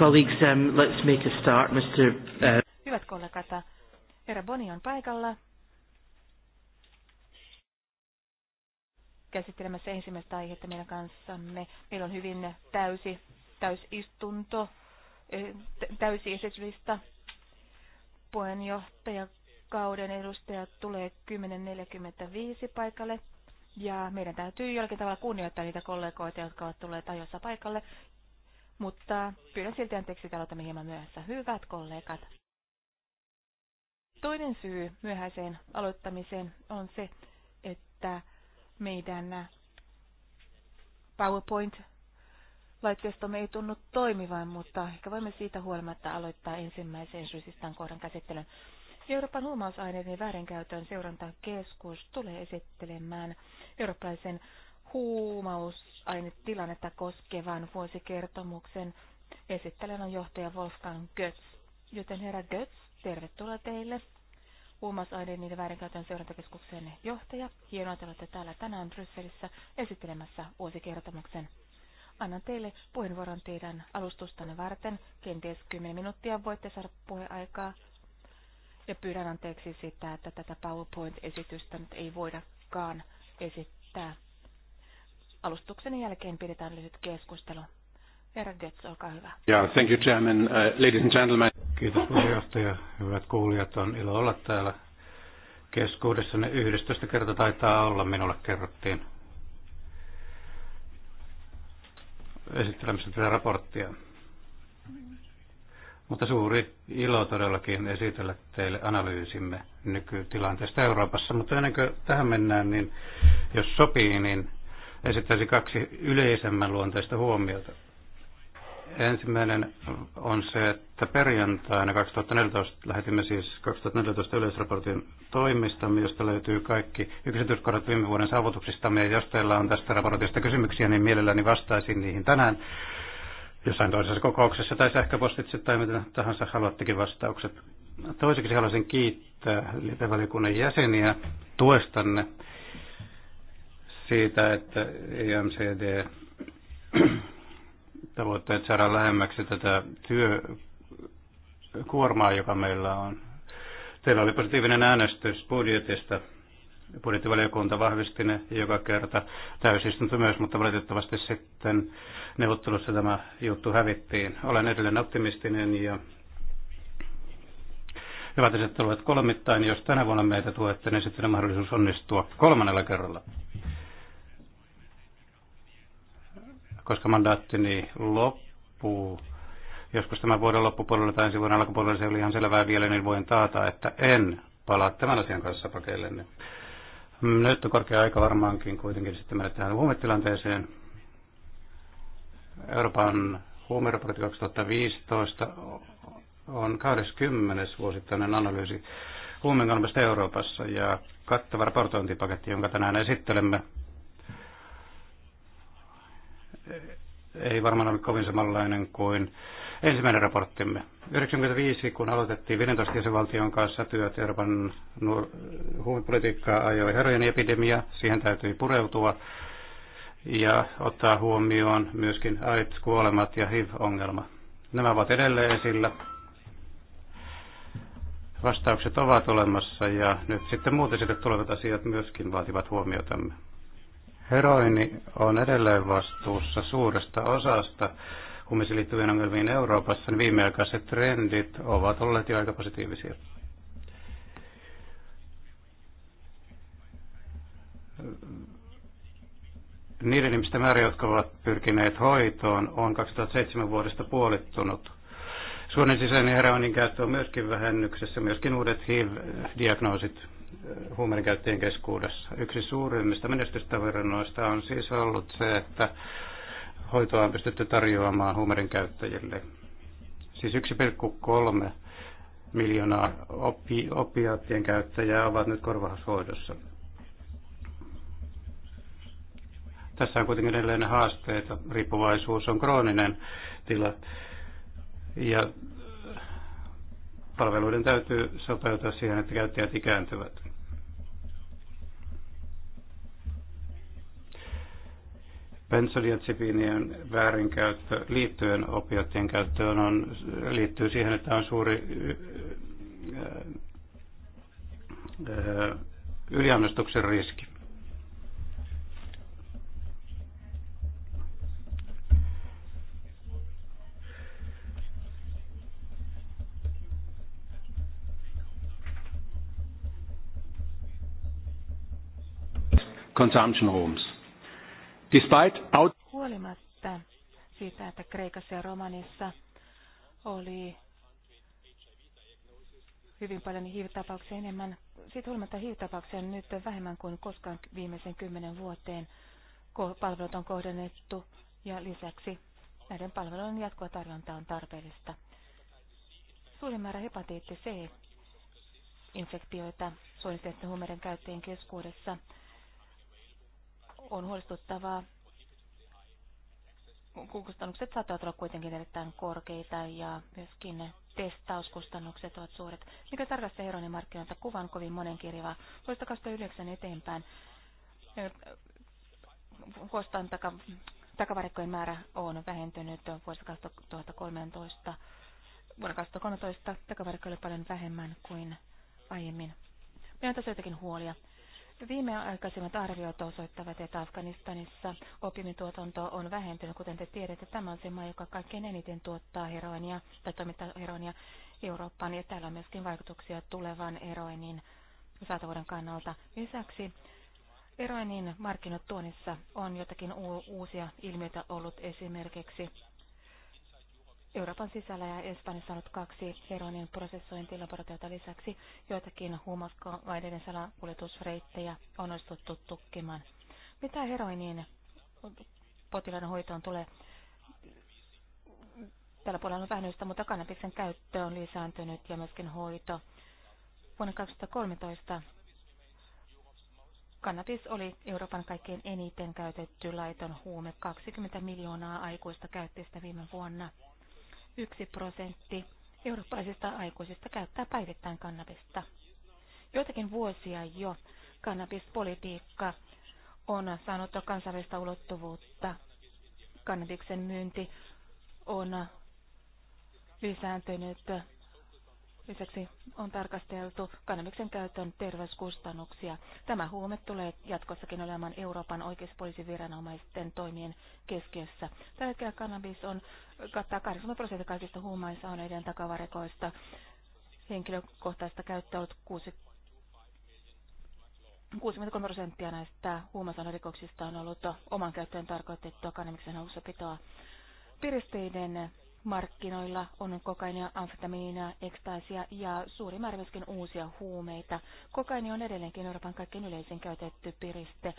Colleagues, um, let's make a start, Mr. Uh... Hyvät kollegat, herra Boni on paikalla. Käsittelemässä ensimmäistä aihetta meidän kanssamme. Meillä on hyvin täysi täysistunto, eh, täysi esityslista. Puheenjohtajakauden edustajat tulee 10.45 paikalle. Ja meidän täytyy jollakin tavalla kunnioittaa niitä kollegoita, jotka ovat tulleet ajoissa paikalle mutta pyydän silti anteeksi, että aloitamme hieman myöhässä. Hyvät kollegat, toinen syy myöhäiseen aloittamiseen on se, että meidän PowerPoint-laitteistomme ei tunnu toimivan, mutta ehkä voimme siitä huolimatta aloittaa ensimmäisen syysistään kohdan käsittelyn. Euroopan huumausaineiden väärinkäytön seurantakeskus tulee esittelemään eurooppalaisen huumausainetilannetta koskevan vuosikertomuksen. Esittelen on johtaja Wolfgang Götz. Joten herra Götz, tervetuloa teille. Huumausaineiden niiden väärinkäytön seurantakeskuksen johtaja. Hienoa, että olette täällä tänään Brysselissä esittelemässä vuosikertomuksen. Annan teille puheenvuoron teidän alustustanne varten. Kenties 10 minuuttia voitte saada puheaikaa. Ja pyydän anteeksi sitä, että tätä PowerPoint-esitystä nyt ei voidakaan esittää. Alustuksen jälkeen pidetään lyhyt keskustelu. Herra Götz, olkaa hyvä. Yeah, thank you, Chairman. Uh, ladies and gentlemen. Kiitos puheenjohtaja. Hyvät kuulijat, on ilo olla täällä keskuudessanne. 11 kerta taitaa olla, minulle kerrottiin esittelemässä tätä raporttia. Mutta suuri ilo todellakin esitellä teille analyysimme nykytilanteesta Euroopassa. Mutta ennen kuin tähän mennään, niin jos sopii, niin esittäisin kaksi yleisemmän luonteista huomiota. Ensimmäinen on se, että perjantaina 2014 lähetimme siis 2014 yleisraportin toimistamme, josta löytyy kaikki yksityiskohdat viime vuoden saavutuksistamme. Ja jos teillä on tästä raportista kysymyksiä, niin mielelläni vastaisin niihin tänään jossain toisessa kokouksessa tai sähköpostitse tai mitä tahansa haluattekin vastaukset. Toiseksi haluaisin kiittää liitevaliokunnan jäseniä tuestanne siitä, että EMCD tavoitteet saada lähemmäksi tätä työkuormaa, joka meillä on. Teillä oli positiivinen äänestys budjetista. Budjettivaliokunta vahvisti ne joka kerta täysistunto myös, mutta valitettavasti sitten neuvottelussa tämä juttu hävittiin. Olen edelleen optimistinen ja hyvät esittelyt kolmittain. Jos tänä vuonna meitä tuette, niin sitten on mahdollisuus onnistua kolmannella kerralla. koska mandaattini loppuu joskus tämän vuoden loppupuolella tai ensi vuoden alkupuolella, se oli ihan selvää vielä, niin voin taata, että en palaa tämän asian kanssa pakeillenne. Nyt on korkea aika varmaankin kuitenkin sitten mennä tähän huumetilanteeseen. Euroopan huumeraportti 2015 on 20. vuosittainen analyysi huumeen Euroopassa ja kattava raportointipaketti, jonka tänään esittelemme, ei varmaan ole kovin samanlainen kuin ensimmäinen raporttimme. 1995, kun aloitettiin 15 jäsenvaltion kanssa työt Euroopan huumepolitiikkaa ajoi herojen epidemia, siihen täytyi pureutua ja ottaa huomioon myöskin AIDS-kuolemat ja HIV-ongelma. Nämä ovat edelleen esillä. Vastaukset ovat olemassa ja nyt sitten muut esille tulevat asiat myöskin vaativat huomiotamme. Heroini on edelleen vastuussa suuresta osasta huumeisiin liittyvien ongelmiin Euroopassa, niin viimeaikaiset trendit ovat olleet jo aika positiivisia. Niiden ihmisten määrä, jotka ovat pyrkineet hoitoon, on 2007 vuodesta puolittunut. Suomen sisäinen heroinin käyttö on myöskin vähennyksessä, myöskin uudet HIV-diagnoosit huumeiden käyttäjien keskuudessa. Yksi suurimmista menestystarinoista on siis ollut se, että hoitoa on pystytty tarjoamaan huumeiden käyttäjille. Siis 1,3 miljoonaa opi- opiaattien käyttäjää ovat nyt korvaushoidossa. Tässä on kuitenkin edelleen haasteita. Riippuvaisuus on krooninen tila ja palveluiden täytyy sopeutua siihen, että käyttäjät ikääntyvät. Benzodiazepiinien väärinkäyttö liittyen opioittien käyttöön on, liittyy siihen, että on suuri äh, äh, äh, yliannostuksen riski. consumption rooms. Despite out- Huolimatta siitä, että Kreikassa ja Romanissa oli hyvin paljon hiivitapauksia enemmän. Siitä huolimatta hiivitapauksia on nyt vähemmän kuin koskaan viimeisen kymmenen vuoteen. Palvelut on kohdennettu ja lisäksi näiden palvelujen jatkoa tarjonta on tarpeellista. Suurin määrä hepatiitti C infektioita suunnitelmien huumeiden käyttäjien keskuudessa on huolestuttavaa. Kustannukset saattavat olla kuitenkin erittäin korkeita ja myöskin testauskustannukset ovat suuret. Mikä tarkastaa Heronin markkinoilta kuvan kovin kirjaa. Vuodesta 2009 eteenpäin huostaan taka, takavarikkojen määrä on vähentynyt vuodesta 2013. Vuonna 2013 takavarikko oli paljon vähemmän kuin aiemmin. Meillä on tässä jotakin huolia. Viimeaikaisimmat arviot osoittavat, että Afganistanissa opimituotanto on vähentynyt. Kuten te tiedätte, tämä on se maa, joka kaikkein eniten tuottaa heroinia tai toimittaa heroinia Eurooppaan. Ja täällä on myöskin vaikutuksia tulevan heroinin saatavuuden kannalta. Lisäksi heroinin markkinatuonnissa on jotakin uusia ilmiöitä ollut esimerkiksi Euroopan sisällä ja Espanjassa on kaksi heroinin prosessointilaboratiota lisäksi. Joitakin huumausaineiden salakuljetusreittejä on onnistuttu tukkimaan. Mitä heroiniin potilaan hoitoon tulee? Tällä puolella on vähennystä, mutta kannabiksen käyttö on lisääntynyt ja myöskin hoito. Vuonna 2013 Kannabis oli Euroopan kaikkein eniten käytetty laiton huume. 20 miljoonaa aikuista käytti sitä viime vuonna. Yksi prosentti eurooppalaisista aikuisista käyttää päivittäin kannabista. Joitakin vuosia jo kannabispolitiikka on saanut kansainvälistä ulottuvuutta. Kannabiksen myynti on lisääntynyt Lisäksi on tarkasteltu kannabiksen käytön terveyskustannuksia. Tämä huume tulee jatkossakin olemaan Euroopan oikeuspoliisiviranomaisten toimien keskiössä. Tällä hetkellä kannabis on, kattaa 80 prosenttia kaikista huumaisaineiden takavarikoista. Henkilökohtaista käyttöä on ollut 63 prosenttia näistä huumausainerikoksista on ollut oman käyttöön tarkoitettua kannabiksen hallussapitoa. Piristeiden markkinoilla on kokainia, amfetamiinia, ekstaasia ja suuri määrä myöskin uusia huumeita. Kokaini on edelleenkin Euroopan kaikkein yleisin käytetty piriste.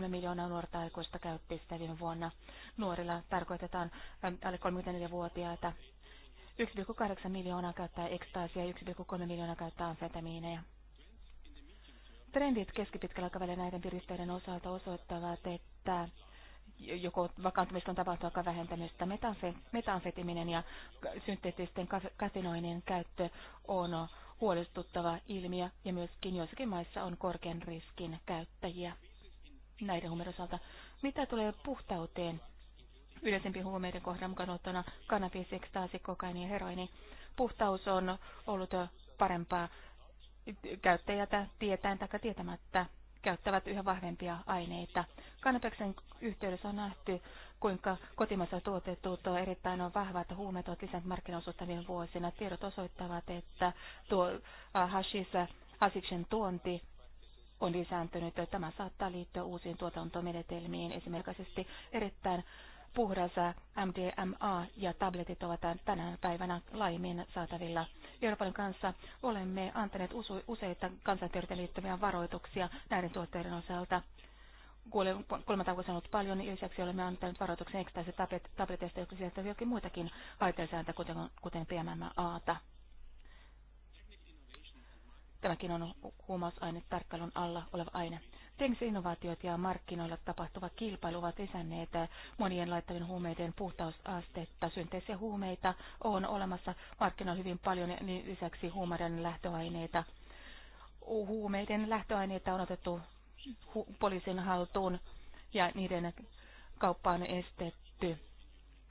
2,3 miljoonaa nuorta aikuista käytti sitä viime vuonna. Nuorilla tarkoitetaan ähm, alle 34-vuotiaita. 1,8 miljoonaa käyttää ekstaasia ja 1,3 miljoonaa käyttää amfetamiineja. Trendit keskipitkällä aikavälillä näiden piristeiden osalta osoittavat, että joko vakaantumista on tapahtunut aika vähentämistä. Metanfetiminen ja synteettisten katinoinen käyttö on huolestuttava ilmiö ja myöskin joissakin maissa on korkean riskin käyttäjiä näiden huumeiden osalta. Mitä tulee puhtauteen? Yleisempi huumeiden kohdan mukaan ottona kannabis, ekstaasi, kokaini ja heroini. Puhtaus on ollut parempaa käyttäjätä tietäen tai tietämättä käyttävät yhä vahvempia aineita. Kannabiksen yhteydessä on nähty, kuinka kotimassa tuotetut on erittäin on vahvat huumeet ovat lisänneet markkinaosuutta viime vuosina. Tiedot osoittavat, että tuo hashissa asiksen tuonti on lisääntynyt. Tämä saattaa liittyä uusiin tuotantomenetelmiin, esimerkiksi erittäin puhdas MDMA ja tabletit ovat tänä päivänä laajemmin saatavilla. Euroopan kanssa olemme antaneet useita kansanterveyteen liittyviä varoituksia näiden tuotteiden osalta. Kolmatta on ollut paljon, niin lisäksi olemme antaneet varoituksen ekstaisista tablet, tableteista, jotka sisältävät jokin muitakin haitallisääntä, kuten, kuten PMMAta. Tämäkin on tarkkailun alla oleva aine innovaatiot ja markkinoilla tapahtuva kilpailu ovat lisänneet monien laittavien huumeiden puhtausastetta. Synteisiä huumeita on olemassa markkinoilla hyvin paljon niin lisäksi huumeiden lähtöaineita. Huumeiden lähtöaineita on otettu hu- poliisin haltuun ja niiden kauppa on estetty.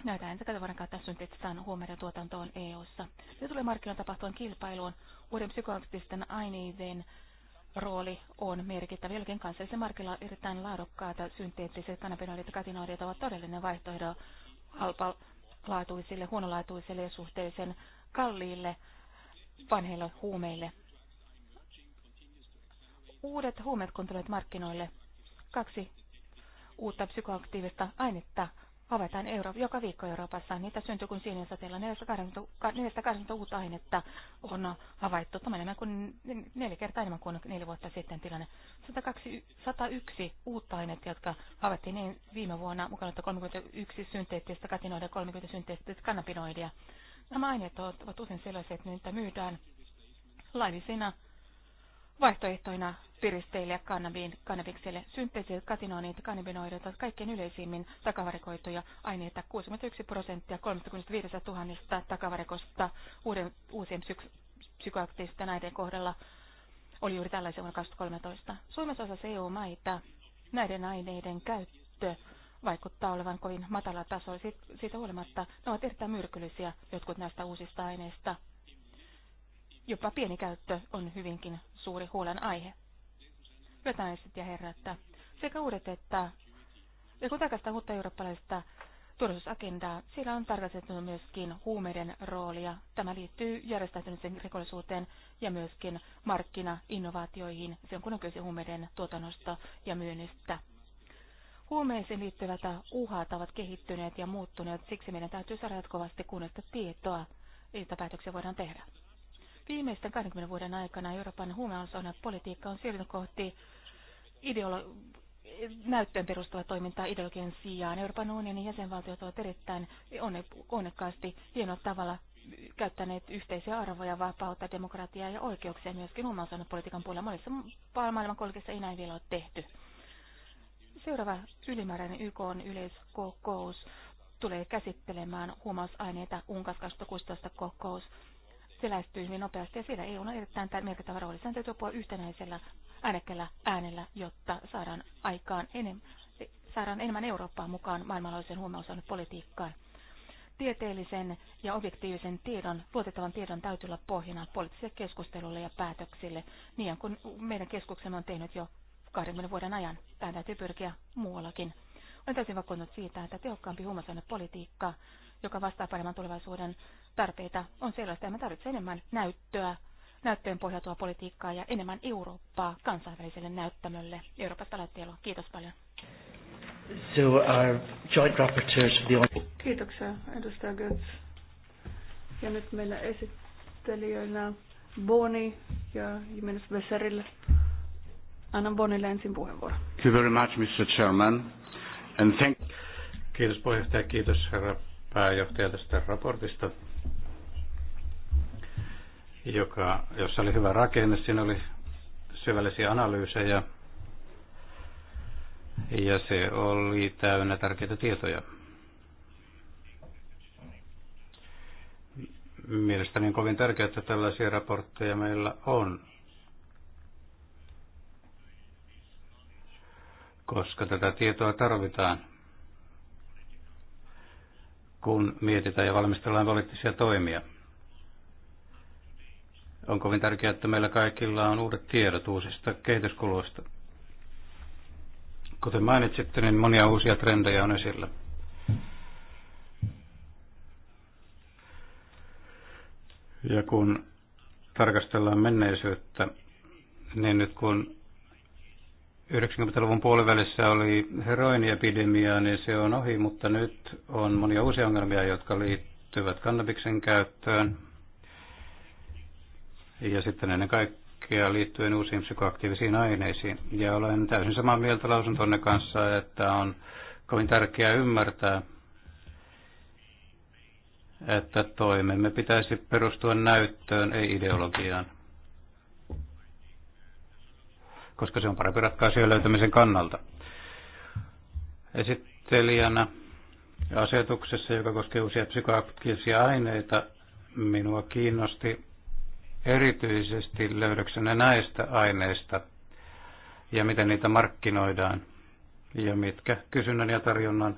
Näitä ensikätevuoden kautta synteettisten huumeiden tuotantoon EU-ssa. Nyt tulee markkinoilla tapahtuvan kilpailuun uuden psykoaktiivisten aineiden rooli on merkittävä. Jollekin kansallisen markkilla erittäin laadukkaita synteettiset kannabinoidit ja katinoidit ovat todellinen vaihtoehdo halpalaatuisille, huonolaatuisille ja suhteellisen kalliille vanheille huumeille. Uudet huumeet kun markkinoille. Kaksi uutta psykoaktiivista ainetta avataan Euro- joka viikko Euroopassa. Niitä syntyy kuin siinä sateella. 480 uutta ainetta on havaittu. Tämä enemmän kuin neljä kertaa enemmän kuin neljä vuotta sitten tilanne. 102, 101 uutta ainetta, jotka havaittiin niin viime vuonna, mukaan 31 synteettistä ja 30 synteettistä kannabinoidia. Nämä aineet ovat usein sellaisia, että niitä myydään laillisina vaihtoehtoina piristeille ja kannabiin, kannabikselle. Synteettiset katinoonit, ja kannabinoidit ovat kaikkein yleisimmin takavarikoituja aineita. 61 prosenttia 35 000 takavarikosta uuden, uusien psyk- psykoaktiivisten näiden kohdalla oli juuri tällaisen vuonna 2013. Suomessa osassa EU-maita näiden aineiden käyttö vaikuttaa olevan kovin matala taso. Siitä huolimatta ne ovat erittäin myrkyllisiä jotkut näistä uusista aineista. Jopa pieni käyttö on hyvinkin suuri huolenaihe. Hyvät naiset ja herrat, sekä uudet että ja kun uutta eurooppalaista turvallisuusagendaa, sillä on tarkastettu myöskin huumeiden roolia. Tämä liittyy järjestäytyneeseen rikollisuuteen ja myöskin markkinainnovaatioihin, sen kun on kyse huumeiden tuotannosta ja myynnistä. Huumeisiin liittyvät uhat ovat kehittyneet ja muuttuneet, siksi meidän täytyy saada jatkuvasti kunnosta tietoa, että päätöksiä voidaan tehdä. Viimeisten 20 vuoden aikana Euroopan politiikka on siirtynyt kohti ideolo- näyttöön perustuvaa toimintaa ideologian sijaan. Euroopan unionin jäsenvaltiot ovat erittäin onnekkaasti hienolla tavalla käyttäneet yhteisiä arvoja, vapautta, demokratiaa ja oikeuksia myöskin politiikan puolella. Monissa maailman kolkissa ei näin vielä ole tehty. Seuraava ylimääräinen YK on yleiskokous tulee käsittelemään huumausaineita Unkas 2016 kokous se lähestyy hyvin nopeasti ja siellä EU on erittäin merkittävä rooli. Sen täytyy puhua yhtenäisellä äänekkällä äänellä, jotta saadaan aikaan enemmän, saadaan enemmän Eurooppaa mukaan maailmanlaajuisen politiikkaan. Tieteellisen ja objektiivisen tiedon, luotettavan tiedon täytyy olla pohjana poliittisille keskustelulle ja päätöksille, niin kuin meidän keskuksemme on tehnyt jo 20 vuoden ajan. tämä täytyy pyrkiä muuallakin. Olen täysin vakuuttunut siitä, että tehokkaampi huumausainepolitiikka politiikka joka vastaa paremman tulevaisuuden tarpeita, on sellaista, että me tarvitsemme enemmän näyttöä, näyttöön pohjautua politiikkaa ja enemmän Eurooppaa kansainväliselle näyttämölle Euroopasta lähteellä. Kiitos paljon. So our joint rapporteurs for the... Kiitoksia, edustaja Götz. Ja nyt meillä esittelijöinä Boni ja Jimenez Besserille. Annan Bonille ensin puheenvuoron. Thank you very much, Mr. Chairman. And thank... Kiitos puheenjohtaja, kiitos herra pääjohtaja tästä raportista, joka, jossa oli hyvä rakenne. Siinä oli syvällisiä analyysejä ja se oli täynnä tärkeitä tietoja. Mielestäni on kovin tärkeää, että tällaisia raportteja meillä on, koska tätä tietoa tarvitaan kun mietitään ja valmistellaan poliittisia toimia. On kovin tärkeää, että meillä kaikilla on uudet tiedot uusista kehityskuluista. Kuten mainitsitte, niin monia uusia trendejä on esillä. Ja kun tarkastellaan menneisyyttä, niin nyt kun 90-luvun puolivälissä oli heroiniepidemia, niin se on ohi, mutta nyt on monia uusia ongelmia, jotka liittyvät kannabiksen käyttöön. Ja sitten ennen kaikkea liittyen uusiin psykoaktiivisiin aineisiin. Ja olen täysin samaa mieltä lausuntonne kanssa, että on kovin tärkeää ymmärtää, että toimemme pitäisi perustua näyttöön, ei ideologiaan koska se on parempi ratkaisujen löytämisen kannalta. Esittelijänä asetuksessa, joka koskee uusia psykoaktiivisia aineita, minua kiinnosti erityisesti löydöksenä näistä aineista ja miten niitä markkinoidaan ja mitkä kysynnän ja tarjonnan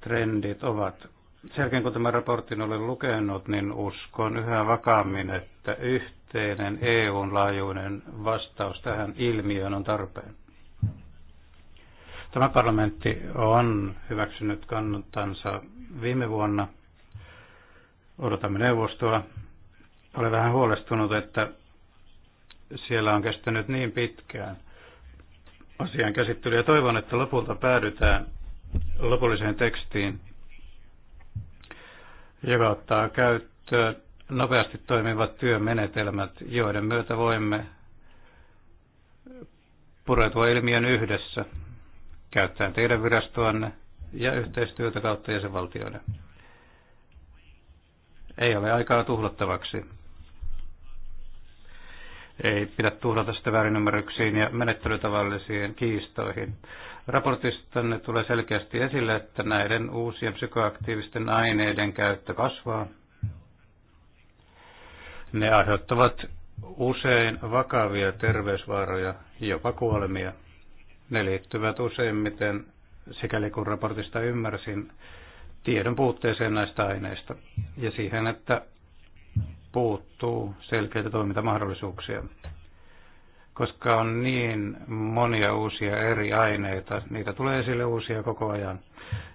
trendit ovat. Sen jälkeen kun tämän raportin olen lukenut, niin uskon yhä vakaammin, että yhtä yhteinen EUn laajuinen vastaus tähän ilmiöön on tarpeen. Tämä parlamentti on hyväksynyt kannattansa viime vuonna. Odotamme neuvostoa. Olen vähän huolestunut, että siellä on kestänyt niin pitkään asian käsittely ja toivon, että lopulta päädytään lopulliseen tekstiin, joka ottaa käyttöön nopeasti toimivat työmenetelmät, joiden myötä voimme pureutua ilmiön yhdessä, käyttäen teidän virastoanne ja yhteistyötä kautta jäsenvaltioiden. Ei ole aikaa tuhlattavaksi. Ei pidä tuhlata sitä väärinymmärryksiin ja menettelytavallisiin kiistoihin. Raportistanne tulee selkeästi esille, että näiden uusien psykoaktiivisten aineiden käyttö kasvaa – ne aiheuttavat usein vakavia terveysvaaroja, jopa kuolemia. Ne liittyvät useimmiten, sikäli kun raportista ymmärsin, tiedon puutteeseen näistä aineista ja siihen, että puuttuu selkeitä toimintamahdollisuuksia. Koska on niin monia uusia eri aineita, niitä tulee esille uusia koko ajan.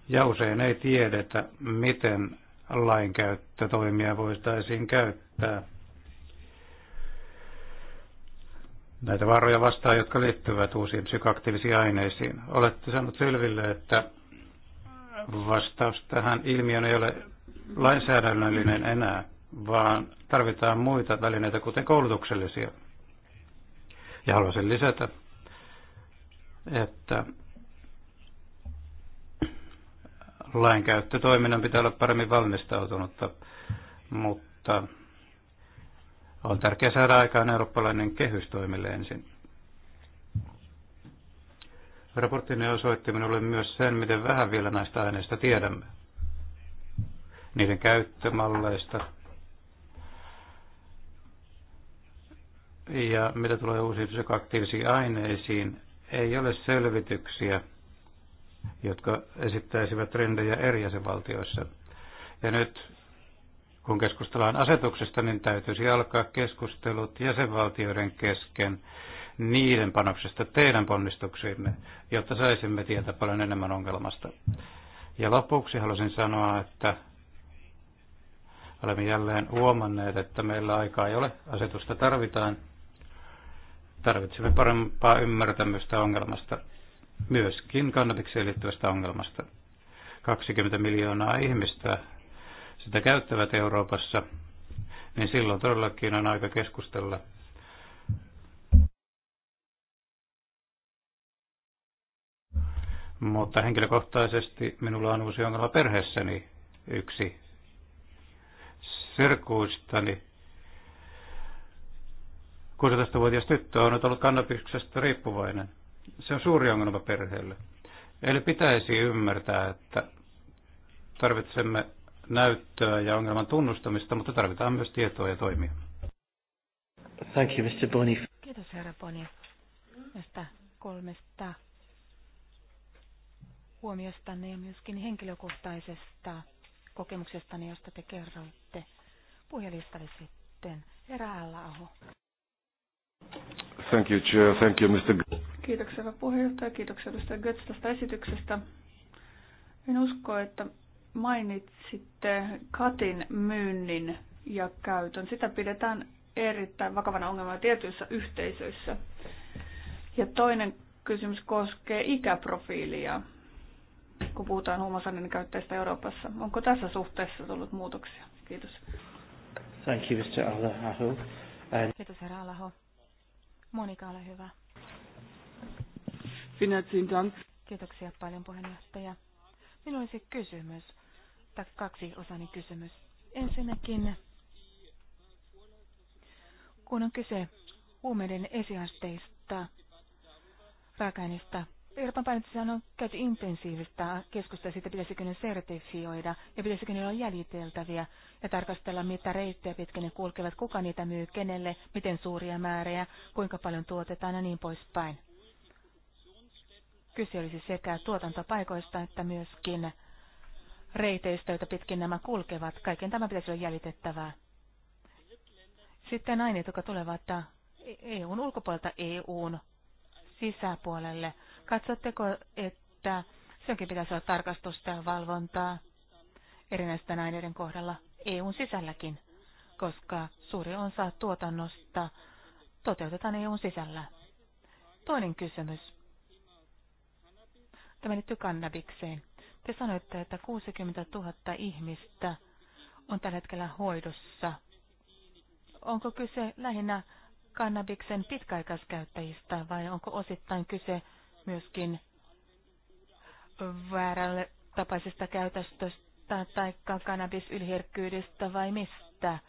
Ja usein ei tiedetä, miten lainkäyttötoimia voitaisiin käyttää näitä vaaroja vastaan, jotka liittyvät uusiin psykoaktiivisiin aineisiin. Olette saanut selville, että vastaus tähän ilmiön ei ole lainsäädännöllinen enää, vaan tarvitaan muita välineitä, kuten koulutuksellisia. Ja haluaisin lisätä, että lainkäyttötoiminnan pitää olla paremmin valmistautunutta, mutta on tärkeää saada aikaan eurooppalainen kehys toimille ensin. Raporttini osoitti minulle myös sen, miten vähän vielä näistä aineista tiedämme. Niiden käyttömalleista. Ja mitä tulee uusiin psykoaktiivisiin aineisiin, ei ole selvityksiä, jotka esittäisivät trendejä eri jäsenvaltioissa. Ja nyt kun keskustellaan asetuksesta, niin täytyisi alkaa keskustelut jäsenvaltioiden kesken niiden panoksesta teidän ponnistuksiinne, jotta saisimme tietää paljon enemmän ongelmasta. Ja lopuksi haluaisin sanoa, että olemme jälleen huomanneet, että meillä aikaa ei ole, asetusta tarvitaan. Tarvitsemme parempaa ymmärtämystä ongelmasta, myöskin kannatikseen liittyvästä ongelmasta. 20 miljoonaa ihmistä sitä käyttävät Euroopassa, niin silloin todellakin on aika keskustella Mutta henkilökohtaisesti minulla on uusi ongelma perheessäni yksi serkuistani. 16-vuotias tyttö on nyt ollut kannabiksesta riippuvainen. Se on suuri ongelma perheelle. Eli pitäisi ymmärtää, että tarvitsemme näyttöä ja ongelman tunnustamista, mutta tarvitaan myös tietoa ja toimia. Thank you, Mr. Boni. Kiitos, herra Boni, näistä kolmesta huomiostanne ja myöskin henkilökohtaisesta kokemuksestanne, josta te kerroitte. Puhelistalle sitten herra Aho. Thank you, Chair. Thank you, Mr. Kiitoksia, puheenjohtaja. Kiitoksia, Mr. Götz, tästä esityksestä. En usko, että Mainitsitte katin myynnin ja käytön. Sitä pidetään erittäin vakavana ongelmana tietyissä yhteisöissä. Ja toinen kysymys koskee ikäprofiilia, kun puhutaan huumausaineiden käyttäjistä Euroopassa. Onko tässä suhteessa tullut muutoksia? Kiitos. Thank you, Mr. Alaho. And... Kiitos, herra Alaho. Monika, ole hyvä. Kiitoksia paljon, puheenjohtaja. Minulla olisi kysymys tai kaksi osani kysymys. Ensinnäkin, kun on kyse huumeiden esiasteista, raaka Euroopan parlamentissa on käyty intensiivistä keskustelua siitä, pitäisikö ne sertifioida ja pitäisikö ne olla jäljiteltäviä ja tarkastella, mitä reittejä pitkin ne kulkevat, kuka niitä myy, kenelle, miten suuria määriä, kuinka paljon tuotetaan ja niin poispäin. Kyse olisi sekä tuotantopaikoista että myöskin reiteistä, joita pitkin nämä kulkevat. Kaiken tämä pitäisi olla jäljitettävää. Sitten aineet, jotka tulevat EUn e ulkopuolelta EUn sisäpuolelle. Katsotteko, että senkin pitäisi olla tarkastusta ja valvontaa erinäisten aineiden kohdalla EUn sisälläkin, koska suuri osa tuotannosta toteutetaan EUn sisällä. Toinen kysymys. Tämä liittyy kannabikseen. Te sanoitte, että 60 000 ihmistä on tällä hetkellä hoidossa. Onko kyse lähinnä kannabiksen pitkäaikaiskäyttäjistä vai onko osittain kyse myöskin väärälle tapaisesta käytöstä tai kannabisylherkkyydestä vai mistä?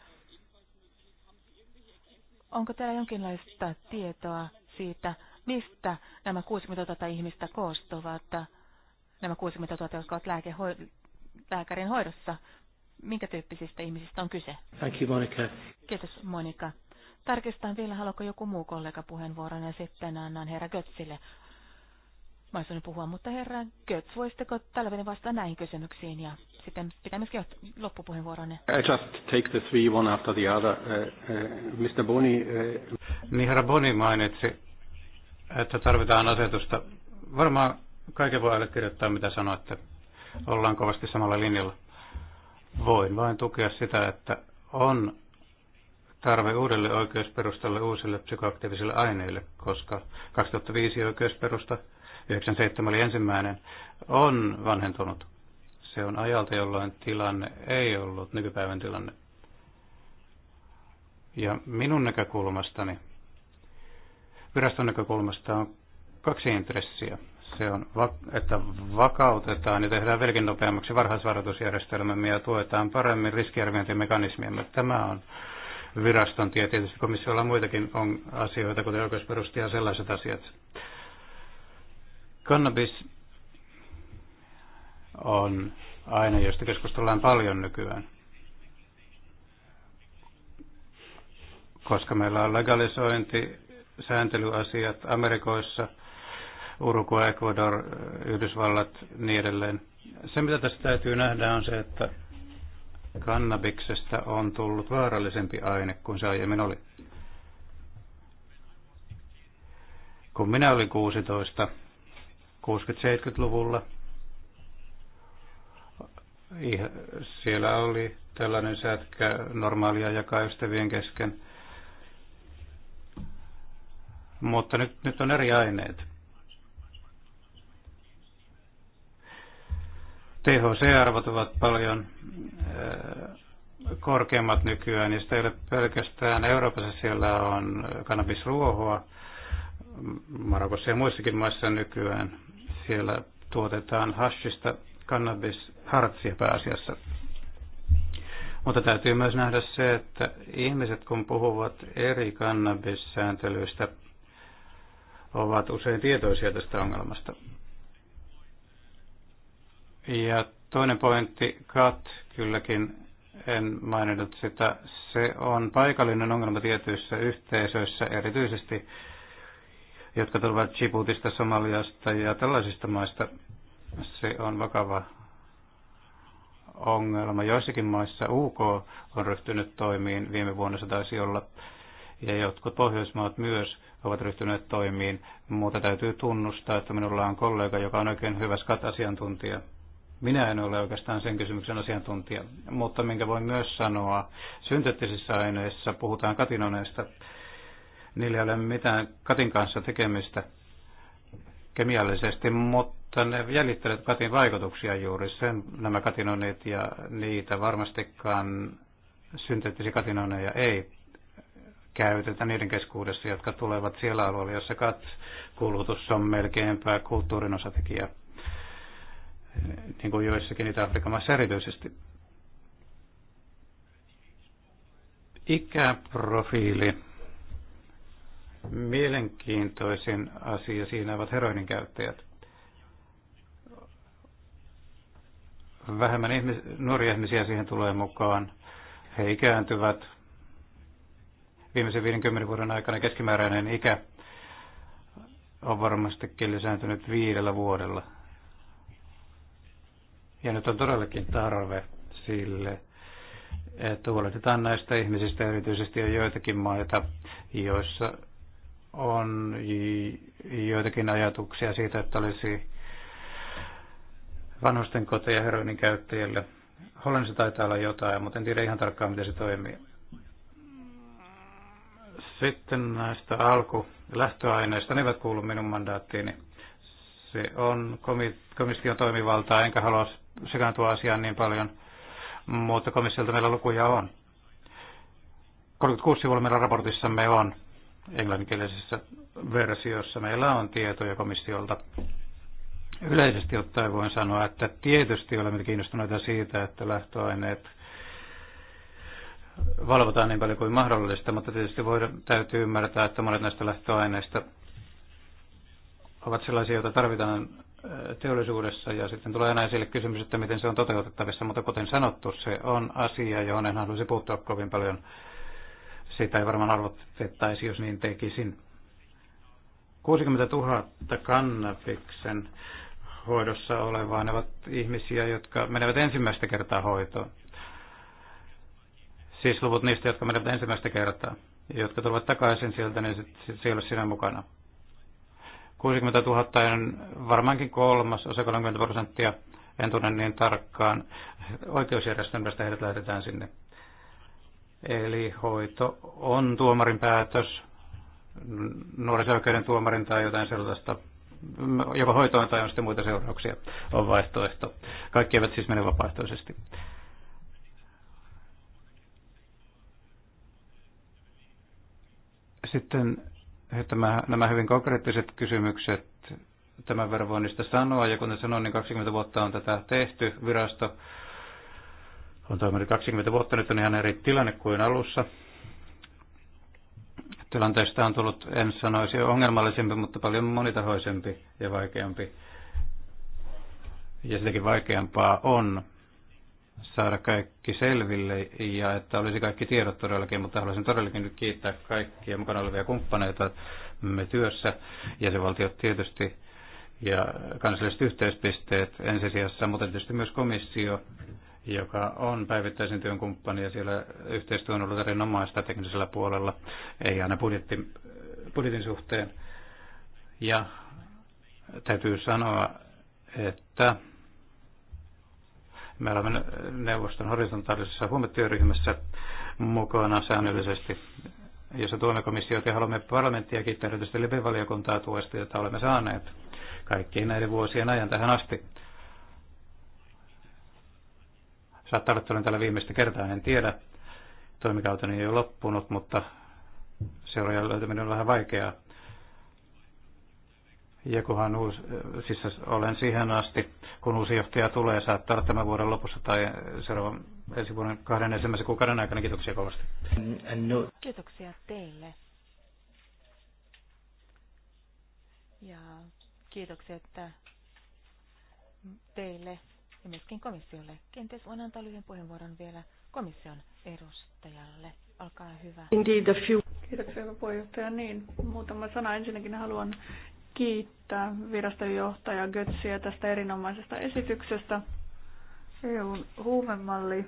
Onko täällä jonkinlaista tietoa siitä, mistä nämä 60 000 ihmistä koostuvat? nämä 60 000, jotka ovat lääkeho- lääkärin hoidossa. Minkä tyyppisistä ihmisistä on kyse? Thank you, Monica. Kiitos, Monika. Tarkistan vielä, haluatko joku muu kollega puheenvuoron ja sitten annan herra Götzille olisin puhua. Mutta herra Götz, voisitteko tällä vastata näihin kysymyksiin ja sitten pitää myöskin loppupuheenvuoronne. I just take the three one after the other. Uh, uh, Mr. Boni... Uh... Niin herra Boni mainitsi, että tarvitaan asetusta. Varmaan Kaiken voi allekirjoittaa, mitä sanoitte. Ollaan kovasti samalla linjalla. Voin vain tukea sitä, että on tarve uudelle oikeusperustalle uusille psykoaktiivisille aineille, koska 2005 oikeusperusta 97 oli ensimmäinen, on vanhentunut. Se on ajalta, jolloin tilanne ei ollut nykypäivän tilanne. Ja minun näkökulmastani, viraston näkökulmasta on kaksi intressiä se on, että vakautetaan ja tehdään vieläkin nopeammaksi varhaisvaroitusjärjestelmämme ja tuetaan paremmin riskiarviointimekanismiamme. Tämä on viraston tie. Tietysti komissiolla on muitakin on asioita, kuten oikeusperusti ja sellaiset asiat. Kannabis on aina, josta keskustellaan paljon nykyään. Koska meillä on legalisointi, sääntelyasiat Amerikoissa – Uruguay, Ecuador, Yhdysvallat, niin edelleen. Se, mitä tässä täytyy nähdä, on se, että kannabiksesta on tullut vaarallisempi aine kuin se aiemmin oli. Kun minä olin 16, 60-70-luvulla, siellä oli tällainen sätkä normaalia jakaa ystävien kesken. Mutta nyt, nyt on eri aineet. THC-arvot ovat paljon äh, korkeammat nykyään, niin sitä ei ole pelkästään Euroopassa, siellä on kannabisruohoa, Marokossa ja muissakin maissa nykyään. Siellä tuotetaan hashista kannabishartsia pääasiassa. Mutta täytyy myös nähdä se, että ihmiset kun puhuvat eri kannabissääntelyistä, ovat usein tietoisia tästä ongelmasta. Ja toinen pointti, kat, kylläkin en maininnut sitä, se on paikallinen ongelma tietyissä yhteisöissä, erityisesti jotka tulevat Djiboutista, Somaliasta ja tällaisista maista. Se on vakava ongelma. Joissakin maissa UK on ryhtynyt toimiin, viime vuonna se taisi olla, ja jotkut Pohjoismaat myös ovat ryhtyneet toimiin, mutta täytyy tunnustaa, että minulla on kollega, joka on oikein hyvä skat asiantuntija minä en ole oikeastaan sen kysymyksen asiantuntija, mutta minkä voin myös sanoa, synteettisissä aineissa puhutaan katinoneista. Niillä ei ole mitään katin kanssa tekemistä kemiallisesti, mutta ne jäljittelevät katin vaikutuksia juuri sen, nämä katinoneet ja niitä varmastikaan synteettisiä katinoneja ei käytetä niiden keskuudessa, jotka tulevat siellä alueella, jossa kat-kulutus on melkeinpä kulttuurin osatekijä niin kuin joissakin Itä-Afrikan maissa erityisesti. Ikäprofiili. Mielenkiintoisin asia siinä ovat heroinin käyttäjät. Vähemmän ihmis, nuoria ihmisiä siihen tulee mukaan. He ikääntyvät. Viimeisen 50 vuoden aikana keskimääräinen ikä on varmastikin lisääntynyt viidellä vuodella ja nyt on todellakin tarve sille, että huolehditaan näistä ihmisistä. Erityisesti on joitakin maita, joissa on joitakin ajatuksia siitä, että olisi vanhusten koteja heroinin käyttäjille. Hollannissa taitaa olla jotain, mutta en tiedä ihan tarkkaan, miten se toimii. Sitten näistä alku lähtöaineista, ne eivät kuulu minun mandaattiini. Se on komission toimivaltaa, enkä halua sekaantua asiaan niin paljon, mutta komissiolta meillä lukuja on. 36 sivulla meillä raportissamme on englanninkielisessä versiossa. Meillä on tietoja komissiolta. Yleisesti ottaen voin sanoa, että tietysti olemme kiinnostuneita siitä, että lähtöaineet valvotaan niin paljon kuin mahdollista, mutta tietysti voida, täytyy ymmärtää, että monet näistä lähtöaineista ovat sellaisia, joita tarvitaan teollisuudessa ja sitten tulee aina esille kysymys, että miten se on toteutettavissa, mutta kuten sanottu, se on asia, johon en haluaisi puuttua kovin paljon. Sitä ei varmaan arvotettaisi, jos niin tekisin. 60 000 kannabiksen hoidossa olevaa, ne ovat ihmisiä, jotka menevät ensimmäistä kertaa hoitoon. Siis luvut niistä, jotka menevät ensimmäistä kertaa, jotka tulevat takaisin sieltä, niin se ei ole siinä mukana. 60 000 on varmaankin kolmas osa 30 prosenttia, en tunne niin tarkkaan. Oikeusjärjestelmästä heidät lähetetään sinne. Eli hoito on tuomarin päätös, nuorisoikeuden tuomarin tai jotain sellaista, joko hoitoon tai on sitten muita seurauksia, on vaihtoehto. Kaikki eivät siis mene vapaaehtoisesti. Sitten tämä, nämä hyvin konkreettiset kysymykset tämän verran voin niistä sanoa. Ja kuten sanoin, niin 20 vuotta on tätä tehty. Virasto on toiminut 20 vuotta. Nyt on ihan eri tilanne kuin alussa. Tilanteesta on tullut, en sanoisi ongelmallisempi, mutta paljon monitahoisempi ja vaikeampi. Ja sitäkin vaikeampaa on saada kaikki selville ja että olisi kaikki tiedot todellakin, mutta haluaisin todellakin nyt kiittää kaikkia mukana olevia kumppaneita me työssä, jäsenvaltiot tietysti ja kansalliset yhteispisteet ensisijassa, mutta tietysti myös komissio, joka on päivittäisen työn kumppani ja siellä yhteistyö on ollut erinomaista teknisellä puolella, ei aina budjetti, budjetin suhteen. Ja täytyy sanoa, että me olemme neuvoston horisontaalisessa huumetyöryhmässä mukana säännöllisesti, jossa tuomme komissiota ja haluamme parlamenttia kiittää erityisesti Libyvaliokuntaa valiokuntaa tuesta, jota olemme saaneet kaikkien näiden vuosien ajan tähän asti. Saattaa olla, että olen täällä viimeistä kertaa, en tiedä. Toimikautani ei ole loppunut, mutta seuraajan löytäminen on vähän vaikeaa. Ja kunhan uusi, siis olen siihen asti, kun uusi johtaja tulee, saattaa olla tämän vuoden lopussa tai seuraavan ensi vuoden kahden ensimmäisen kuukauden aikana. Kiitoksia kovasti. Kiitoksia teille. Ja kiitoksia, että teille ja myöskin komissiolle. Kenties voin antaa lyhyen puheenvuoron vielä komission edustajalle. Olkaa hyvä. Indeed, a few. Kiitoksia, puheenjohtaja. Niin, muutama sana. Ensinnäkin haluan kiittää virastojohtaja Götsiä tästä erinomaisesta esityksestä. EUn huumemalli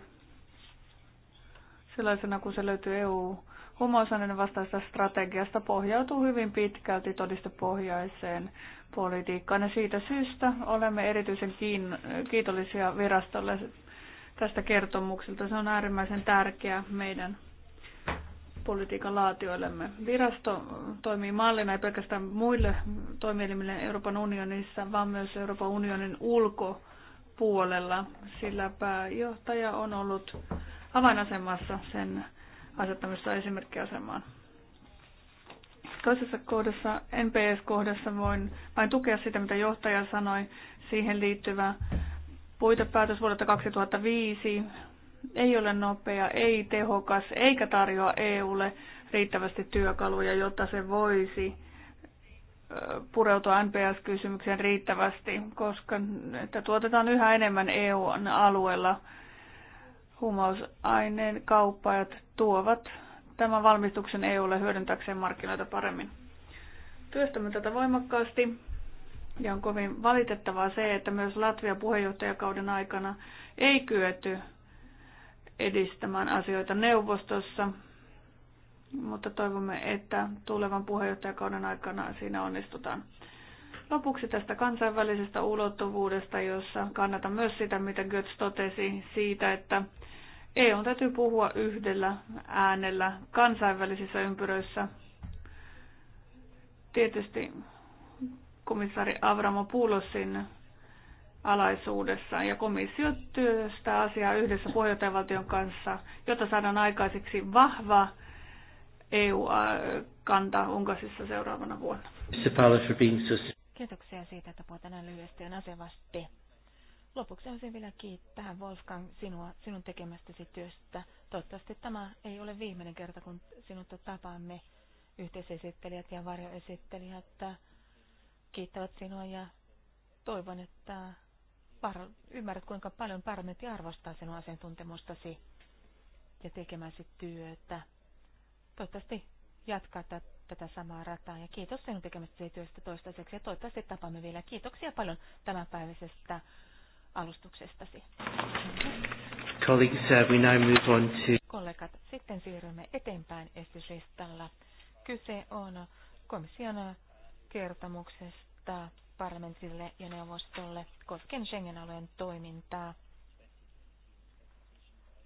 sellaisena kuin se löytyy EU huumausaineiden vastaista strategiasta pohjautuu hyvin pitkälti todistepohjaiseen politiikkaan ja siitä syystä olemme erityisen kiitollisia virastolle tästä kertomuksesta. Se on äärimmäisen tärkeä meidän politiikan laatioillemme. Virasto toimii mallina ei pelkästään muille toimielimille Euroopan unionissa, vaan myös Euroopan unionin ulkopuolella, sillä pääjohtaja on ollut avainasemassa sen asettamista esimerkkiasemaan. Toisessa kohdassa, NPS-kohdassa voin vain tukea sitä, mitä johtaja sanoi, siihen liittyvä puitepäätös vuodelta 2005 ei ole nopea, ei tehokas eikä tarjoa EUlle riittävästi työkaluja, jotta se voisi pureutua NPS-kysymykseen riittävästi, koska että tuotetaan yhä enemmän EUn alueella huumausaineen kauppajat tuovat tämän valmistuksen EUlle hyödyntäkseen markkinoita paremmin. Työstämme tätä voimakkaasti ja on kovin valitettavaa se, että myös Latvia puheenjohtajakauden aikana ei kyetty edistämään asioita neuvostossa, mutta toivomme, että tulevan puheenjohtajakauden aikana siinä onnistutaan. Lopuksi tästä kansainvälisestä ulottuvuudesta, jossa kannatan myös sitä, mitä Götz totesi siitä, että EU täytyy puhua yhdellä äänellä kansainvälisissä ympyröissä. Tietysti komissaari Avramo Puulosin alaisuudessaan. Ja komissio työstää asiaa yhdessä puheenjohtajavaltion kanssa, jotta saadaan aikaiseksi vahva EU-kanta Unkarissa seuraavana vuonna. Kiitoksia siitä, että puhutaan tänään lyhyesti ja nasevasti. Lopuksi haluaisin vielä kiittää Wolfgang sinua, sinun tekemästäsi työstä. Toivottavasti tämä ei ole viimeinen kerta, kun sinut tapaamme yhteisesittelijät ja varjoesittelijät kiittävät sinua ja toivon, että par- ymmärrät, kuinka paljon parlamentti arvostaa sinun asiantuntemustasi ja tekemäsi työtä. Toivottavasti jatkaa tätä samaa rataa ja kiitos sinun tekemästäsi työstä toistaiseksi ja toivottavasti tapaamme vielä. Kiitoksia paljon tämänpäiväisestä alustuksestasi. Colleagues, uh, we now move on to... Kollegat, sitten siirrymme eteenpäin esityslistalla. Kyse on komission kertomuksesta parlamentille ja neuvostolle koskien Schengen-alueen toimintaa.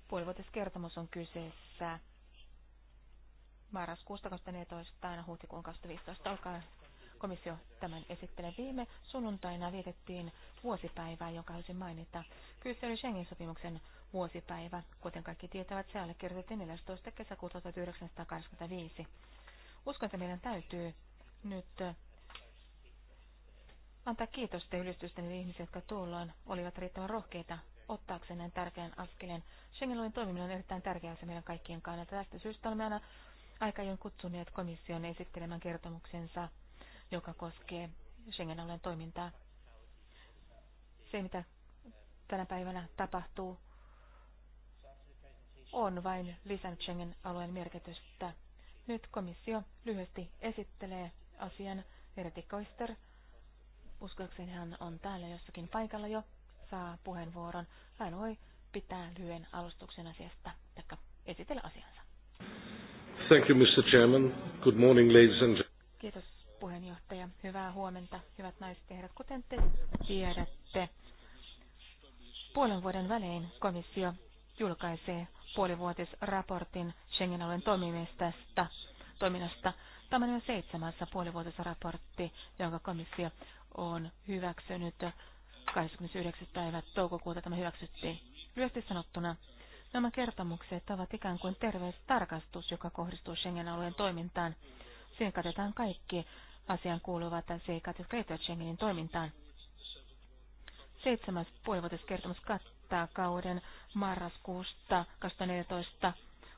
Puolivuotiskertomus on kyseessä marraskuusta 2014 aina huhtikuun 2015. Olkaa komissio tämän esittelee. Viime sunnuntaina vietettiin vuosipäivää, jonka haluaisin mainita. Kyse oli Schengen-sopimuksen vuosipäivä. Kuten kaikki tietävät, se allekirjoitettiin 14. kesäkuuta 1985. Uskon, että meidän täytyy nyt antaa kiitosta ylistysten niille ihmisille, jotka tuolloin olivat riittävän rohkeita ottaakseen näin tärkeän askeleen. Schengenin toimiminen on erittäin tärkeä asia meidän kaikkien kannalta. Tästä syystä olemme aina aika ajoin kutsuneet komission esittelemään kertomuksensa, joka koskee Schengen-alueen toimintaa. Se, mitä tänä päivänä tapahtuu, on vain lisännyt Schengen-alueen merkitystä. Nyt komissio lyhyesti esittelee asian. Verti Koister Uskoakseni hän on täällä jossakin paikalla jo, saa puheenvuoron. Hän voi pitää lyhyen alustuksen asiasta, taikka esitellä asiansa. Thank you, Mr. Chairman. Good morning, ladies and gentlemen. Kiitos puheenjohtaja. Hyvää huomenta, hyvät naiset ja herrat. Kuten te tiedätte, puolen vuoden välein komissio julkaisee puolivuotisraportin Schengen-alueen toiminnasta. Tämä on jo seitsemässä puolivuotisraportti, jonka komissio on hyväksynyt 29. päivä toukokuuta tämä hyväksyttiin. Lyhyesti sanottuna, nämä kertomukset ovat ikään kuin terveystarkastus, joka kohdistuu Schengen-alueen toimintaan. Siihen katsotaan kaikki asian kuuluvat seikat, jotka liittyvät Schengenin toimintaan. Seitsemäs puolivuotiskertomus kattaa kauden marraskuusta 2014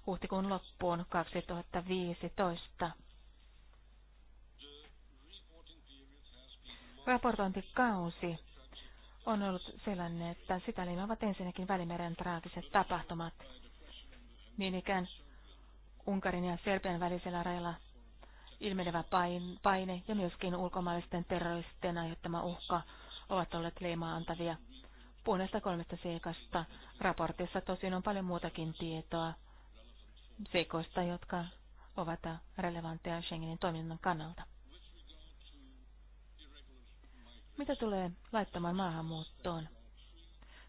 huhtikuun loppuun 2015. Raportointikausi on ollut sellainen, että sitä liimaavat ensinnäkin Välimeren traagiset tapahtumat. Niin ikään Unkarin ja Serbian välisellä rajalla ilmenevä paine ja myöskin ulkomaalisten terroristien aiheuttama uhka ovat olleet leimaa antavia. Puolesta kolmesta seikasta raportissa tosin on paljon muutakin tietoa seikoista, jotka ovat relevantteja Schengenin toiminnan kannalta. Mitä tulee laittamaan maahanmuuttoon?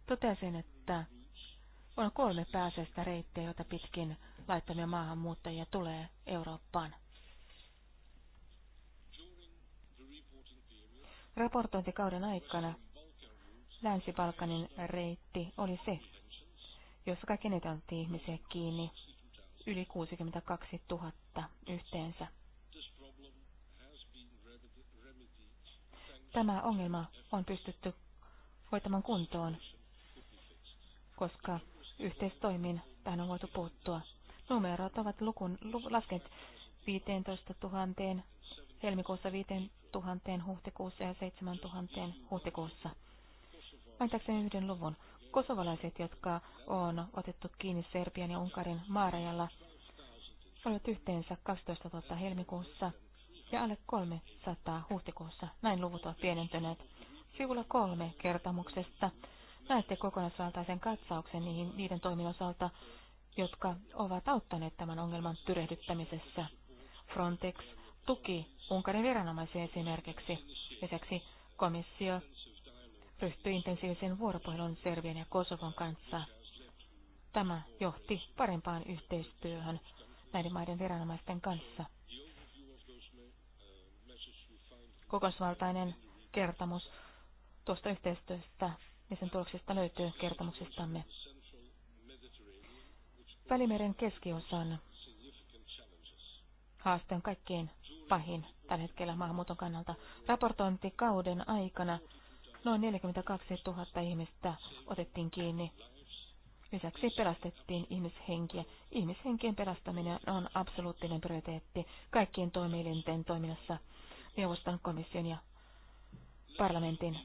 Totesin, että on kolme pääseistä reittiä, joita pitkin laittamia maahanmuuttajia tulee Eurooppaan. Raportointikauden aikana Länsi-Balkanin reitti oli se, jossa kaikki eniten ihmisiä kiinni, yli 62 000 yhteensä. tämä ongelma on pystytty hoitamaan kuntoon, koska yhteistoimin tähän on voitu puuttua. Numerot ovat lukun, laskeneet 15 000, helmikuussa 5 000, huhtikuussa ja 7 000 huhtikuussa. Mainitakseni yhden luvun. Kosovalaiset, jotka on otettu kiinni Serbian ja Unkarin maarajalla, olivat yhteensä 12 000 helmikuussa ja alle 300 huhtikuussa. Näin luvut ovat pienentyneet. Sivulla kolme kertomuksesta näette kokonaisvaltaisen katsauksen niihin, niiden toimin osalta, jotka ovat auttaneet tämän ongelman tyrehdyttämisessä. Frontex tuki Unkarin viranomaisia esimerkiksi. Lisäksi komissio ryhtyi intensiiviseen vuoropuhelun Servien ja Kosovon kanssa. Tämä johti parempaan yhteistyöhön näiden maiden viranomaisten kanssa. kokonaisvaltainen kertomus tuosta yhteistyöstä ja sen tuloksista löytyy kertomuksistamme. Välimeren keskiosan haaste on kaikkein pahin tällä hetkellä maahanmuuton kannalta. Raportointikauden aikana noin 42 000 ihmistä otettiin kiinni. Lisäksi pelastettiin ihmishenkiä. Ihmishenkien pelastaminen on absoluuttinen prioriteetti kaikkien toimielinten toiminnassa – neuvoston komission ja parlamentin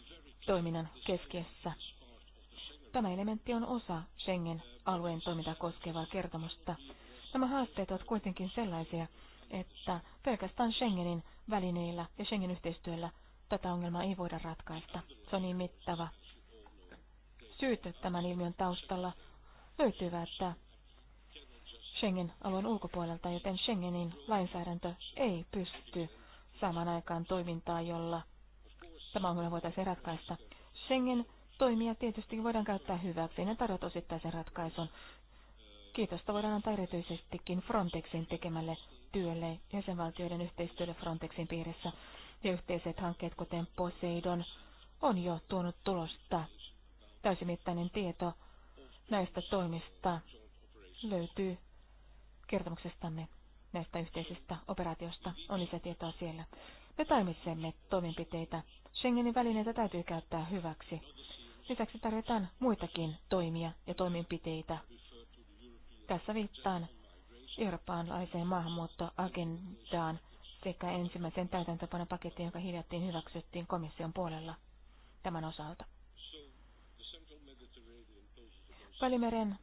toiminnan keskiössä. Tämä elementti on osa Schengen-alueen toimintaa koskevaa kertomusta. Nämä haasteet ovat kuitenkin sellaisia, että pelkästään Schengenin välineillä ja Schengen-yhteistyöllä tätä ongelmaa ei voida ratkaista. Se on niin mittava. Syyt tämän ilmiön taustalla löytyvät Schengen-alueen ulkopuolelta, joten Schengenin lainsäädäntö ei pysty saamaan aikaan toimintaa, jolla tämä ongelma voitaisiin ratkaista. Schengen toimia tietysti voidaan käyttää hyväksi ja tarjota osittaisen ratkaisun. Kiitosta voidaan antaa erityisestikin Frontexin tekemälle työlle, jäsenvaltioiden yhteistyölle Frontexin piirissä ja yhteiset hankkeet, kuten Poseidon, on jo tuonut tulosta. Täysimittainen tieto näistä toimista löytyy kertomuksestamme näistä yhteisistä operaatiosta on lisätietoa siellä. Me tarvitsemme toimenpiteitä. Schengenin välineitä täytyy käyttää hyväksi. Lisäksi tarvitaan muitakin toimia ja toimenpiteitä. Tässä viittaan eurooppalaiseen maahanmuuttoagendaan sekä ensimmäisen pakettiin, joka hiljattiin hyväksyttiin komission puolella tämän osalta. Välimeren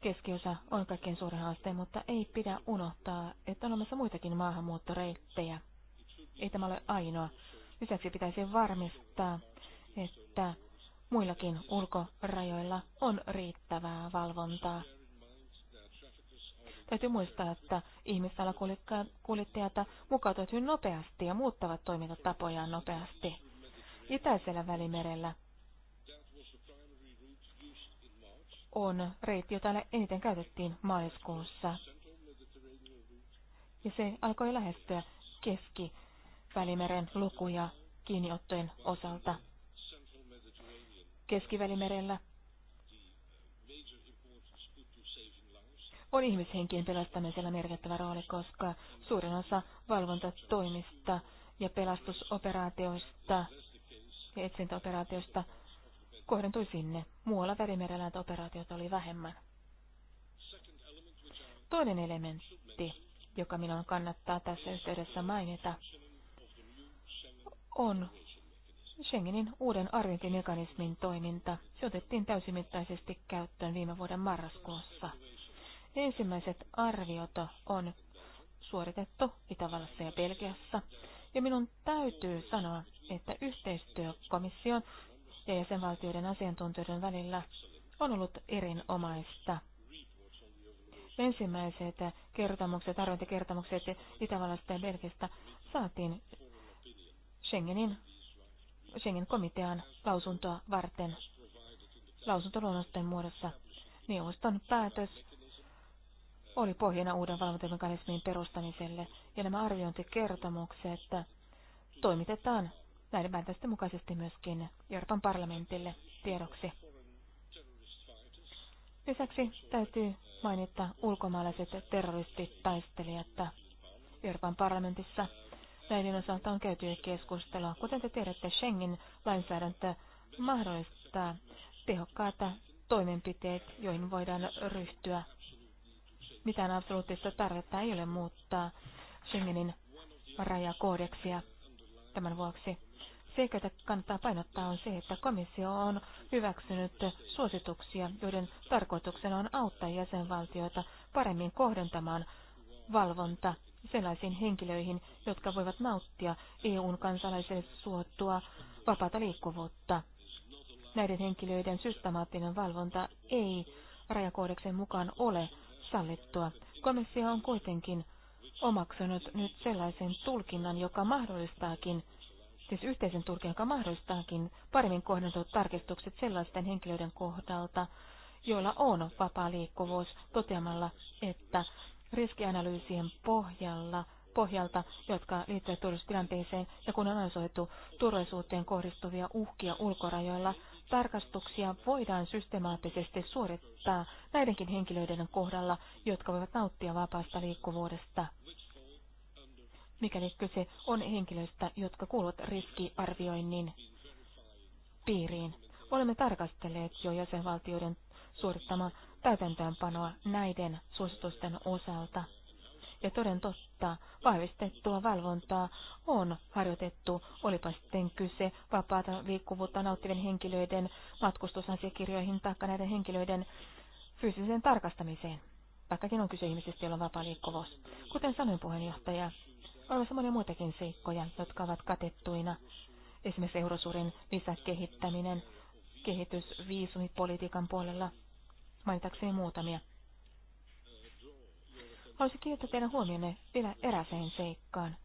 keskiosa on kaikkein suurin haaste, mutta ei pidä unohtaa, että on olemassa muitakin maahanmuuttoreittejä. Ei tämä ole ainoa. Lisäksi pitäisi varmistaa, että muillakin ulkorajoilla on riittävää valvontaa. Täytyy muistaa, että ihmissalakuljettajat mukautuvat hyvin nopeasti ja muuttavat toimintatapojaan nopeasti. Itäisellä välimerellä on reitti, jota eniten käytettiin maaliskuussa. Ja se alkoi lähestyä keski-välimeren lukuja kiinniottojen osalta. Keskivälimerellä on ihmishenkien pelastamisella merkittävä rooli, koska suurin osa valvontatoimista ja pelastusoperaatioista ja etsintäoperaatioista kohdentui sinne. Muualla välimerellä näitä operaatioita oli vähemmän. Toinen elementti, joka minun kannattaa tässä yhteydessä mainita, on Schengenin uuden arviointimekanismin toiminta. Se otettiin täysimittaisesti käyttöön viime vuoden marraskuussa. Ensimmäiset arviot on suoritettu Itävallassa ja Belgiassa, ja minun täytyy sanoa, että yhteistyökomission ja jäsenvaltioiden asiantuntijoiden välillä on ollut erinomaista. Ensimmäiset kertomukset, arviointikertomukset Itävallasta ja Belgistä saatiin Schengenin, Schengen-komitean lausuntoa varten lausuntoluonnosten muodossa. Neuvoston päätös oli pohjana uuden valvontamekanismin perustamiselle ja nämä arviointikertomukset toimitetaan näiden päätösten mukaisesti myöskin Euroopan parlamentille tiedoksi. Lisäksi täytyy mainita ulkomaalaiset terroristit taistelijat Euroopan parlamentissa. Näiden osalta on käyty keskustelua. Kuten te tiedätte, Schengen-lainsäädäntö mahdollistaa tehokkaat toimenpiteet, joihin voidaan ryhtyä. Mitään absoluuttista tarvetta ei ole muuttaa Schengenin rajakoodeksia tämän vuoksi seikka, kannattaa painottaa, on se, että komissio on hyväksynyt suosituksia, joiden tarkoituksena on auttaa jäsenvaltioita paremmin kohdentamaan valvonta sellaisiin henkilöihin, jotka voivat nauttia EUn kansalaisille suottua vapaata liikkuvuutta. Näiden henkilöiden systemaattinen valvonta ei rajakoodeksen mukaan ole sallittua. Komissio on kuitenkin omaksunut nyt sellaisen tulkinnan, joka mahdollistaakin siis yhteisen turkin, joka mahdollistaakin paremmin kohdennetut tarkistukset sellaisten henkilöiden kohdalta, joilla on vapaa liikkuvuus toteamalla, että riskianalyysien pohjalla, pohjalta, jotka liittyvät turvallisuustilanteeseen ja kun on analysoitu turvallisuuteen kohdistuvia uhkia ulkorajoilla, tarkastuksia voidaan systemaattisesti suorittaa näidenkin henkilöiden kohdalla, jotka voivat nauttia vapaasta liikkuvuudesta mikäli kyse on henkilöistä, jotka kuuluvat riskiarvioinnin piiriin. Olemme tarkastelleet jo jäsenvaltioiden suorittamaa täytäntöönpanoa näiden suositusten osalta. Ja toden totta, vahvistettua valvontaa on harjoitettu, olipa sitten kyse vapaata liikkuvuutta nauttivien henkilöiden matkustusasiakirjoihin tai näiden henkilöiden fyysiseen tarkastamiseen, vaikkakin on kyse ihmisistä, joilla on vapaa liikkuvuus. Kuten sanoin puheenjohtaja, olemassa monia muitakin seikkoja, jotka ovat katettuina. Esimerkiksi eurosuurin lisäkehittäminen, kehitys viisumipolitiikan puolella, mainitakseni muutamia. Haluaisin kiinnittää teidän huomionne vielä eräseen seikkaan,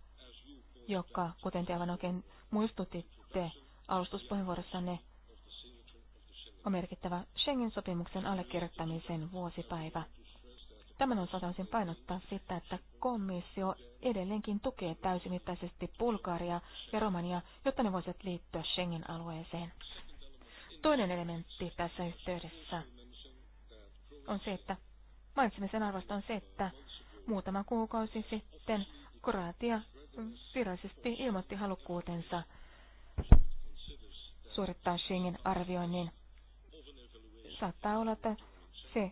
joka, kuten te aivan oikein muistutitte alustuspuheenvuorossanne, on merkittävä Schengen-sopimuksen allekirjoittamisen vuosipäivä. Tämän osalta haluaisin painottaa sitä, että komissio edelleenkin tukee täysimittaisesti Bulgaria ja Romania, jotta ne voisivat liittyä Schengen-alueeseen. Toinen elementti tässä yhteydessä on se, että mainitsemisen arvosta on se, että muutama kuukausi sitten Kroatia virallisesti ilmoitti halukkuutensa suorittaa Schengen-arvioinnin. Saattaa olla, että se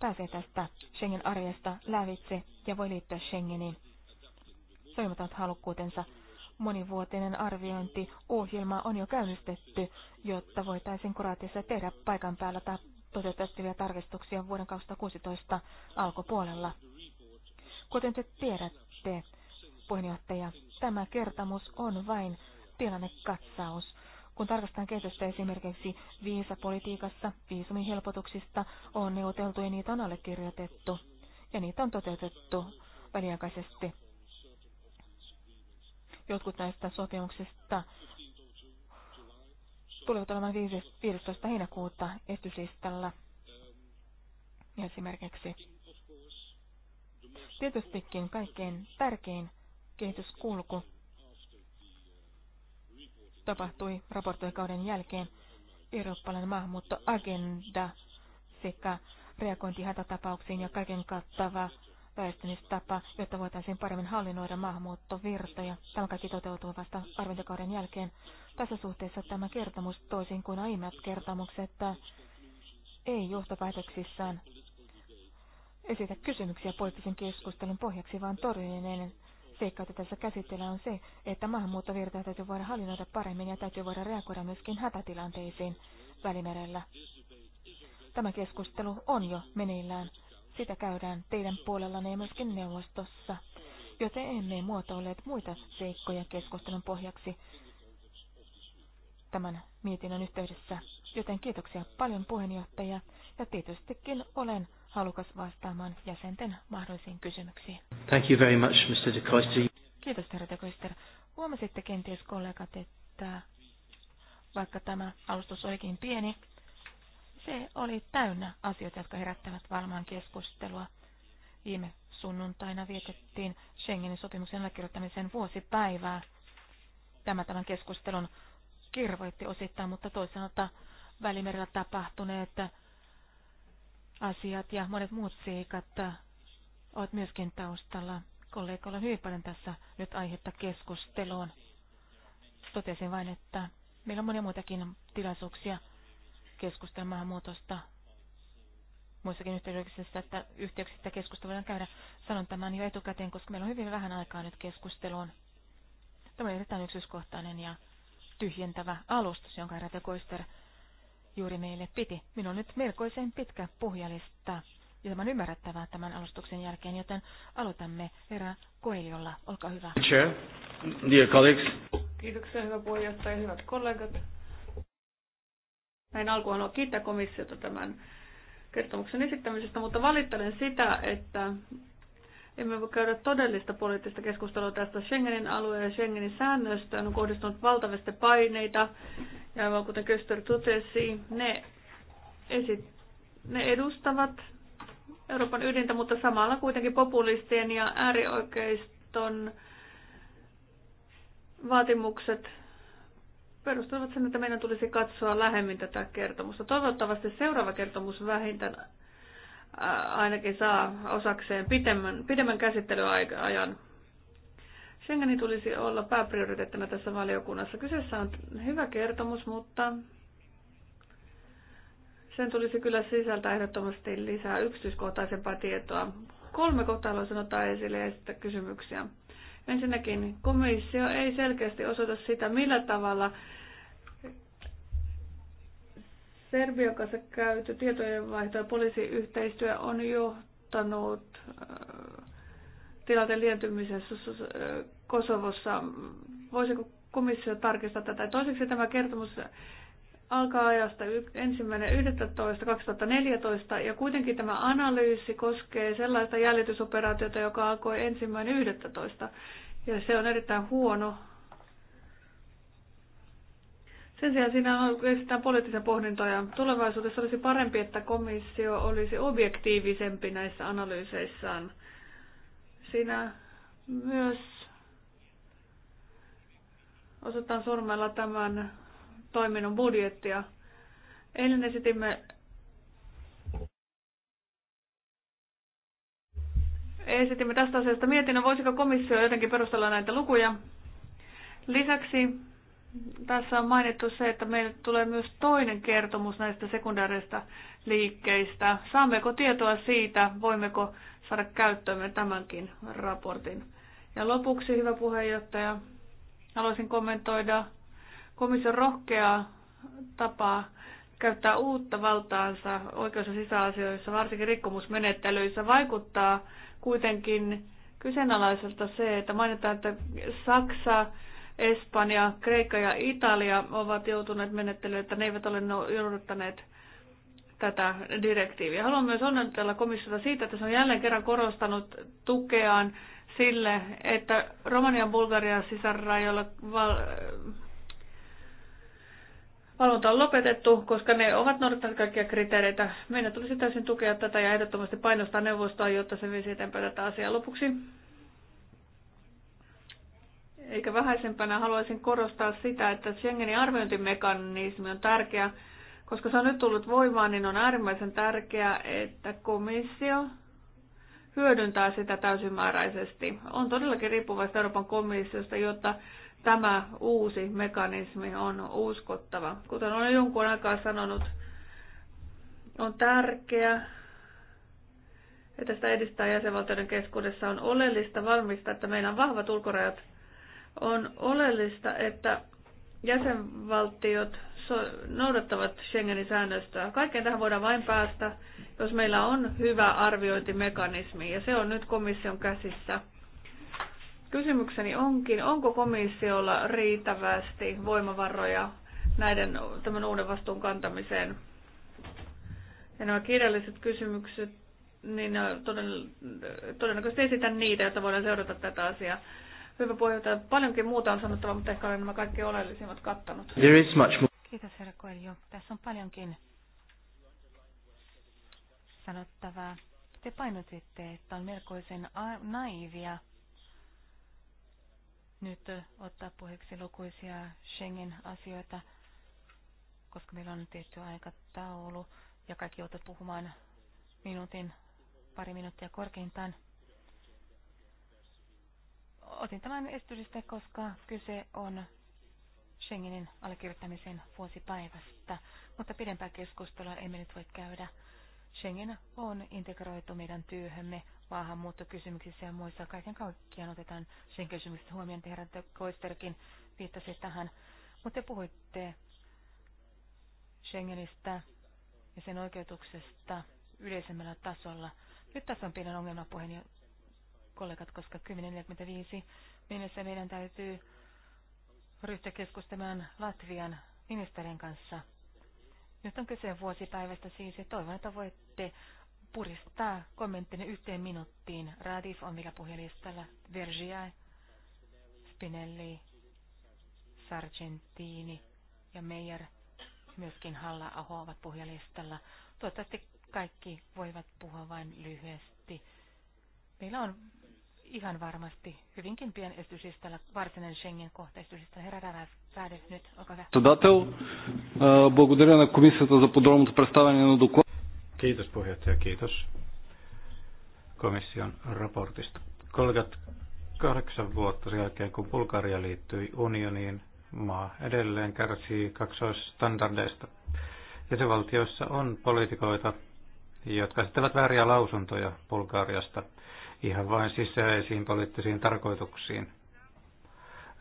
pääsee tästä Schengen-arjesta lävitse ja voi liittyä Schengeniin. Soimataan halukkuutensa. Monivuotinen arviointiohjelma on jo käynnistetty, jotta voitaisiin Kroatiassa tehdä paikan päällä ta- toteutettavia tarkistuksia vuoden 2016 alkupuolella. Kuten te tiedätte, puheenjohtaja, tämä kertomus on vain tilannekatsaus. Kun tarkastetaan kehitystä esimerkiksi viisapolitiikassa, viisumihelpotuksista on neuvoteltu ja niitä on allekirjoitettu. Ja niitä on toteutettu väliaikaisesti. Jotkut näistä sopimuksista tulevat olemaan 15. heinäkuuta esityslistalla esimerkiksi. Tietystikin kaikkein tärkein kehityskulku tapahtui raportoikauden jälkeen. Eurooppalainen maahanmuuttoagenda sekä reagointi hätätapauksiin ja kaiken kattava väestönistapa, jotta voitaisiin paremmin hallinnoida maahanmuuttovirtoja. Tämä kaikki toteutuu vasta arviointikauden jälkeen. Tässä suhteessa tämä kertomus, toisin kuin aiemmat kertomukset, että ei johtopäätöksissään esitä kysymyksiä poliittisen keskustelun pohjaksi, vaan todellinen seikka, tässä käsitteellä on se, että maahanmuuttovirtaa täytyy voida hallinnoida paremmin ja täytyy voida reagoida myöskin hätätilanteisiin Välimerellä. Tämä keskustelu on jo meneillään. Sitä käydään teidän puolellanne ja myöskin neuvostossa, joten emme muotoilleet muita seikkoja keskustelun pohjaksi tämän mietinnön yhteydessä. Joten kiitoksia paljon puheenjohtaja ja tietystikin olen halukas vastaamaan jäsenten mahdollisiin kysymyksiin. Thank you very much, Mr. De Koester. Kiitos, herra De Koester. Huomasitte kenties kollegat, että vaikka tämä alustus olikin pieni, se oli täynnä asioita, jotka herättävät varmaan keskustelua. Viime sunnuntaina vietettiin Schengenin sopimuksen allekirjoittamisen vuosipäivää. Tämä tämän keskustelun kirvoitti osittain, mutta toisaalta Välimerellä tapahtuneet asiat ja monet muut seikat ovat myöskin taustalla. Kollegoilla on hyvin paljon tässä nyt aihetta keskusteluun. Totesin vain, että meillä on monia muitakin tilaisuuksia keskustella maahanmuutosta muissakin yhteyksissä, että yhteyksistä keskustelua käydä. Sanon tämän jo etukäteen, koska meillä on hyvin vähän aikaa nyt keskusteluun. Tämä on erittäin yksityiskohtainen ja tyhjentävä alustus, jonka herra Koister juuri meille piti. Minulla on nyt melkoisen pitkä puhjalista, ja tämä on ymmärrettävää tämän alustuksen jälkeen, joten aloitamme herra Koeliolla. Olkaa hyvä. Chair, dear colleagues. Kiitoksia hyvä puheenjohtaja, hyvät kollegat. Näin alkuun haluan kiittää komissiota tämän kertomuksen esittämisestä, mutta valittelen sitä, että emme voi käydä todellista poliittista keskustelua tästä Schengenin alueen ja Schengenin säännöstä. On kohdistunut valtavasti paineita ja aivan kuten Köster totesi, ne, esit, ne edustavat Euroopan ydintä, mutta samalla kuitenkin populistien ja äärioikeiston vaatimukset perustuvat sen, että meidän tulisi katsoa lähemmin tätä kertomusta. Toivottavasti seuraava kertomus vähintään ainakin saa osakseen pidemmän, pidemmän käsittelyajan. Schengeni tulisi olla pääprioriteettina tässä valiokunnassa. Kyseessä on hyvä kertomus, mutta sen tulisi kyllä sisältää ehdottomasti lisää yksityiskohtaisempaa tietoa. Kolme kohtaa haluaisin ottaa esille ja esittää kysymyksiä. Ensinnäkin komissio ei selkeästi osoita sitä, millä tavalla Serbian kanssa käyty tietojenvaihto ja poliisiyhteistyö on johtanut äh, tilanteen lientymisessä äh, Kosovossa. Voisiko komissio tarkistaa tätä? Toiseksi tämä kertomus alkaa ajasta 1.11.2014 ja kuitenkin tämä analyysi koskee sellaista jäljitysoperaatiota, joka alkoi 1.11. ja se on erittäin huono sen sijaan siinä on oikeastaan poliittisia pohdintoja. Tulevaisuudessa olisi parempi, että komissio olisi objektiivisempi näissä analyyseissaan. Siinä myös osoitan sormella tämän toiminnon budjettia. Eilen esitimme esitimme tästä asiasta mietinnön, voisiko komissio jotenkin perustella näitä lukuja. Lisäksi tässä on mainittu se, että meille tulee myös toinen kertomus näistä sekundaarista liikkeistä. Saammeko tietoa siitä, voimmeko saada käyttöömme tämänkin raportin? Ja lopuksi, hyvä puheenjohtaja, haluaisin kommentoida komission rohkeaa tapaa käyttää uutta valtaansa oikeus- ja sisäasioissa, varsinkin rikkomusmenettelyissä, vaikuttaa kuitenkin kyseenalaiselta se, että mainitaan, että Saksa Espanja, Kreikka ja Italia ovat joutuneet menettelyyn, että ne eivät ole no- noudattaneet tätä direktiiviä. Haluan myös onnitella komissiota siitä, että se on jälleen kerran korostanut tukeaan sille, että Romanian Bulgarian sisärajoilla val- valvonta on lopetettu, koska ne ovat noudattaneet kaikkia kriteereitä. Meidän tulisi täysin tukea tätä ja ehdottomasti painostaa neuvostoa, jotta se viisi eteenpäin tätä asiaa. Lopuksi eikä vähäisempänä haluaisin korostaa sitä, että Schengenin arviointimekanismi on tärkeä, koska se on nyt tullut voimaan, niin on äärimmäisen tärkeää, että komissio hyödyntää sitä täysimääräisesti. On todellakin riippuvaista Euroopan komissiosta, jotta tämä uusi mekanismi on uskottava. Kuten olen jonkun aikaa sanonut, on tärkeää, että sitä edistää jäsenvaltioiden keskuudessa on oleellista valmistaa, että meillä on vahvat ulkorajat on oleellista, että jäsenvaltiot noudattavat Schengenin säännöstöä. Kaikkeen tähän voidaan vain päästä, jos meillä on hyvä arviointimekanismi, ja se on nyt komission käsissä. Kysymykseni onkin, onko komissiolla riittävästi voimavaroja näiden, tämän uuden vastuun kantamiseen? Ja nämä kirjalliset kysymykset, niin äh, todennäköisesti esitän niitä, jotta voidaan seurata tätä asiaa. Hyvä puheenjohtaja. Paljonkin muuta on sanottava, mutta ehkä olen nämä kaikki oleellisimmat kattanut. There is much more. Kiitos, herra Koelio. Tässä on paljonkin sanottavaa. Te painotitte, että on melkoisen naivia nyt ottaa puheeksi lukuisia Schengen-asioita, koska meillä on tietty aikataulu ja kaikki joutuvat puhumaan minuutin, pari minuuttia korkeintaan. Otin tämän esitystä, koska kyse on Schengenin allekirjoittamisen vuosipäivästä, mutta pidempää keskustelua emme nyt voi käydä. Schengen on integroitu meidän työhömme maahanmuuttokysymyksissä ja muissa. Kaiken kaikkiaan otetaan sen kysymyksestä huomioon. Herra Koisterkin viittasi tähän. Mutta te puhuitte Schengenistä ja sen oikeutuksesta yleisemmällä tasolla. Nyt tässä on pienen ongelma puheen, kollegat, koska 10.45 mennessä meidän täytyy ryhtyä keskustelemaan Latvian ministerin kanssa. Nyt on kyse vuosipäivästä siis ja toivon, että voitte puristaa kommenttinen yhteen minuuttiin. Radif on vielä puhelistalla. Vergia, Spinelli, Sargentini ja Meijer, myöskin Halla-aho ovat puhelistalla. Toivottavasti kaikki voivat puhua vain lyhyesti. Meillä on ihan varmasti hyvinkin pian esitysistalla varsinainen Schengen kohta esitysistalla. Herra Räväs, säädö nyt, olkaa hyvä. Uh, благодаря на комисията за подробното представяне на доклад. Kiitos puheenjohtaja, kiitos komission raportista. Kollegat, kahdeksan vuotta sen jälkeen kun Bulgaria liittyi unioniin, maa edelleen kärsii kaksoisstandardeista. Jäsenvaltioissa on poliitikoita, jotka esittävät vääriä lausuntoja Bulgariasta – ihan vain sisäisiin poliittisiin tarkoituksiin.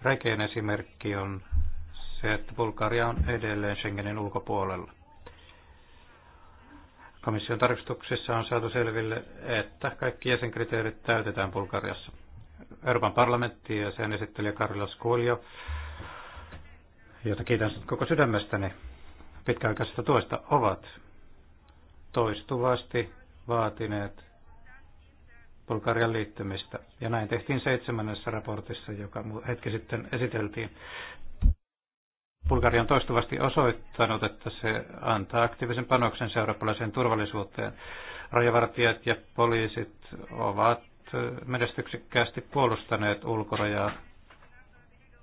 Räkeen esimerkki on se, että Bulgaria on edelleen Schengenin ulkopuolella. Komission tarkistuksessa on saatu selville, että kaikki jäsenkriteerit täytetään Bulgariassa. Euroopan parlamentti ja sen esittelijä Carlos Skuljo, jota kiitän koko sydämestäni pitkäaikaisesta tuosta, ovat toistuvasti vaatineet Bulgarian liittymistä. Ja näin tehtiin seitsemännessä raportissa, joka hetki sitten esiteltiin. Bulgaria on toistuvasti osoittanut, että se antaa aktiivisen panoksen eurooppalaiseen turvallisuuteen. Rajavartijat ja poliisit ovat menestyksekkäästi puolustaneet ulkorajaa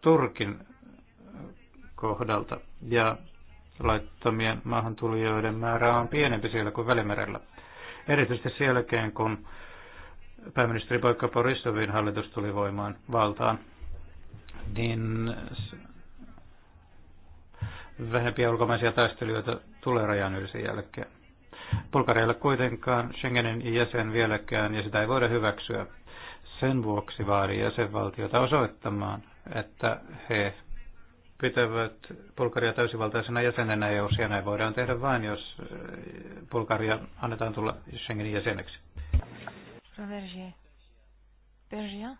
Turkin kohdalta. Ja laittomien maahantulijoiden määrä on pienempi siellä kuin Välimerellä. Erityisesti sen jälkeen, kun pääministeri Boikka Borisovin hallitus tuli voimaan valtaan, niin vähempiä ulkomaisia taistelijoita tulee rajan yli sen jälkeen. Bulgarialle kuitenkaan Schengenin jäsen vieläkään, ja sitä ei voida hyväksyä. Sen vuoksi vaadi jäsenvaltiota osoittamaan, että he pitävät Bulgaria täysivaltaisena jäsenenä ja ja näin voidaan tehdä vain, jos Bulgaria annetaan tulla Schengenin jäseneksi. Herra Vergier. Vergier,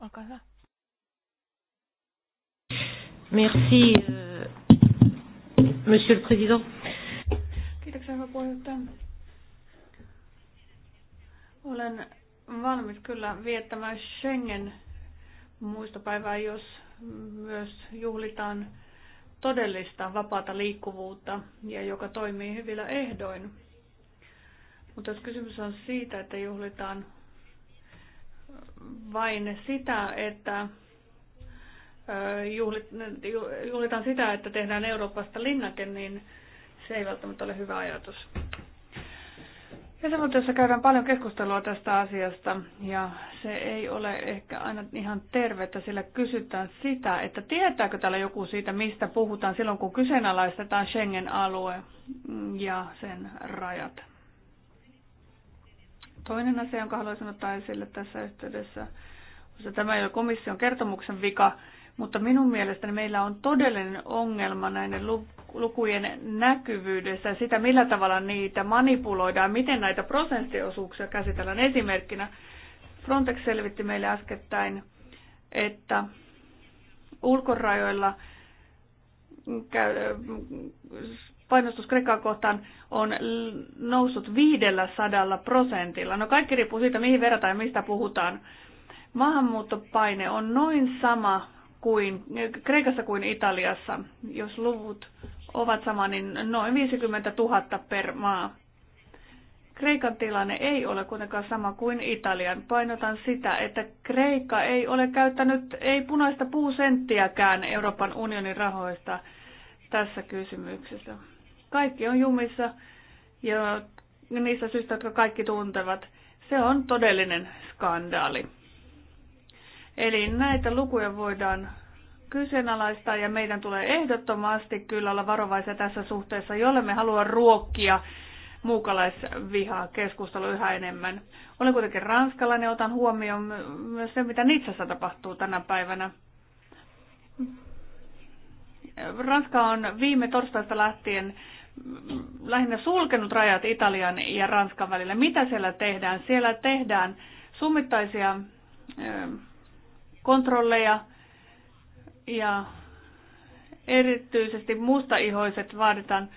olkaa hyvä. Merci, euh, Monsieur le Président. Kiitoksia, hyvä puheenjohtaja. Olen valmis kyllä viettämään Schengen muistopäivää, jos myös juhlitaan todellista vapaata liikkuvuutta ja joka toimii hyvillä ehdoin. Mutta jos kysymys on siitä, että juhlitaan vain sitä, että juhlitaan sitä, että tehdään Euroopasta linnake, niin se ei välttämättä ole hyvä ajatus. Jäsenvaltiossa käydään paljon keskustelua tästä asiasta ja se ei ole ehkä aina ihan tervettä, sillä kysytään sitä, että tietääkö täällä joku siitä, mistä puhutaan silloin, kun kyseenalaistetaan Schengen-alue ja sen rajat. Toinen asia, jonka haluaisin ottaa esille tässä yhteydessä, että tämä ei ole komission kertomuksen vika, mutta minun mielestäni meillä on todellinen ongelma näiden lukujen näkyvyydessä ja sitä, millä tavalla niitä manipuloidaan, miten näitä prosenttiosuuksia käsitellään. Esimerkkinä Frontex selvitti meille äskettäin, että ulkorajoilla painostus Kreikkaa kohtaan on noussut 500 prosentilla. No kaikki riippuu siitä, mihin verrataan ja mistä puhutaan. Maahanmuuttopaine on noin sama kuin Kreikassa kuin Italiassa. Jos luvut ovat sama, niin noin 50 000 per maa. Kreikan tilanne ei ole kuitenkaan sama kuin Italian. Painotan sitä, että Kreikka ei ole käyttänyt ei punaista puusenttiäkään Euroopan unionin rahoista tässä kysymyksessä. Kaikki on jumissa ja niistä syistä, jotka kaikki tuntevat. Se on todellinen skandaali. Eli näitä lukuja voidaan kyseenalaistaa ja meidän tulee ehdottomasti kyllä olla varovaisia tässä suhteessa, jolle me halua ruokkia muukalaisvihaa keskustelu yhä enemmän. Olen kuitenkin ranskalainen, otan huomioon myös se, mitä Nitsassa tapahtuu tänä päivänä. Ranska on viime torstaista lähtien lähinnä sulkenut rajat Italian ja Ranskan välillä. Mitä siellä tehdään? Siellä tehdään summittaisia ähm, kontrolleja ja erityisesti mustaihoiset vaaditaan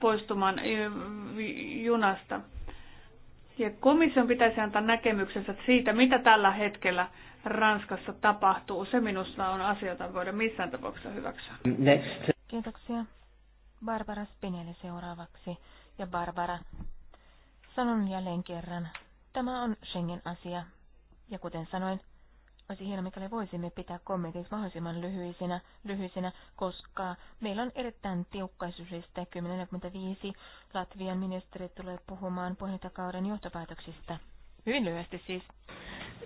poistumaan äh, junasta. Ja komission pitäisi antaa näkemyksensä siitä, mitä tällä hetkellä Ranskassa tapahtuu. Se minusta on asioita, voida missään tapauksessa hyväksyä. Next. Kiitoksia. Barbara Spinelli seuraavaksi. Ja Barbara, sanon jälleen kerran, tämä on Schengen-asia. Ja kuten sanoin, olisi hienoa, mikäli voisimme pitää kommentit mahdollisimman lyhyisinä, lyhyisinä koska meillä on erittäin tiukka syys 10.45. Latvian ministeri tulee puhumaan puheenjohtajakauden johtopäätöksistä. Hyvin lyhyesti siis.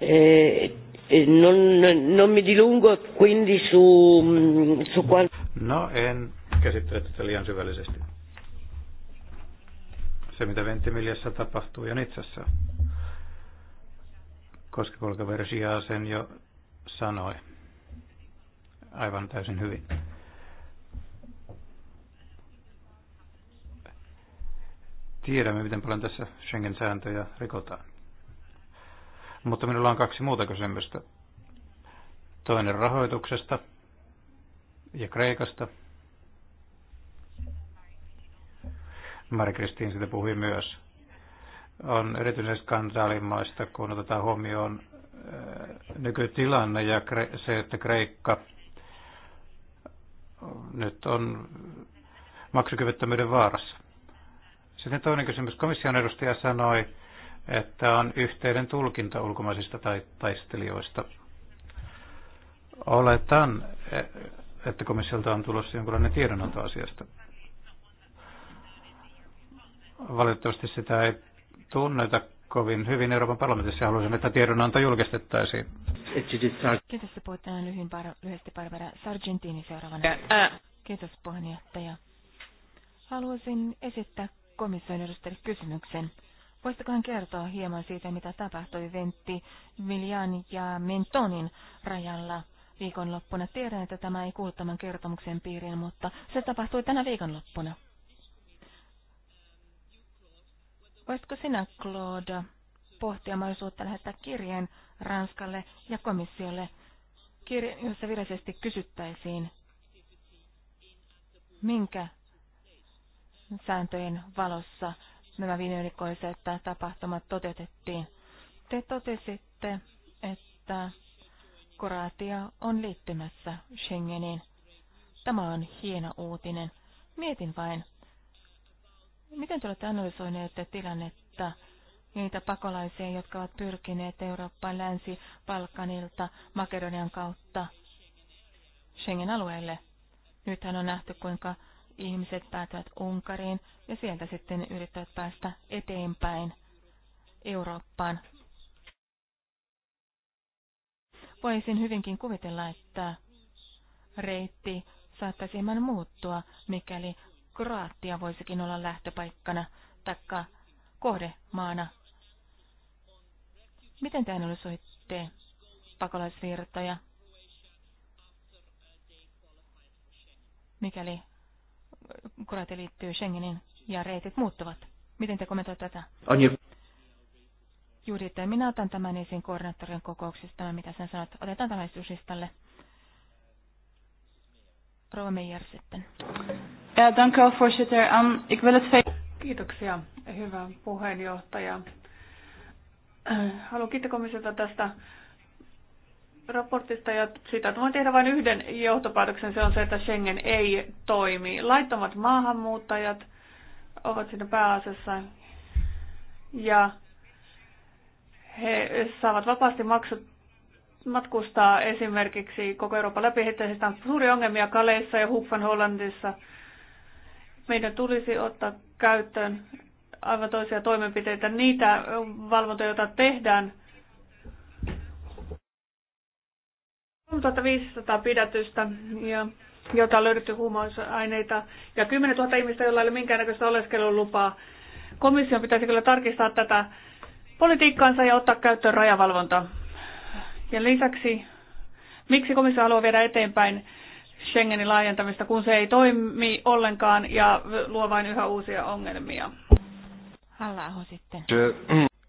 Eh, eh non, non mi dilungo quindi su, mm, su qual... No en käsittelette sitä liian syvällisesti. Se, mitä Ventimiljassa tapahtuu ja Nitsassa, Koskikolkaversiaa sen jo sanoi aivan täysin hyvin. Tiedämme, miten paljon tässä Schengen-sääntöjä rikotaan. Mutta minulla on kaksi muuta kysymystä. Toinen rahoituksesta ja Kreikasta – Mari-Kristiin sitä puhui myös. On erityisen skandaalimaista, kun otetaan huomioon äh, nykytilanne ja se, että Kreikka nyt on maksukyvyttömyyden vaarassa. Sitten toinen kysymys. Komission edustaja sanoi, että on yhteinen tulkinta ulkomaisista taistelijoista. Oletan, e-, että komissiolta on tulossa jonkinlainen tiedonanto asiasta. Valitettavasti sitä ei tunneta kovin hyvin Euroopan parlamentissa. Haluaisin, että tiedonanto julkistettaisiin. Kiitos, että lyhyen par- lyhyesti Barbara Sargentini seuraavana. Kiitos, puheenjohtaja. Haluaisin esittää komission edustajille kysymyksen. Voisitkohan kertoa hieman siitä, mitä tapahtui Ventti, Viljan ja Mentonin rajalla viikonloppuna? Tiedän, että tämä ei tämän kertomuksen piiriin, mutta se tapahtui tänä viikonloppuna. Voisitko sinä, Claude, pohtia mahdollisuutta lähettää kirjeen Ranskalle ja komissiolle, kirje, jossa virallisesti kysyttäisiin, minkä sääntöjen valossa nämä viimeylikoiset tapahtumat toteutettiin. Te totesitte, että Kroatia on liittymässä Schengeniin. Tämä on hieno uutinen. Mietin vain, Miten te olette analysoineet tilannetta niitä pakolaisia, jotka ovat pyrkineet Eurooppaan länsi-Balkanilta Makedonian kautta Schengen-alueelle? Nythän on nähty, kuinka ihmiset päätyvät Unkariin ja sieltä sitten yrittävät päästä eteenpäin Eurooppaan. Voisin hyvinkin kuvitella, että reitti saattaisi hieman muuttua, mikäli Kroatia voisikin olla lähtöpaikkana taikka kohdemaana. Miten te analysoitte pakolaisvirtoja, mikäli Kroatia liittyy Schengenin ja reitit muuttuvat? Miten te kommentoitte tätä? On jo. Juuri, että minä otan tämän esiin koordinaattorin kokouksesta, mitä sen sanot. Otetaan tämä istusistalle. Rova Meijer sitten. Ja, dank u wel, voorzitter. Um, ik wil het Kiitoksia, hyvä puheenjohtaja. Äh, haluan kiittää komissiota tästä raportista ja siitä, että voin tehdä vain yhden johtopäätöksen. Se on se, että Schengen ei toimi. Laittomat maahanmuuttajat ovat siinä pääasiassa ja he saavat vapaasti maksut matkustaa esimerkiksi koko Euroopan läpi. Heitä on suuri ongelmia Kaleissa ja Hupfen Hollandissa – meidän tulisi ottaa käyttöön aivan toisia toimenpiteitä, niitä valvontoja, joita tehdään. 3500 pidätystä, ja, jota on löydetty huumausaineita, ja 10 000 ihmistä, joilla ei ole minkäännäköistä oleskelulupaa. Komission pitäisi kyllä tarkistaa tätä politiikkaansa ja ottaa käyttöön rajavalvonta. Ja lisäksi, miksi komissio haluaa viedä eteenpäin Schengenin laajentamista, kun se ei toimi ollenkaan ja luo vain yhä uusia ongelmia. halla sitten.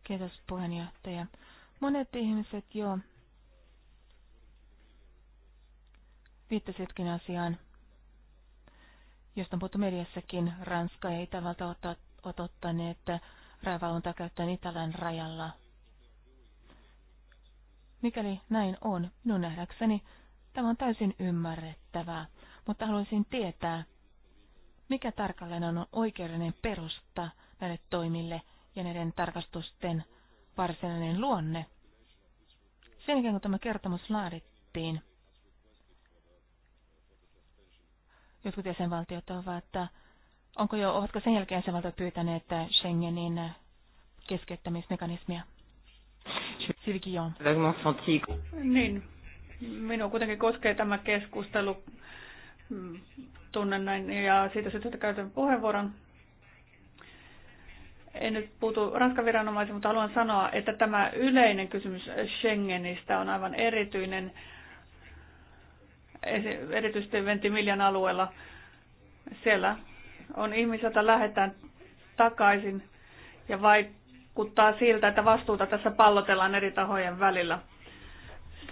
Kiitos puheenjohtaja. Monet ihmiset jo viittasitkin asiaan, josta on puhuttu mediassakin. Ranska ja Itävalta ovat ottaneet rajavalvontaa käyttöön Italian rajalla. Mikäli näin on, minun nähdäkseni Tämä on täysin ymmärrettävää, mutta haluaisin tietää, mikä tarkalleen on oikeudellinen perusta näille toimille ja näiden tarkastusten varsinainen luonne. Sen jälkeen, kun tämä kertomus laadittiin, jotkut jäsenvaltiot ovat, että onko jo, ovatko sen jälkeen jäsenvaltiot pyytäneet Schengenin keskeyttämismekanismia? Silki on. Niin, Minua kuitenkin koskee tämä keskustelu. Mm, tunnen näin ja siitä syystä käytän puheenvuoron. En nyt puutu Ranskan viranomaisiin, mutta haluan sanoa, että tämä yleinen kysymys Schengenistä on aivan erityinen, erityisesti Ventimiljan alueella. Siellä on joita lähetään takaisin ja vaikuttaa siltä, että vastuuta tässä pallotellaan eri tahojen välillä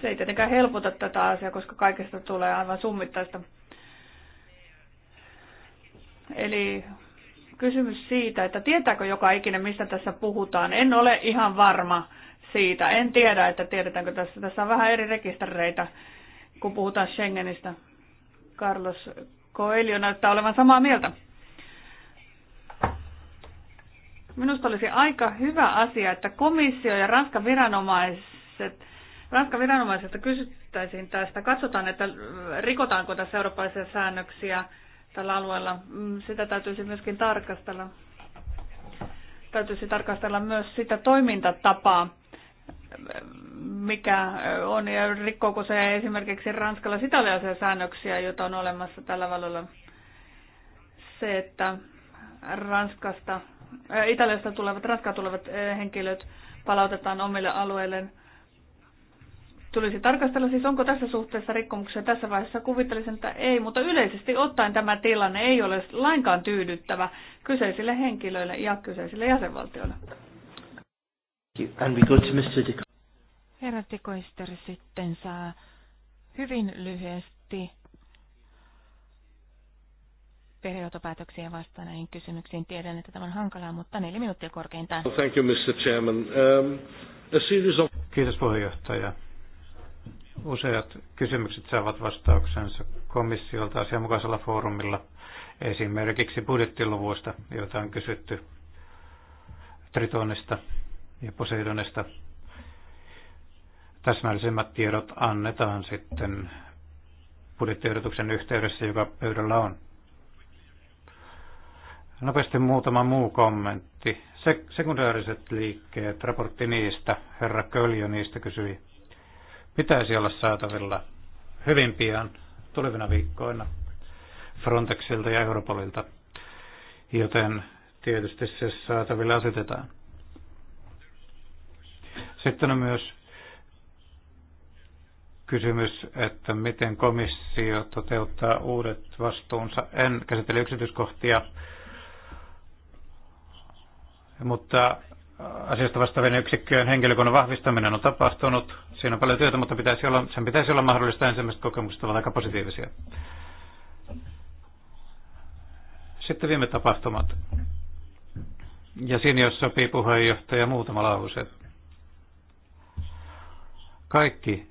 se ei tietenkään helpota tätä asiaa, koska kaikesta tulee aivan summittaista. Eli kysymys siitä, että tietääkö joka ikinen, mistä tässä puhutaan. En ole ihan varma siitä. En tiedä, että tiedetäänkö tässä. Tässä on vähän eri rekistereitä, kun puhutaan Schengenistä. Carlos Coelho näyttää olevan samaa mieltä. Minusta olisi aika hyvä asia, että komissio ja Ranskan viranomaiset Ranskan viranomaisilta kysyttäisiin tästä. Katsotaan, että äh, rikotaanko tässä eurooppalaisia säännöksiä tällä alueella. Mm, sitä täytyisi myöskin tarkastella. Täytyisi tarkastella myös sitä toimintatapaa, mikä äh, on ja rikkoako se esimerkiksi Ranskalla sitalaisia säännöksiä, joita on olemassa tällä valolla. Se, että Ranskasta, äh, Italiasta tulevat, Ranskaa tulevat henkilöt palautetaan omille alueilleen tulisi tarkastella. Siis onko tässä suhteessa rikkomuksia tässä vaiheessa? Kuvittelisin, että ei, mutta yleisesti ottaen tämä tilanne ei ole lainkaan tyydyttävä kyseisille henkilöille ja kyseisille jäsenvaltioille. Herra Tikoister sitten saa hyvin lyhyesti periaatopäätöksiä vastaan näihin kysymyksiin. Tiedän, että tämä on hankalaa, mutta neljä minuuttia korkeintaan. Thank you, Mr. Chairman. Um, a series of... Kiitos puheenjohtaja. Useat kysymykset saavat vastauksensa komissiolta asianmukaisella foorumilla, esimerkiksi budjettiluvuista, joita on kysytty Tritonista ja Poseidonista. Täsmällisemmät tiedot annetaan sitten budjettiehdotuksen yhteydessä, joka pöydällä on. Nopeasti muutama muu kommentti. Sek- sekundaariset liikkeet, raportti niistä. Herra Köljö niistä kysyi pitäisi olla saatavilla hyvin pian tulevina viikkoina Frontexilta ja Europolilta, joten tietysti se saataville asetetaan. Sitten on myös kysymys, että miten komissio toteuttaa uudet vastuunsa. En käsittele yksityiskohtia, mutta asiasta vastaavien yksikköjen henkilökunnan vahvistaminen on tapahtunut Siinä on paljon työtä, mutta pitäisi olla, sen pitäisi olla mahdollista. Ensimmäiset kokemukset ovat aika positiivisia. Sitten viime tapahtumat. Ja siinä, jos sopii puheenjohtaja, muutama lause. Kaikki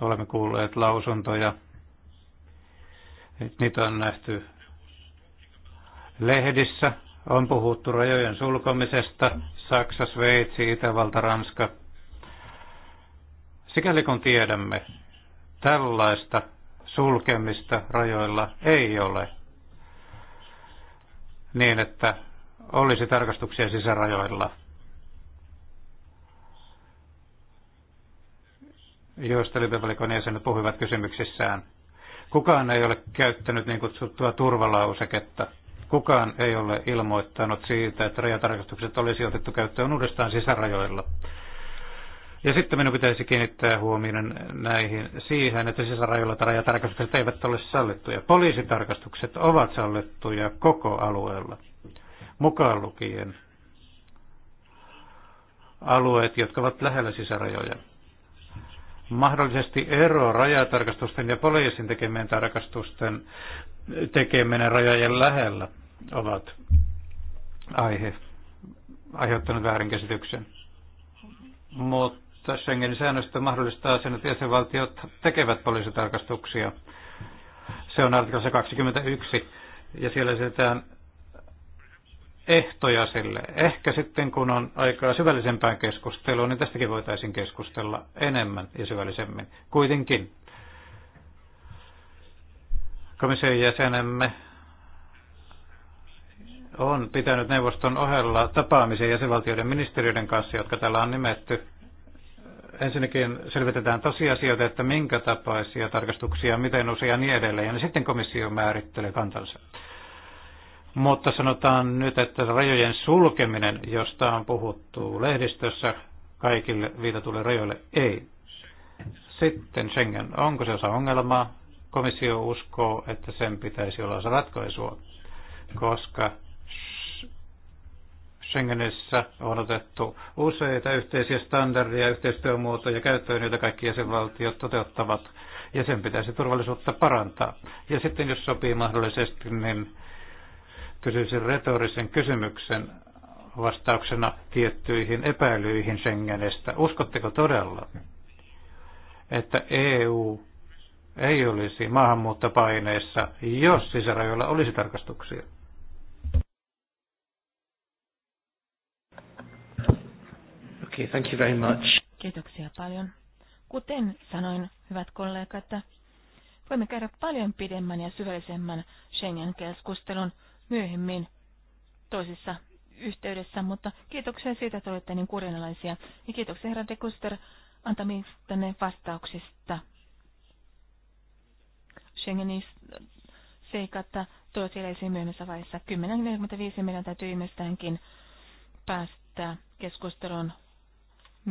olemme kuulleet lausuntoja. Niitä on nähty lehdissä. On puhuttu rajojen sulkomisesta. Saksa, Sveitsi, Itävalta, Ranska. Sikäli kun tiedämme, tällaista sulkemista rajoilla ei ole niin, että olisi tarkastuksia sisärajoilla, joista libevalikon jäsenet puhuivat kysymyksissään. Kukaan ei ole käyttänyt niin kutsuttua turvalauseketta. Kukaan ei ole ilmoittanut siitä, että rajatarkastukset olisi otettu käyttöön uudestaan sisärajoilla. Ja sitten minun pitäisi kiinnittää huomioon näihin siihen, että sisärajoilla rajatarkastukset eivät ole sallittuja. Poliisitarkastukset ovat sallittuja koko alueella, mukaan lukien alueet, jotka ovat lähellä sisärajoja. Mahdollisesti ero rajatarkastusten ja poliisin tekemien tarkastusten tekeminen rajojen lähellä ovat aihe, aiheuttanut väärinkäsityksen. Mutta Schengenin säännöstö mahdollistaa sen, että jäsenvaltiot tekevät poliisitarkastuksia. Se on artikla 21 ja siellä esitetään ehtoja sille. Ehkä sitten kun on aikaa syvällisempään keskusteluun, niin tästäkin voitaisiin keskustella enemmän ja syvällisemmin. Kuitenkin komission jäsenemme on pitänyt neuvoston ohella tapaamisia jäsenvaltioiden ministeriöiden kanssa, jotka täällä on nimetty ensinnäkin selvitetään tosiasioita, että minkä tapaisia tarkastuksia, miten usein ja niin edelleen, ja sitten komissio määrittelee kantansa. Mutta sanotaan nyt, että rajojen sulkeminen, josta on puhuttu lehdistössä, kaikille viitatulle rajoille ei. Sitten Schengen, onko se osa ongelmaa? Komissio uskoo, että sen pitäisi olla osa ratkaisua, koska Schengenissä on otettu useita yhteisiä standardeja, yhteistyömuotoja käyttöön, joita kaikki jäsenvaltiot toteuttavat, ja sen pitäisi turvallisuutta parantaa. Ja sitten, jos sopii mahdollisesti, niin kysyisin retorisen kysymyksen vastauksena tiettyihin epäilyihin Schengenestä. Uskotteko todella, että EU ei olisi maahanmuuttopaineessa, jos sisärajoilla olisi tarkastuksia? Okay, thank you very much. Kiitoksia paljon. Kuten sanoin, hyvät kollegat, voimme käydä paljon pidemmän ja syvällisemmän Schengen-keskustelun myöhemmin toisissa yhteydessä, mutta kiitoksia siitä, että olette niin kurinalaisia. Ja kiitoksia herra de Kuster antamistanne vastauksista. Schengenin seikatta siellä esiin myöhemmässä vaiheessa. 10.45 meidän täytyy ilmeistäänkin päästä keskusteluun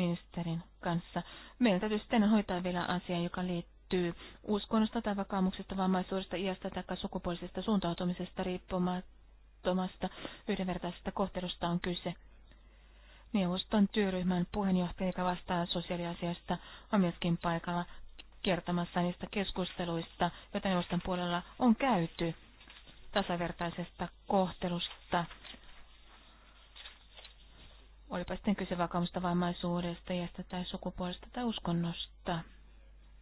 ministerin kanssa. Meillä täytyy sitten hoitaa vielä asia, joka liittyy uskonnosta tai vakaumuksesta, vammaisuudesta, iästä tai sukupuolisesta suuntautumisesta riippumattomasta yhdenvertaisesta kohtelusta on kyse. Neuvoston työryhmän puheenjohtaja, joka vastaa sosiaaliasiasta, on myöskin paikalla kertomassa niistä keskusteluista, joita neuvoston puolella on käyty tasavertaisesta kohtelusta olipa sitten kyse vakaumusta vammaisuudesta, iästä tai sukupuolesta tai uskonnosta.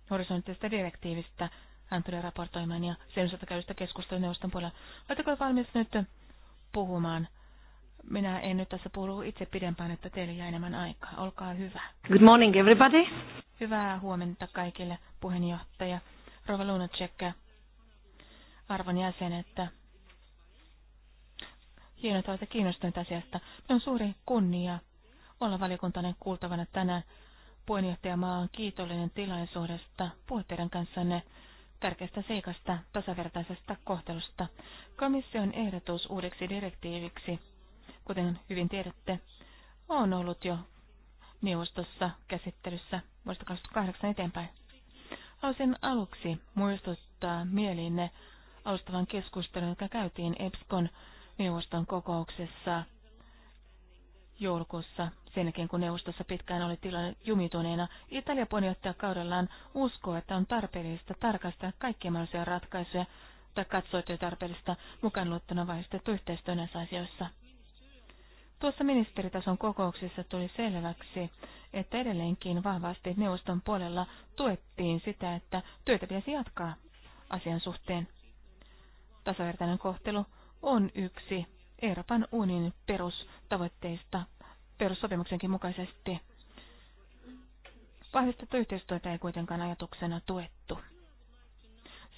Horisonttisesta direktiivistä hän tulee raportoimaan ja sen osalta käydystä keskustelun neuvoston puolella. Oletteko valmis nyt puhumaan? Minä en nyt tässä puhu itse pidempään, että teille jää enemmän aikaa. Olkaa hyvä. Good morning everybody. Hyvää huomenta kaikille puheenjohtaja. Rova Lunacek, arvon jäsen, että Hienoa, että olette kiinnostuneet asiasta. Me on suuri kunnia olla valiokuntainen kuultavana tänään. Maa on kiitollinen tilaisuudesta puheenjohtajan kanssanne tärkeästä seikasta, tasavertaisesta kohtelusta. Komission ehdotus uudeksi direktiiviksi, kuten hyvin tiedätte, on ollut jo neuvostossa käsittelyssä vuodesta 2008 eteenpäin. Haluaisin aluksi muistuttaa mieliinne alustavan keskustelun, joka käytiin EPSCON neuvoston kokouksessa joulukuussa, sen jälkeen kun neuvostossa pitkään oli tilanne jumituneena, Italia puheenjohtaja kaudellaan uskoo, että on tarpeellista tarkastaa kaikkia mahdollisia ratkaisuja tai katsoa tarpeellista mukaan luottuna vahvistettu yhteistyö näissä asioissa. Tuossa ministeritason kokouksessa tuli selväksi, että edelleenkin vahvasti neuvoston puolella tuettiin sitä, että työtä pitäisi jatkaa asian suhteen. Tasavertainen kohtelu on yksi Euroopan unionin perustavoitteista perussopimuksenkin mukaisesti. Vahvistettu yhteistyötä ei kuitenkaan ajatuksena tuettu.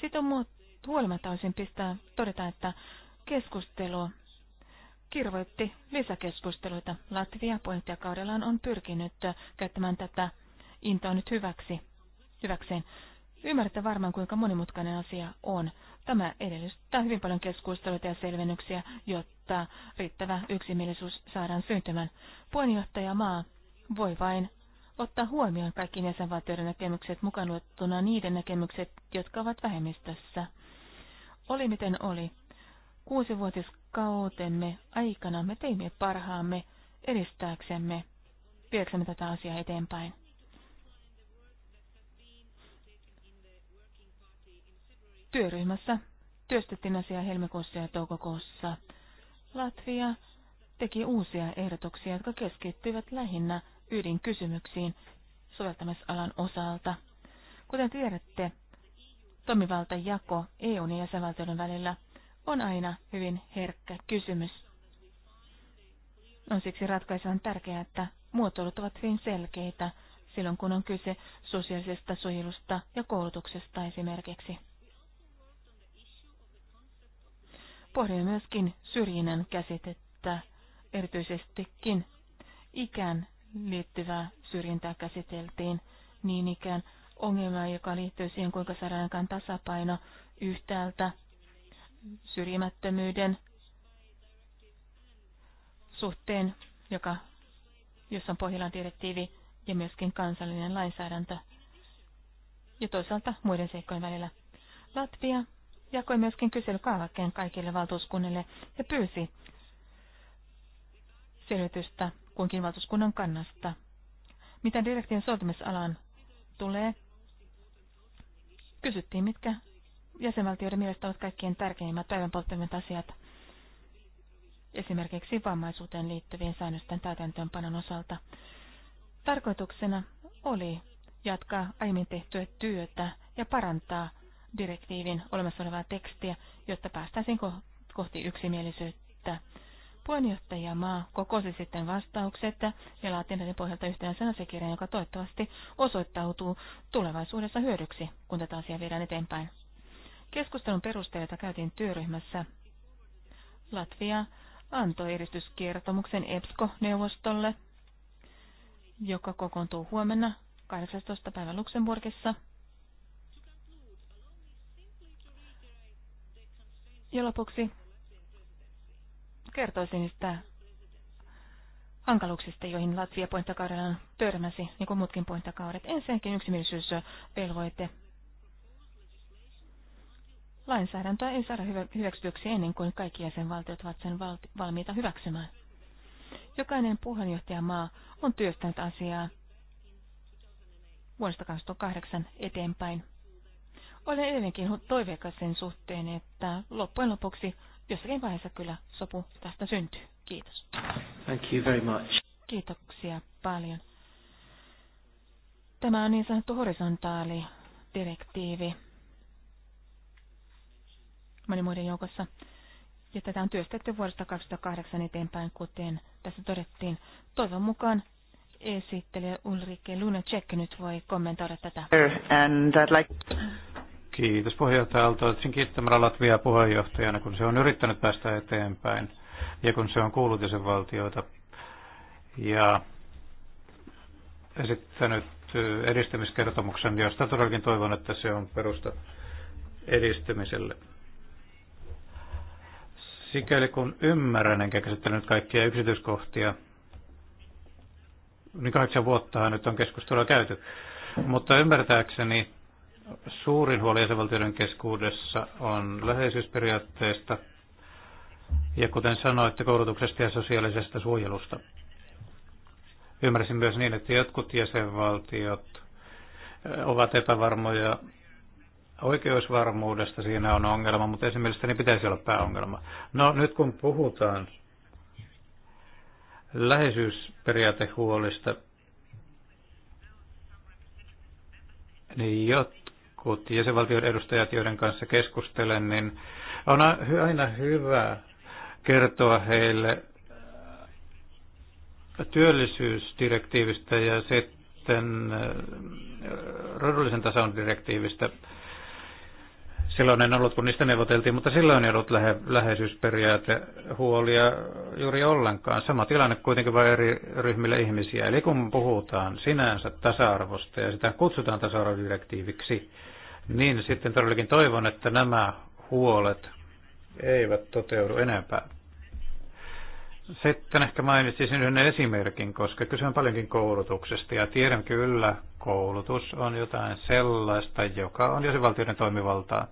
Sitten on huolimatta olisin pistää todeta, että keskustelu kirvoitti lisäkeskusteluita. Latvia puheenjohtajakaudellaan on pyrkinyt käyttämään tätä intoa nyt hyväksi, hyväkseen. Ymmärrätte varmaan, kuinka monimutkainen asia on. Tämä edellyttää hyvin paljon keskusteluita ja selvennyksiä, jotta riittävä yksimielisyys saadaan syntymään. Puheenjohtaja maa voi vain ottaa huomioon kaikki jäsenvaltioiden näkemykset mukaan luettuna niiden näkemykset, jotka ovat vähemmistössä. Oli miten oli. Kuusivuotiskautemme aikana me teimme parhaamme edistääksemme, vieksemme tätä asiaa eteenpäin. Työryhmässä työstettiin asiaa helmikuussa ja toukokuussa. Latvia teki uusia ehdotuksia, jotka keskittyivät lähinnä ydinkysymyksiin soveltamisalan osalta. Kuten tiedätte, toimivaltajako EUn ja jäsenvaltioiden välillä on aina hyvin herkkä kysymys. On siksi ratkaisevan tärkeää, että muotoilut ovat hyvin selkeitä silloin, kun on kyse sosiaalisesta suojelusta ja koulutuksesta esimerkiksi. Pohdimme myöskin syrjinnän käsitettä, erityisestikin ikään liittyvää syrjintää käsiteltiin niin ikään ongelmaa, joka liittyy siihen, kuinka saadaan tasapaino yhtäältä syrjimättömyyden suhteen, joka, jossa on Pohjolan direktiivi ja myöskin kansallinen lainsäädäntö, ja toisaalta muiden seikkojen välillä. Latvia jakoi myöskin kyselykaavakkeen kaikille valtuuskunnille ja pyysi selvitystä kunkin valtuuskunnan kannasta. Mitä direktiivin soveltamisalaan tulee, kysyttiin, mitkä jäsenvaltioiden mielestä ovat kaikkein tärkeimmät päivän polttavimmat asiat, esimerkiksi vammaisuuteen liittyvien säännösten täytäntöönpanon osalta. Tarkoituksena oli jatkaa aiemmin tehtyä työtä ja parantaa direktiivin olemassa olevaa tekstiä, jotta päästäisiin kohti yksimielisyyttä. maa kokosi sitten vastaukset ja laati näiden pohjalta yhtenä sanasekirjan, joka toivottavasti osoittautuu tulevaisuudessa hyödyksi, kun tätä asiaa viedään eteenpäin. Keskustelun perusteita käytiin työryhmässä. Latvia antoi eristyskertomuksen EPSCO-neuvostolle, joka kokoontuu huomenna 18. päivä Luxemburgissa – Ja lopuksi kertoisin sitä hankaluuksista, joihin Latvia pointtakaudella törmäsi, niin kuin muutkin pointtakaudet. Ensinnäkin yksimielisyysvelvoite. Lainsäädäntöä ei saada hyväksytyksi ennen kuin kaikki jäsenvaltiot ovat sen valmiita hyväksymään. Jokainen puheenjohtajamaa on työstänyt asiaa vuodesta 2008 eteenpäin. Olen edelleenkin toiveikas sen suhteen, että loppujen lopuksi jossakin vaiheessa kyllä sopu tästä syntyy. Kiitos. Thank you very much. Kiitoksia paljon. Tämä on niin sanottu horisontaali direktiivi muiden joukossa. Ja tätä on työstetty vuodesta 2008 eteenpäin, kuten tässä todettiin. Toivon mukaan esittelijä Ulrike Lunacek nyt voi kommentoida tätä. And I'd like... Kiitos puheenjohtaja Aaltoitsin kiittämällä Latvia puheenjohtajana, kun se on yrittänyt päästä eteenpäin ja kun se on kuullut jäsenvaltioita ja esittänyt edistämiskertomuksen, josta todellakin toivon, että se on perusta edistymiselle. Sikäli kun ymmärrän, enkä käsittänyt kaikkia yksityiskohtia, niin kahdeksan vuottahan nyt on keskustelua käyty. Mutta ymmärtääkseni Suurin huoli jäsenvaltioiden keskuudessa on läheisyysperiaatteesta ja kuten sanoitte, koulutuksesta ja sosiaalisesta suojelusta. Ymmärsin myös niin, että jotkut jäsenvaltiot ovat epävarmoja oikeusvarmuudesta siinä on ongelma, mutta esimerkiksi niin pitäisi olla pääongelma. No nyt kun puhutaan läheisyysperiaatehuolista, niin jot, jotkut jäsenvaltioiden edustajat, joiden kanssa keskustelen, niin on aina hyvä kertoa heille työllisyysdirektiivistä ja sitten äh, rodullisen tason direktiivistä. Silloin en ollut, kun niistä neuvoteltiin, mutta silloin ei ollut lähe, läheisyysperiaate huolia juuri ollenkaan. Sama tilanne kuitenkin vain eri ryhmille ihmisiä. Eli kun puhutaan sinänsä tasa-arvosta ja sitä kutsutaan tasa-arvodirektiiviksi, niin sitten todellakin toivon, että nämä huolet eivät toteudu enempää. Sitten ehkä mainitsisin yhden esimerkin, koska kyse on paljonkin koulutuksesta ja tiedän kyllä, koulutus on jotain sellaista, joka on jäsenvaltioiden toimivaltaa.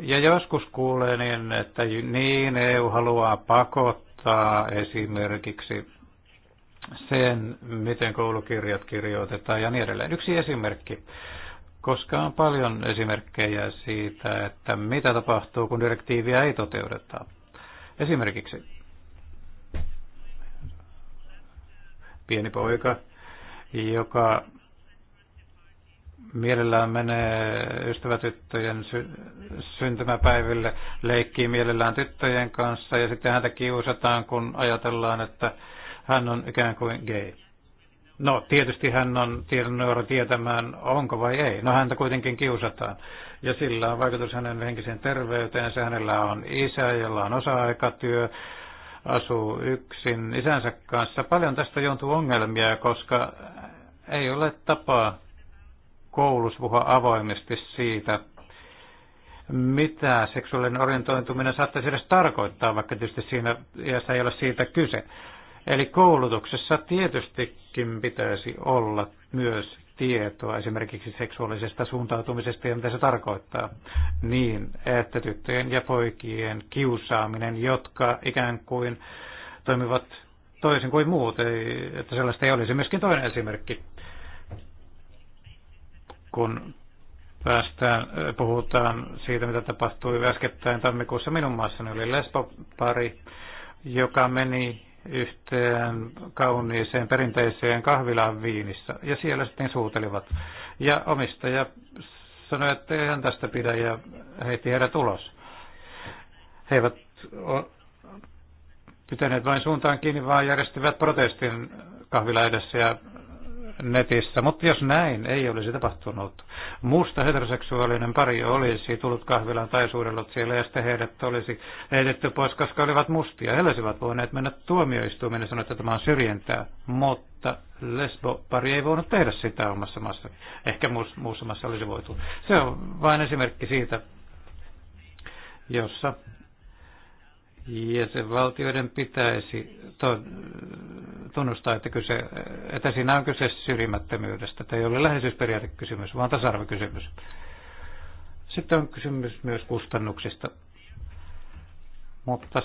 Ja joskus kuulee niin, että niin EU haluaa pakottaa esimerkiksi sen, miten koulukirjat kirjoitetaan ja niin edelleen. Yksi esimerkki, koska on paljon esimerkkejä siitä, että mitä tapahtuu, kun direktiiviä ei toteudeta. Esimerkiksi pieni poika, joka mielellään menee ystävätyttöjen sy- syntymäpäiville, leikkii mielellään tyttöjen kanssa ja sitten häntä kiusataan, kun ajatellaan, että hän on ikään kuin gay. No, tietysti hän on tiedonnuoro tietämään, onko vai ei. No, häntä kuitenkin kiusataan. Ja sillä on vaikutus hänen henkiseen terveyteensä. Hänellä on isä, jolla on osa-aikatyö, asuu yksin isänsä kanssa. Paljon tästä joutuu ongelmia, koska ei ole tapaa koulussa puhua avoimesti siitä, mitä seksuaalinen orientoituminen saattaisi edes tarkoittaa, vaikka tietysti siinä iässä ei ole siitä kyse. Eli koulutuksessa tietystikin pitäisi olla myös tietoa esimerkiksi seksuaalisesta suuntautumisesta ja mitä se tarkoittaa, niin että tyttöjen ja poikien kiusaaminen, jotka ikään kuin toimivat toisin kuin muut, ei, että sellaista ei olisi. Myöskin toinen esimerkki, kun päästään, puhutaan siitä, mitä tapahtui äskettäin tammikuussa minun maassani, oli lesbopari, joka meni yhteen kauniiseen perinteiseen kahvilaan viinissä. Ja siellä sitten suutelivat. Ja omistaja sanoi, että eihän tästä pidä ja heitti heidät ulos. He eivät pitäneet vain suuntaan kiinni, vaan järjestivät protestin kahvila edessä ja netissä. Mutta jos näin ei olisi tapahtunut, muusta heteroseksuaalinen pari olisi tullut kahvilaan tai suurellut siellä ja sitten heidät olisi heitetty pois, koska olivat mustia. He olisivat voineet mennä tuomioistuimeen ja sanoa, että tämä on syrjintää, mutta lesbopari ei voinut tehdä sitä omassa maassa. Ehkä muussa maassa olisi voitu. Se on vain esimerkki siitä, jossa Jäsenvaltioiden pitäisi to, tunnustaa, että, kyse, että siinä on kyse syrjimättömyydestä. Tämä ei ole läheisyysperiaatekysymys, vaan tasa-arvokysymys. Sitten on kysymys myös kustannuksista. Mutta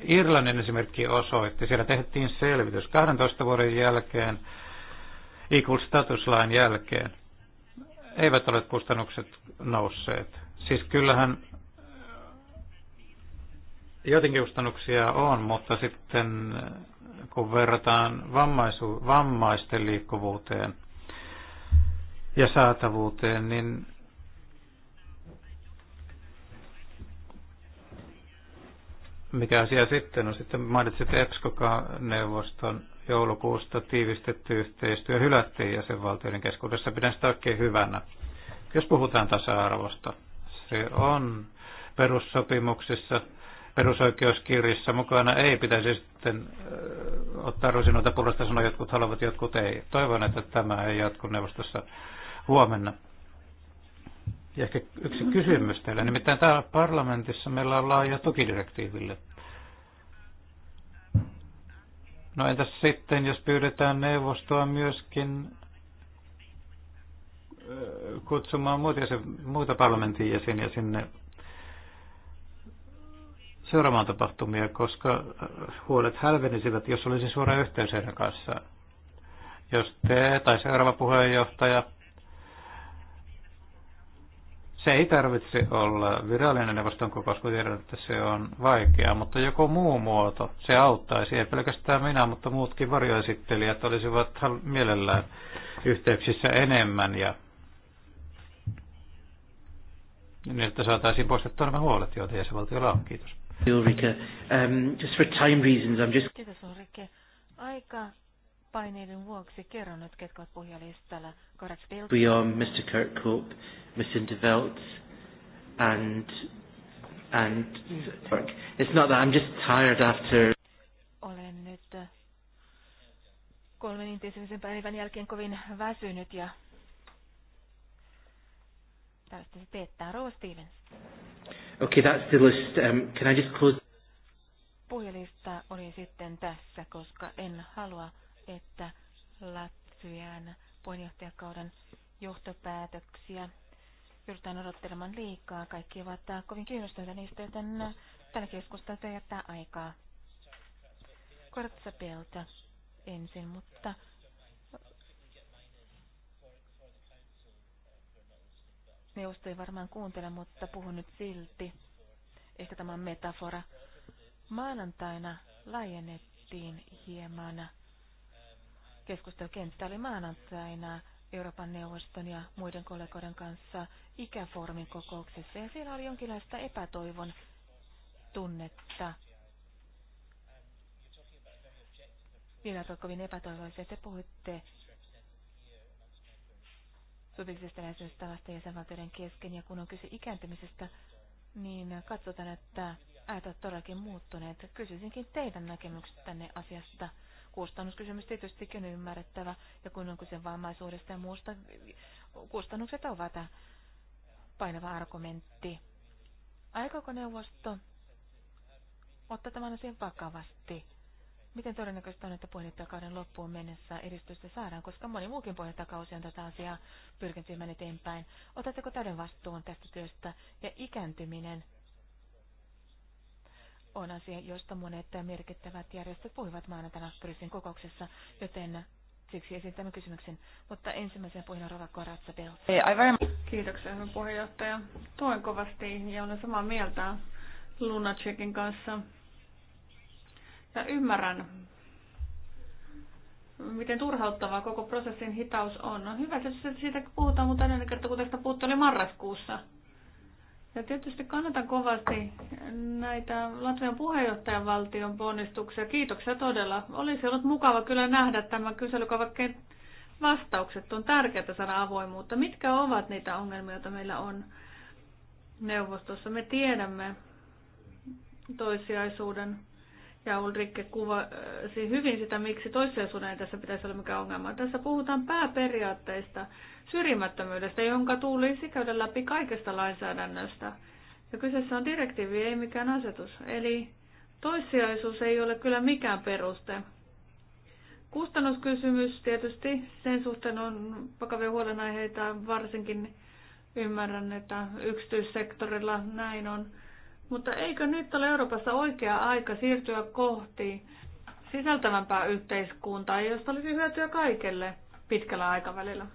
Irlannin esimerkki osoitti, siellä tehtiin selvitys 12 vuoden jälkeen, equal status lain jälkeen, eivät ole kustannukset nousseet. Siis kyllähän joitakin kustannuksia on, mutta sitten kun verrataan vammaisu, vammaisten liikkuvuuteen ja saatavuuteen, niin mikä asia sitten on? Sitten mainitsit EPSCO-neuvoston joulukuusta tiivistetty yhteistyö hylättiin jäsenvaltioiden keskuudessa. Pidän sitä oikein hyvänä. Jos puhutaan tasa-arvosta, se on perussopimuksissa – perusoikeuskirjassa mukana ei pitäisi sitten äh, ottaa rusinoita pullasta sanoa jotkut haluavat, jotkut ei. Toivon, että tämä ei jatku neuvostossa huomenna. Ja ehkä yksi kysymys teille. Nimittäin täällä parlamentissa meillä on laaja tukidirektiiville. No entäs sitten, jos pyydetään neuvostoa myöskin äh, kutsumaan muita, muita parlamentin jäseniä sinne seuraamaan tapahtumia, koska äh, huolet hälvenisivät, jos olisin suora yhteys heidän kanssaan. Jos te tai seuraava puheenjohtaja, se ei tarvitse olla virallinen neuvoston kokous, kun tiedän, että se on vaikeaa, mutta joku muu muoto, se auttaisi, ei pelkästään minä, mutta muutkin varjoesittelijät olisivat mielellään yhteyksissä enemmän ja niin, että saataisiin poistettua nämä huolet, joita jäsenvaltiolla on. Kiitos. Ulrika, um, just for time reasons, I'm just... Kiitos Ulrike. Aika paineiden vuoksi kerron nyt, ketkä ovat puhujalistalla. We are Mr. Kurt Cope, Miss Intervelt, and and work. It's not that I'm just tired after. Olen nyt uh, kolmen intensiivisen päivän jälkeen kovin väsynyt ja tällaista se teettää. Rova Stevens. Okay, that's the list. Um, can I just close? Puhelista oli sitten tässä, koska en halua, että Latvian puheenjohtajakauden johtopäätöksiä joudutaan odottelemaan liikaa. Kaikki ovat kovin kiinnostuneita niistä, joten tällä keskustelua jättää aikaa. Kortsapelta ensin, mutta Neuvosto ei varmaan kuuntele, mutta puhun nyt silti. Ehkä tämä on metafora. Maanantaina laajennettiin hieman. Keskustelukenttä oli maanantaina Euroopan neuvoston ja muiden kollegoiden kanssa ikäfoorumin kokouksessa, ja siellä oli jonkinlaista epätoivon tunnetta. Vielä kovin epätoivoisia, te puhuitte subjektiivisesta lähestymistavasta jäsenvaltioiden kesken. Ja kun on kyse ikääntymisestä, niin katsotaan, että ajat ovat todellakin muuttuneet. Kysyisinkin teidän tänne asiasta. Kustannuskysymys tietystikin on ymmärrettävä, ja kun on kyse vammaisuudesta ja muusta, kustannukset ovat painava argumentti. Aikooko neuvosto ottaa tämän asian vakavasti? Miten todennäköistä on, että puheenjohtajakauden loppuun mennessä edistystä saadaan, koska moni muukin puheenjohtajakausi on tätä asiaa pyrkinyt viemään eteenpäin. Otatteko täyden vastuun tästä työstä ja ikääntyminen on asia, josta monet merkittävät järjestöt puhuivat maanantaina Brysselin kokouksessa, joten siksi tämän kysymyksen. Mutta ensimmäisen puheen Rova Koratsa Kiitoksia, hyvä puheenjohtaja. Tuen kovasti ja olen samaa mieltä Lunacekin kanssa Mä ymmärrän, miten turhauttavaa koko prosessin hitaus on. No hyvä, että siitä puhutaan, mutta ennen kertaa, kun tästä puhuttu, oli marraskuussa. Ja tietysti kannatan kovasti näitä Latvian valtion ponnistuksia. Kiitoksia todella. Olisi ollut mukava kyllä nähdä tämä kyselykavakkeen vastaukset. On tärkeää saada avoimuutta. Mitkä ovat niitä ongelmia, joita meillä on neuvostossa? Me tiedämme toisiaisuuden ja Ulrike kuvasi hyvin sitä, miksi toissijaisuuden tässä pitäisi olla mikä ongelma. Tässä puhutaan pääperiaatteista, syrjimättömyydestä, jonka tulisi käydä läpi kaikesta lainsäädännöstä. Ja kyseessä on direktiivi, ei mikään asetus. Eli toissijaisuus ei ole kyllä mikään peruste. Kustannuskysymys tietysti, sen suhteen on vakavia huolenaiheita, varsinkin ymmärrän, että yksityissektorilla näin on. Mutta eikö nyt ole Euroopassa oikea aika siirtyä kohti sisältävämpää yhteiskuntaa, josta olisi hyötyä kaikille pitkällä aikavälillä?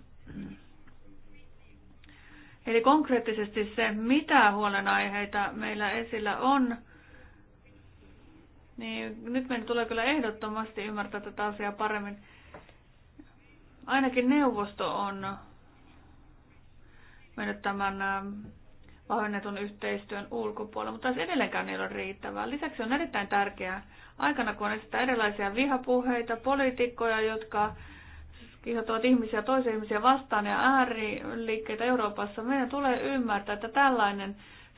Eli konkreettisesti se, mitä huolenaiheita meillä esillä on, niin nyt meidän tulee kyllä ehdottomasti ymmärtää tätä asiaa paremmin. Ainakin neuvosto on mennyt tämän ähm, vahvennetun yhteistyön ulkopuolella, mutta se edelleenkään ei ole riittävää. Lisäksi on erittäin tärkeää aikana, kun esitetään erilaisia vihapuheita, poliitikkoja, jotka kihottavat ihmisiä toisia ihmisiä vastaan ja ääriliikkeitä Euroopassa, meidän tulee ymmärtää, että tällainen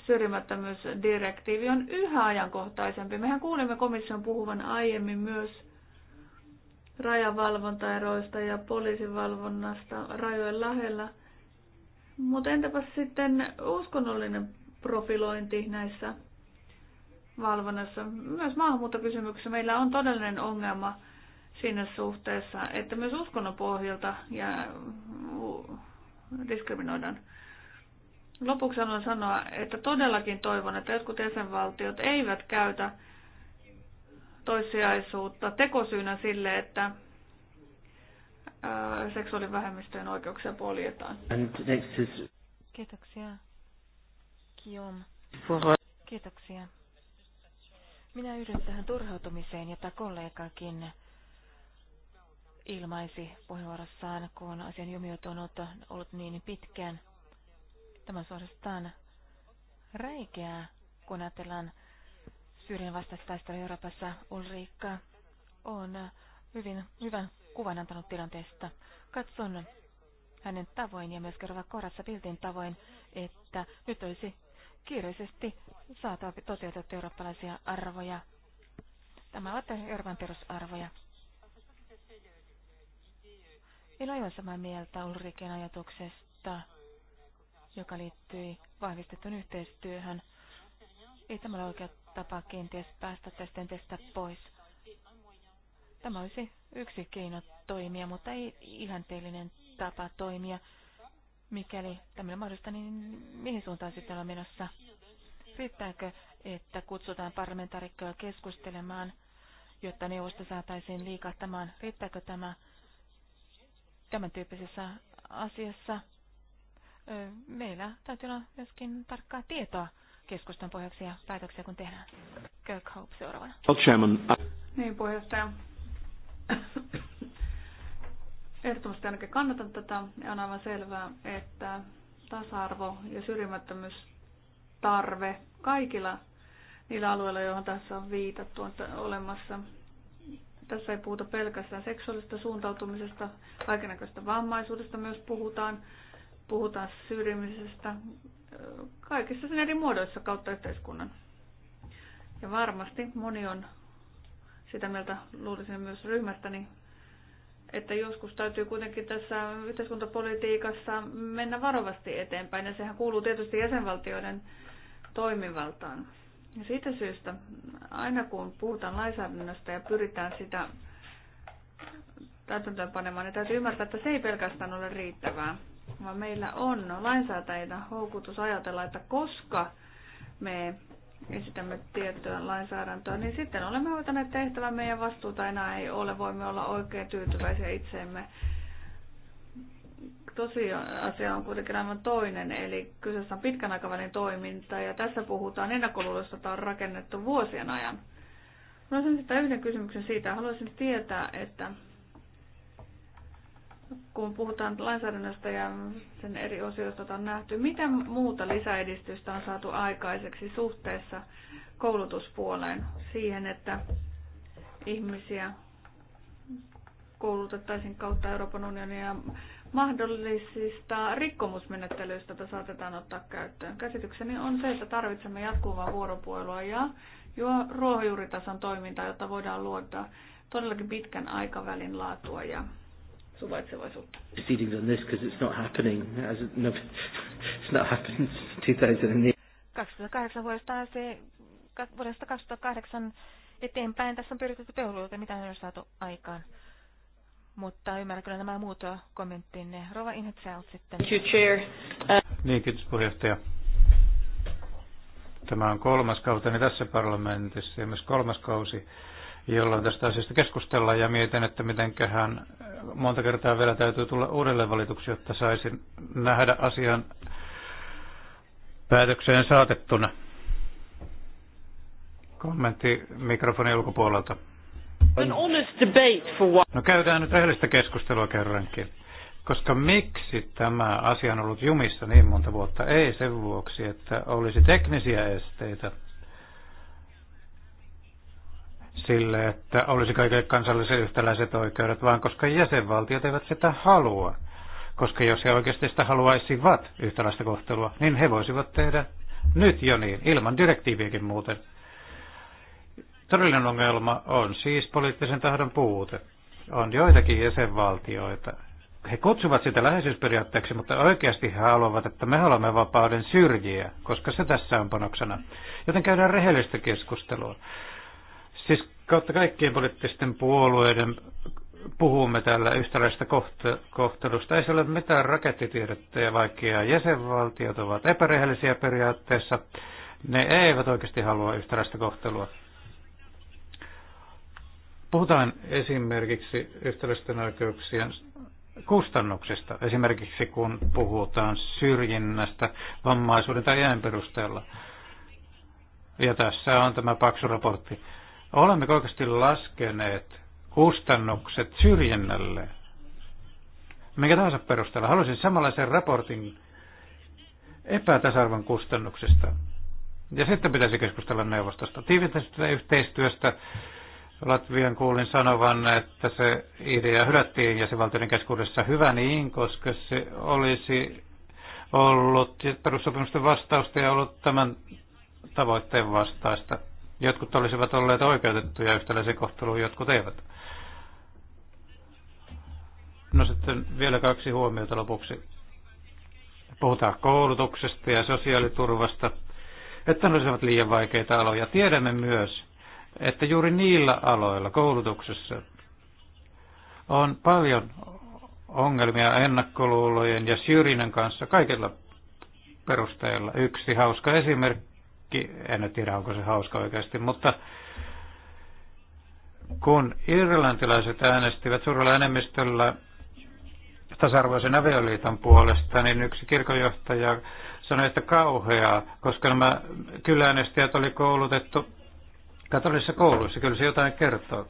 syrjimättömyysdirektiivi on yhä ajankohtaisempi. Mehän kuulimme komission puhuvan aiemmin myös rajavalvontaeroista ja poliisivalvonnasta rajojen lähellä – mutta entäpä sitten uskonnollinen profilointi näissä valvonnassa? Myös maahanmuuttokysymyksessä meillä on todellinen ongelma siinä suhteessa, että myös uskonnon pohjalta ja diskriminoidaan. Lopuksi haluan sanoa, että todellakin toivon, että jotkut jäsenvaltiot eivät käytä toissijaisuutta tekosyynä sille, että Äh, seksuaalivähemmistöjen oikeuksia poljetaan. Kiitoksia. Kion. Kiitoksia. Minä yhdyn tähän turhautumiseen, jota kollegakin ilmaisi puheenvuorossaan, kun asian jumiot on ollut niin pitkään. Tämä on suorastaan räikeää, kun ajatellaan syrjinvastaista taistelua Euroopassa. Ulriikka on hyvin, hyvän kuvan antanut tilanteesta. Katson hänen tavoin ja myös kerrova korassa Viltin tavoin, että nyt olisi kiireisesti saatava toteutettu eurooppalaisia arvoja. Tämä ovat Euroopan perusarvoja. En ole aivan samaa mieltä Ulrikin ajatuksesta, joka liittyi vahvistettuun yhteistyöhön. Ei tämä ole oikea tapa kenties päästä tästä entestä pois. Tämä olisi yksi keino toimia, mutta ei ihanteellinen tapa toimia. Mikäli tämmöinen mahdollista, niin mihin suuntaan sitten ollaan menossa? Riittääkö, että kutsutaan parlamentaarikkoja keskustelemaan, jotta neuvosto saataisiin liikahtamaan? Riittääkö tämä tämän tyyppisessä asiassa? Meillä täytyy olla myöskin tarkkaa tietoa keskustan pohjaksi ja päätöksiä, kun tehdään. Kirk Hope seuraavana. Niin, puheenjohtaja Ehdottomasti ainakin kannatan tätä ja on aivan selvää, että tasa-arvo ja tarve kaikilla niillä alueilla, joihin tässä on viitattu, on olemassa. Tässä ei puhuta pelkästään seksuaalista suuntautumisesta, kaikenlaisesta vammaisuudesta myös puhutaan. Puhutaan syrjimisestä kaikissa sen eri muodoissa kautta yhteiskunnan. Ja varmasti moni on sitä mieltä luulisin myös ryhmästäni, että joskus täytyy kuitenkin tässä yhteiskuntapolitiikassa mennä varovasti eteenpäin, ja sehän kuuluu tietysti jäsenvaltioiden toimivaltaan. Ja siitä syystä, aina kun puhutaan lainsäädännöstä ja pyritään sitä panemaan, niin täytyy ymmärtää, että se ei pelkästään ole riittävää, vaan meillä on lainsäätäjinä houkutus ajatella, että koska me esitämme tiettyä lainsäädäntöä, niin sitten olemme hoitaneet tehtävän. meidän vastuuta enää ei ole. Voimme olla oikein tyytyväisiä itseemme. Tosi asia on kuitenkin aivan toinen, eli kyseessä on pitkän aikavälin toiminta ja tässä puhutaan ennakkoluulosta, jota on rakennettu vuosien ajan. Mä no, sitä yhden kysymyksen siitä. Haluaisin tietää, että kun puhutaan lainsäädännöstä ja sen eri osioista on nähty, mitä muuta lisäedistystä on saatu aikaiseksi suhteessa koulutuspuoleen siihen, että ihmisiä koulutettaisiin kautta Euroopan unionia mahdollisista rikkomusmenettelyistä, että saatetaan ottaa käyttöön. Käsitykseni on se, että tarvitsemme jatkuvaa vuoropuhelua ja ruohonjuuritason toimintaa, jotta voidaan luoda todellakin pitkän aikavälin laatua ja suvaitsevaisuutta. on this because it's not happening. As it, no, it's not happened 2008. 2008 vuodesta, se, vuodesta 2008 eteenpäin tässä on pyritetty peuluilta, mitä on saatu aikaan. Mutta ymmärrän kyllä nämä muut kommenttinne. Rova Inhetsält sitten. Uh, niin, kiitos puheenjohtaja. Tämä on kolmas niin tässä parlamentissa ja myös kolmas kausi jolloin tästä asiasta keskustellaan ja mietin, että mitenköhän monta kertaa vielä täytyy tulla uudelleen valituksi, jotta saisin nähdä asian päätökseen saatettuna. Kommentti mikrofonin ulkopuolelta. No käydään nyt rehellistä keskustelua kerrankin. Koska miksi tämä asia on ollut jumissa niin monta vuotta? Ei sen vuoksi, että olisi teknisiä esteitä sille, että olisi kaikille kansallisille yhtäläiset oikeudet, vaan koska jäsenvaltiot eivät sitä halua. Koska jos he oikeasti sitä haluaisivat yhtäläistä kohtelua, niin he voisivat tehdä nyt jo niin, ilman direktiiviäkin muuten. Todellinen ongelma on siis poliittisen tahdon puute. On joitakin jäsenvaltioita. He kutsuvat sitä läheisyysperiaatteeksi, mutta oikeasti he haluavat, että me haluamme vapauden syrjiä, koska se tässä on panoksena. Joten käydään rehellistä keskustelua. Siis kautta kaikkien poliittisten puolueiden puhumme täällä yhtäläisestä kohtelusta. Ei se ole mitään rakettitiedettä, vaikea jäsenvaltiot ovat epärehellisiä periaatteessa. Ne eivät oikeasti halua yhtäläistä kohtelua. Puhutaan esimerkiksi yhtäläisten oikeuksien kustannuksista, esimerkiksi kun puhutaan syrjinnästä vammaisuuden tai iän perusteella. Ja tässä on tämä paksu raportti. Olemme oikeasti laskeneet kustannukset syrjinnälle? Minkä tahansa perusteella. Haluaisin samanlaisen raportin epätasarvon kustannuksista. Ja sitten pitäisi keskustella neuvostosta. Tiivistetystä yhteistyöstä Latvian kuulin sanovan, että se idea hylättiin jäsenvaltioiden keskuudessa hyvä niin, koska se olisi ollut perussopimusten vastausta ja ollut tämän tavoitteen vastaista. Jotkut olisivat olleet oikeutettuja yhtäläisen kohteluun, jotkut eivät. No sitten vielä kaksi huomiota lopuksi. Puhutaan koulutuksesta ja sosiaaliturvasta, että ne olisivat liian vaikeita aloja. Tiedämme myös, että juuri niillä aloilla koulutuksessa on paljon ongelmia ennakkoluulojen ja syrjinnän kanssa kaikilla perusteilla. Yksi hauska esimerkki en tiedä onko se hauska oikeasti, mutta kun irlantilaiset äänestivät suurella enemmistöllä tasa-arvoisen avioliiton puolesta, niin yksi kirkonjohtaja sanoi, että kauheaa, koska nämä kyläänestäjät oli koulutettu katolisissa kouluissa, kyllä se jotain kertoo.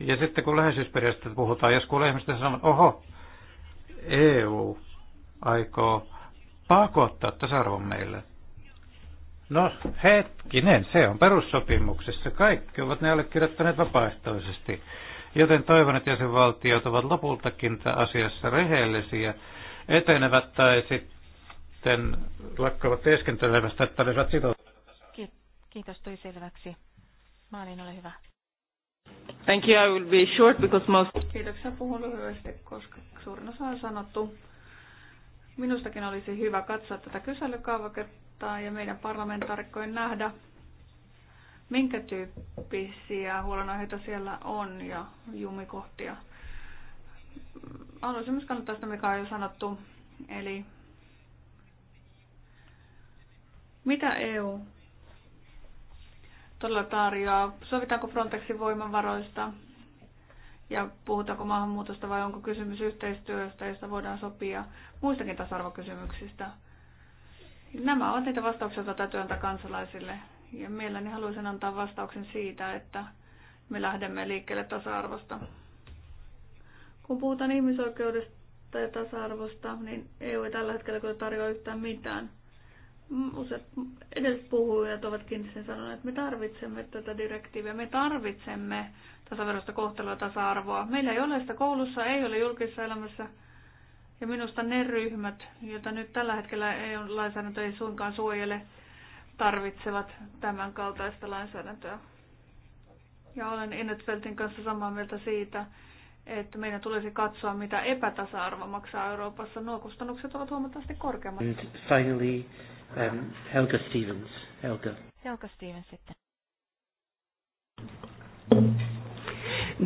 Ja sitten kun läheisyysperiaatteesta puhutaan, jos kuulee ihmistä sanoa, oho, EU aikoo pakottaa tasa-arvon meille. No hetkinen, se on perussopimuksessa. Kaikki ovat ne allekirjoittaneet vapaaehtoisesti. Joten toivon, että jäsenvaltiot ovat lopultakin asiassa rehellisiä, etenevät tai sitten lakkaavat teeskentelemästä, että olisivat sitoutuneet. Kiitos, tuli selväksi. Maalin, ole hyvä. Thank you, I will be short because most... Kiitoksia, puhun lyhyesti, koska suurin osa on sanottu. Minustakin olisi hyvä katsoa tätä kyselykaavaketta ja meidän parlamentaarikkojen nähdä, minkä tyyppisiä huolenaiheita siellä on ja jumikohtia. Haluaisin myös kannattaa sitä, mikä on jo sanottu. Eli mitä EU todella tarjoaa? Sovitaanko Frontexin voimavaroista? ja puhutaanko maahanmuutosta vai onko kysymys yhteistyöstä, josta voidaan sopia muistakin tasa-arvokysymyksistä. Nämä ovat niitä vastauksia, joita täytyy antaa kansalaisille. Ja mielelläni haluaisin antaa vastauksen siitä, että me lähdemme liikkeelle tasa-arvosta. Kun puhutaan ihmisoikeudesta ja tasa-arvosta, niin EU ei tällä hetkellä kyllä tarjoa yhtään mitään – useat edelliset puhujat ovatkin sen sanoneet, että me tarvitsemme tätä direktiiviä, me tarvitsemme tasaveroista kohtelua tasa-arvoa. Meillä ei ole sitä koulussa, ei ole julkisessa elämässä. Ja minusta ne ryhmät, joita nyt tällä hetkellä EU-lainsäädäntö ei suinkaan suojele, tarvitsevat tämän kaltaista lainsäädäntöä. Ja olen Innetfeltin kanssa samaa mieltä siitä, että meidän tulisi katsoa, mitä epätasa-arvo maksaa Euroopassa. Nuo kustannukset ovat huomattavasti korkeammat. And finally, Um, Helga Stevens. Helga. Helga Stevens sitten.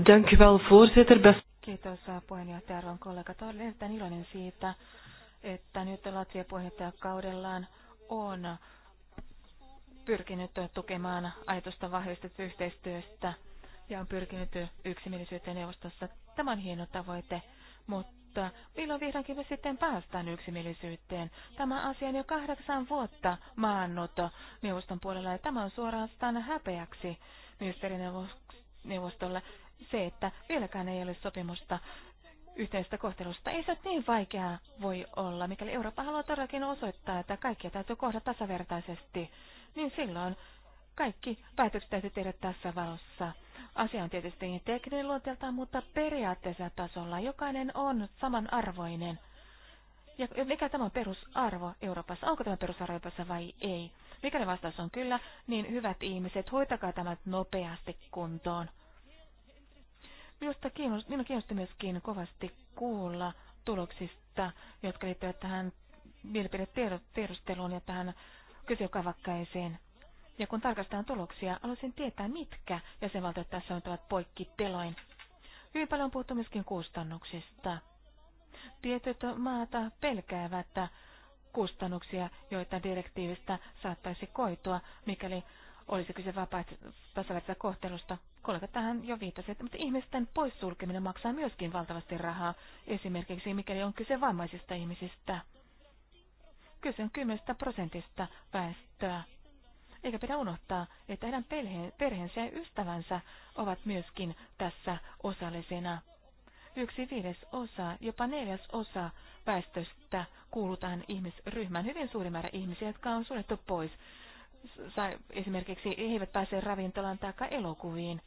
Dank u wel, voorzitter. Best... Kiitos eh, puheenjohtaja Ron kollega. Olen erittäin iloinen siitä, että nyt Latvia puheenjohtajakaudellaan on pyrkinyt tukemaan ajatusta vahvistetusta yhteistyöstä ja on pyrkinyt yksimielisyyteen neuvostossa. Tämä on hieno tavoite, mutta mutta milloin vihdoinkin me sitten päästään yksimielisyyteen? Tämä asia on jo kahdeksan vuotta maannut neuvoston puolella ja tämä on suorastaan häpeäksi ministerineuvostolle se, että vieläkään ei ole sopimusta yhteistä kohtelusta. Ei se niin vaikeaa voi olla, mikäli Eurooppa haluaa todellakin osoittaa, että kaikkia täytyy kohdata tasavertaisesti, niin silloin kaikki päätökset täytyy tehdä tässä valossa. Asia on tietysti tekninen luonteeltaan, mutta periaatteessa tasolla jokainen on samanarvoinen. Ja mikä tämä on perusarvo Euroopassa? Onko tämä perusarvo Euroopassa vai ei? Mikäli vastaus on kyllä, niin hyvät ihmiset, hoitakaa tämä nopeasti kuntoon. Minusta kiinnosti, kiinnosti myöskin kovasti kuulla tuloksista, jotka liittyvät tähän mielipidetiedusteluun ja tähän kysyjäkavakkaiseen ja kun tarkastetaan tuloksia, haluaisin tietää, mitkä jäsenvaltiot tässä ovat poikki teloin. Hyvin paljon on puhuttu myöskin kustannuksista. Tietyt maata pelkäävät kustannuksia, joita direktiivistä saattaisi koitua, mikäli olisi kyse vapaaehtoisesta kohtelusta. Kollega tähän jo viittasi, mutta ihmisten poissulkeminen maksaa myöskin valtavasti rahaa, esimerkiksi mikäli on kyse vammaisista ihmisistä. Kyse on 10 prosentista väestöä. Eikä pidä unohtaa, että heidän perheensä ja ystävänsä ovat myöskin tässä osallisena. Yksi viides osa, jopa neljäs osa väestöstä kuulutaan ihmisryhmään. Hyvin suuri määrä ihmisiä, jotka on suljettu pois. Esimerkiksi he eivät pääse ravintolaan tai elokuviin.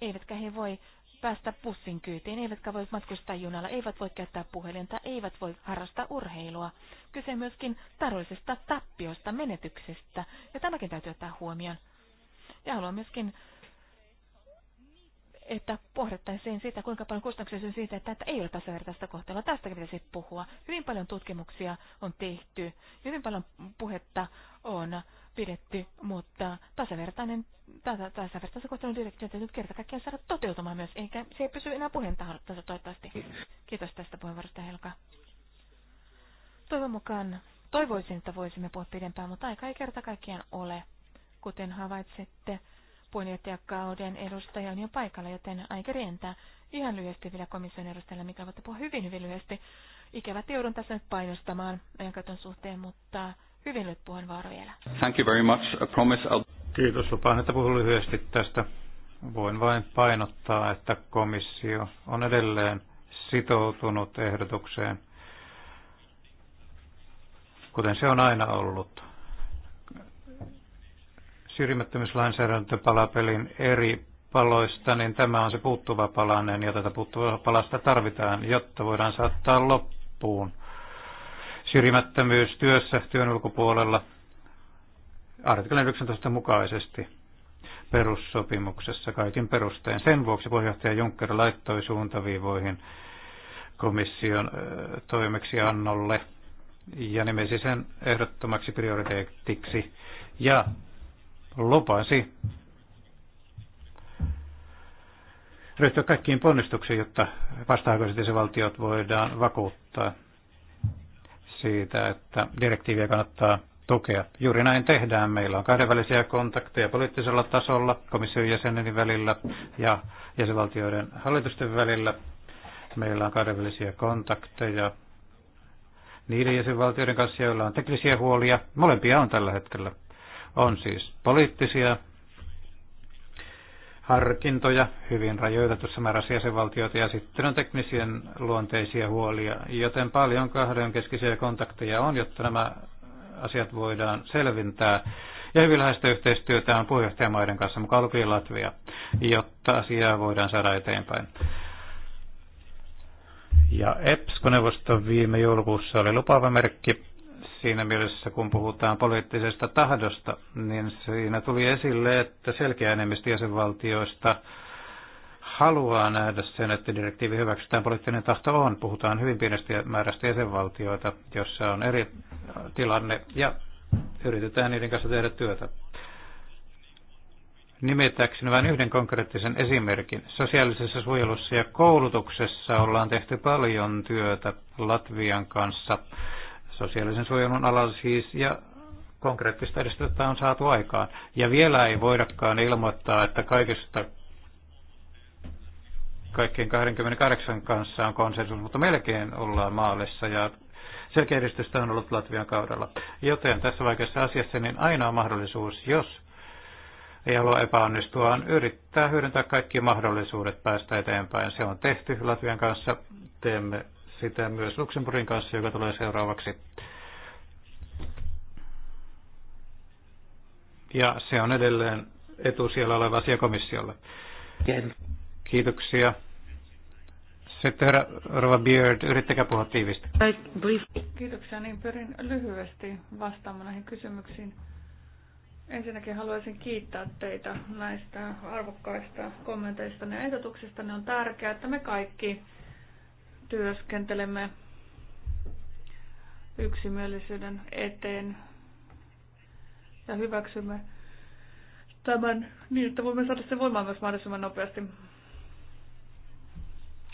Eivätkä he voi päästä bussin kyytiin, eivätkä voi matkustaa junalla, eivät voi käyttää puhelinta, eivät voi harrastaa urheilua. Kyse myöskin taroisesta tappiosta, menetyksestä, ja tämäkin täytyy ottaa huomioon. Ja haluan myöskin, että pohdittaisiin sitä, kuinka paljon kustannuksia syy siitä, että, että ei ole tasavertaista kohtelua. Tästäkin pitäisi puhua. Hyvin paljon tutkimuksia on tehty, hyvin paljon puhetta on pidetty, mutta tasavertainen, tasa, tasavertaisen kohtelun direktiivi täytyy kerta kaikkiaan saada toteutumaan myös, eikä se ei pysy enää puheen tasolla toivottavasti. Kiitos tästä puheenvuorosta Helka. Toivon mukaan toivoisin, että voisimme puhua pidempään, mutta aika ei kerta kaikkiaan ole. Kuten havaitsette, puheenjohtajakauden edustaja on jo paikalla, joten aika rientää. Ihan lyhyesti vielä komission edustajalla, mikä voitte puhua hyvin, hyvin lyhyesti. Ikävä joudun tässä nyt painostamaan ajankäytön suhteen, mutta Hyvin lyhyt puheenvuoro vielä. Thank you very much. I promise I'll... Kiitos. Lupaan, että puhun lyhyesti tästä. Voin vain painottaa, että komissio on edelleen sitoutunut ehdotukseen, kuten se on aina ollut. Syrjimättömyyslainsäädäntö palapelin eri paloista, niin tämä on se puuttuva palanen ja tätä puuttuvaa palasta tarvitaan, jotta voidaan saattaa loppuun syrjimättömyys työssä työn ulkopuolella artiklan 19 mukaisesti perussopimuksessa kaikin perusteen. Sen vuoksi puheenjohtaja Juncker laittoi suuntaviivoihin komission toimeksiannolle ja nimesi sen ehdottomaksi prioriteettiksi ja lupasi ryhtyä kaikkiin ponnistuksiin, jotta se valtiot voidaan vakuuttaa siitä, että direktiiviä kannattaa tukea. Juuri näin tehdään. Meillä on kahdenvälisiä kontakteja poliittisella tasolla, komission jäsenen välillä ja jäsenvaltioiden hallitusten välillä. Meillä on kahdenvälisiä kontakteja niiden jäsenvaltioiden kanssa, joilla on teknisiä huolia. Molempia on tällä hetkellä. On siis poliittisia harkintoja hyvin rajoitetussa määrässä jäsenvaltioita ja sitten on teknisien luonteisia huolia, joten paljon kahdenkeskisiä kontakteja on, jotta nämä asiat voidaan selvintää. Ja hyvin läheistä yhteistyötä on puheenjohtajamaiden kanssa, mukaan lukien Latvia, jotta asiaa voidaan saada eteenpäin. Ja EPSCO-neuvoston viime joulukuussa oli lupaava merkki siinä mielessä, kun puhutaan poliittisesta tahdosta, niin siinä tuli esille, että selkeä enemmistö jäsenvaltioista haluaa nähdä sen, että direktiivi hyväksytään, poliittinen tahto on. Puhutaan hyvin pienestä määrästä jäsenvaltioita, jossa on eri tilanne ja yritetään niiden kanssa tehdä työtä. Nimetäkseni vain yhden konkreettisen esimerkin. Sosiaalisessa suojelussa ja koulutuksessa ollaan tehty paljon työtä Latvian kanssa sosiaalisen suojelun alalla siis, ja konkreettista edistettä on saatu aikaan. Ja vielä ei voidakaan ilmoittaa, että kaikista kaikkien 28 kanssa on konsensus, mutta melkein ollaan maalissa ja selkeä edistystä on ollut Latvian kaudella. Joten tässä vaikeassa asiassa niin aina on mahdollisuus, jos ei halua epäonnistua, on yrittää hyödyntää kaikki mahdollisuudet päästä eteenpäin. Se on tehty Latvian kanssa. Teemme sitä myös Luxemburgin kanssa, joka tulee seuraavaksi. Ja se on edelleen etusijalla oleva asia komissiolle. Kiitoksia. Sitten herra Rova Beard, yrittäkää puhua tiivistä. Kiitoksia, niin pyrin lyhyesti vastaamaan näihin kysymyksiin. Ensinnäkin haluaisin kiittää teitä näistä arvokkaista kommenteista ja ehdotuksista. Ne on tärkeää, että me kaikki työskentelemme yksimielisyyden eteen ja hyväksymme tämän niin, että voimme saada sen voimaan myös mahdollisimman nopeasti.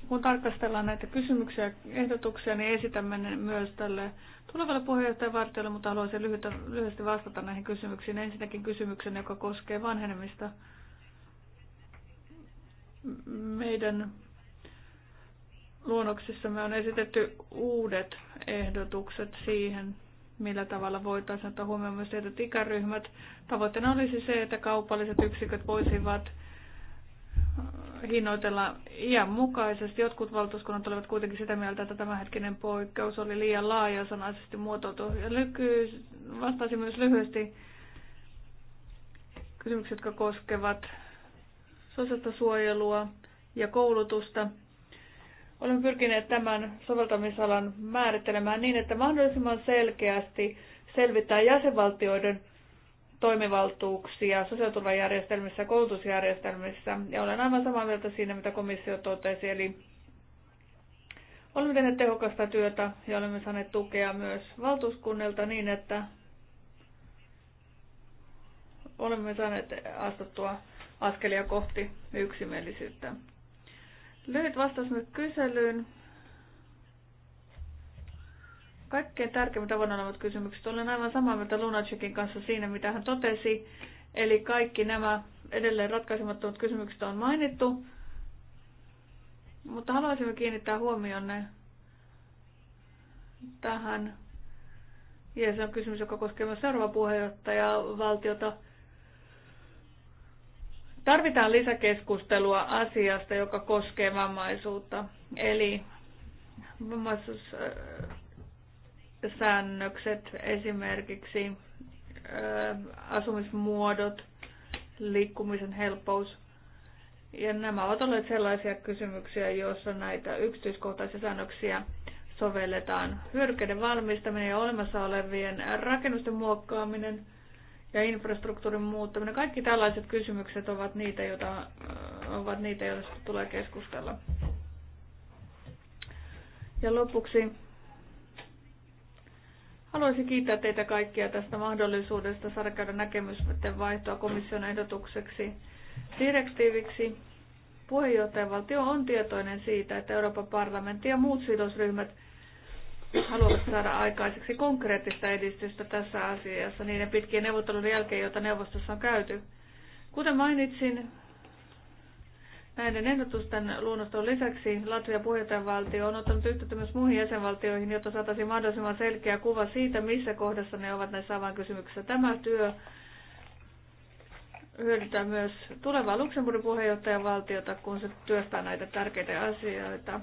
Kun tarkastellaan näitä kysymyksiä ja ehdotuksia, niin esitämme ne myös tälle tulevalle puheenjohtajavartijalle, mutta haluaisin lyhyesti vastata näihin kysymyksiin. Ensinnäkin kysymyksen, joka koskee vanhenemista. Meidän me on esitetty uudet ehdotukset siihen, millä tavalla voitaisiin ottaa huomioon myös tietyt ikäryhmät. Tavoitteena olisi se, että kaupalliset yksiköt voisivat äh, hinnoitella iän mukaisesti. Jotkut valtuuskunnat olivat kuitenkin sitä mieltä, että tämänhetkinen poikkeus oli liian laaja sanaisesti muotoiltu. Ja lyky, vastasi myös lyhyesti kysymykset, jotka koskevat sosiaalista suojelua ja koulutusta. Olemme pyrkineet tämän soveltamisalan määrittelemään niin, että mahdollisimman selkeästi selvittää jäsenvaltioiden toimivaltuuksia sosiaaliturvajärjestelmissä ja koulutusjärjestelmissä. Ja olen aivan samaa mieltä siinä, mitä komissio totesi. Eli olemme tehneet tehokasta työtä ja olemme saaneet tukea myös valtuuskunnilta niin, että olemme saaneet astuttua askelia kohti yksimielisyyttä. Lyhyt vastaus myös kyselyyn. Kaikkein tärkeimmät avoin olevat kysymykset. Olen aivan samaa mieltä Lunacekin kanssa siinä, mitä hän totesi. Eli kaikki nämä edelleen ratkaisemattomat kysymykset on mainittu. Mutta haluaisimme kiinnittää huomionne tähän. Ja se on kysymys, joka koskee myös seuraavaa puheenjohtajaa valtiota. Tarvitaan lisäkeskustelua asiasta, joka koskee vammaisuutta. Eli vammaisuussäännökset, esimerkiksi asumismuodot, liikkumisen helppous. Ja nämä ovat olleet sellaisia kysymyksiä, joissa näitä yksityiskohtaisia säännöksiä sovelletaan. Hyödykkeiden valmistaminen ja olemassa olevien rakennusten muokkaaminen – ja infrastruktuurin muuttaminen. Kaikki tällaiset kysymykset ovat niitä, joita, ovat niitä, joista tulee keskustella. Ja lopuksi haluaisin kiittää teitä kaikkia tästä mahdollisuudesta saada käydä näkemysten vaihtoa komission ehdotukseksi direktiiviksi. Puheenjohtajavaltio on tietoinen siitä, että Euroopan parlamentti ja muut sidosryhmät – haluavat saada aikaiseksi konkreettista edistystä tässä asiassa niiden pitkien neuvottelujen jälkeen, joita neuvostossa on käyty. Kuten mainitsin, näiden ehdotusten luonnoston lisäksi Latvia puheenjohtajavaltio on ottanut yhteyttä myös muihin jäsenvaltioihin, jotta saataisiin mahdollisimman selkeä kuva siitä, missä kohdassa ne ovat näissä avainkysymyksissä. Tämä työ hyödyntää myös tulevaa Luxemburgin puheenjohtajavaltiota, kun se työstää näitä tärkeitä asioita.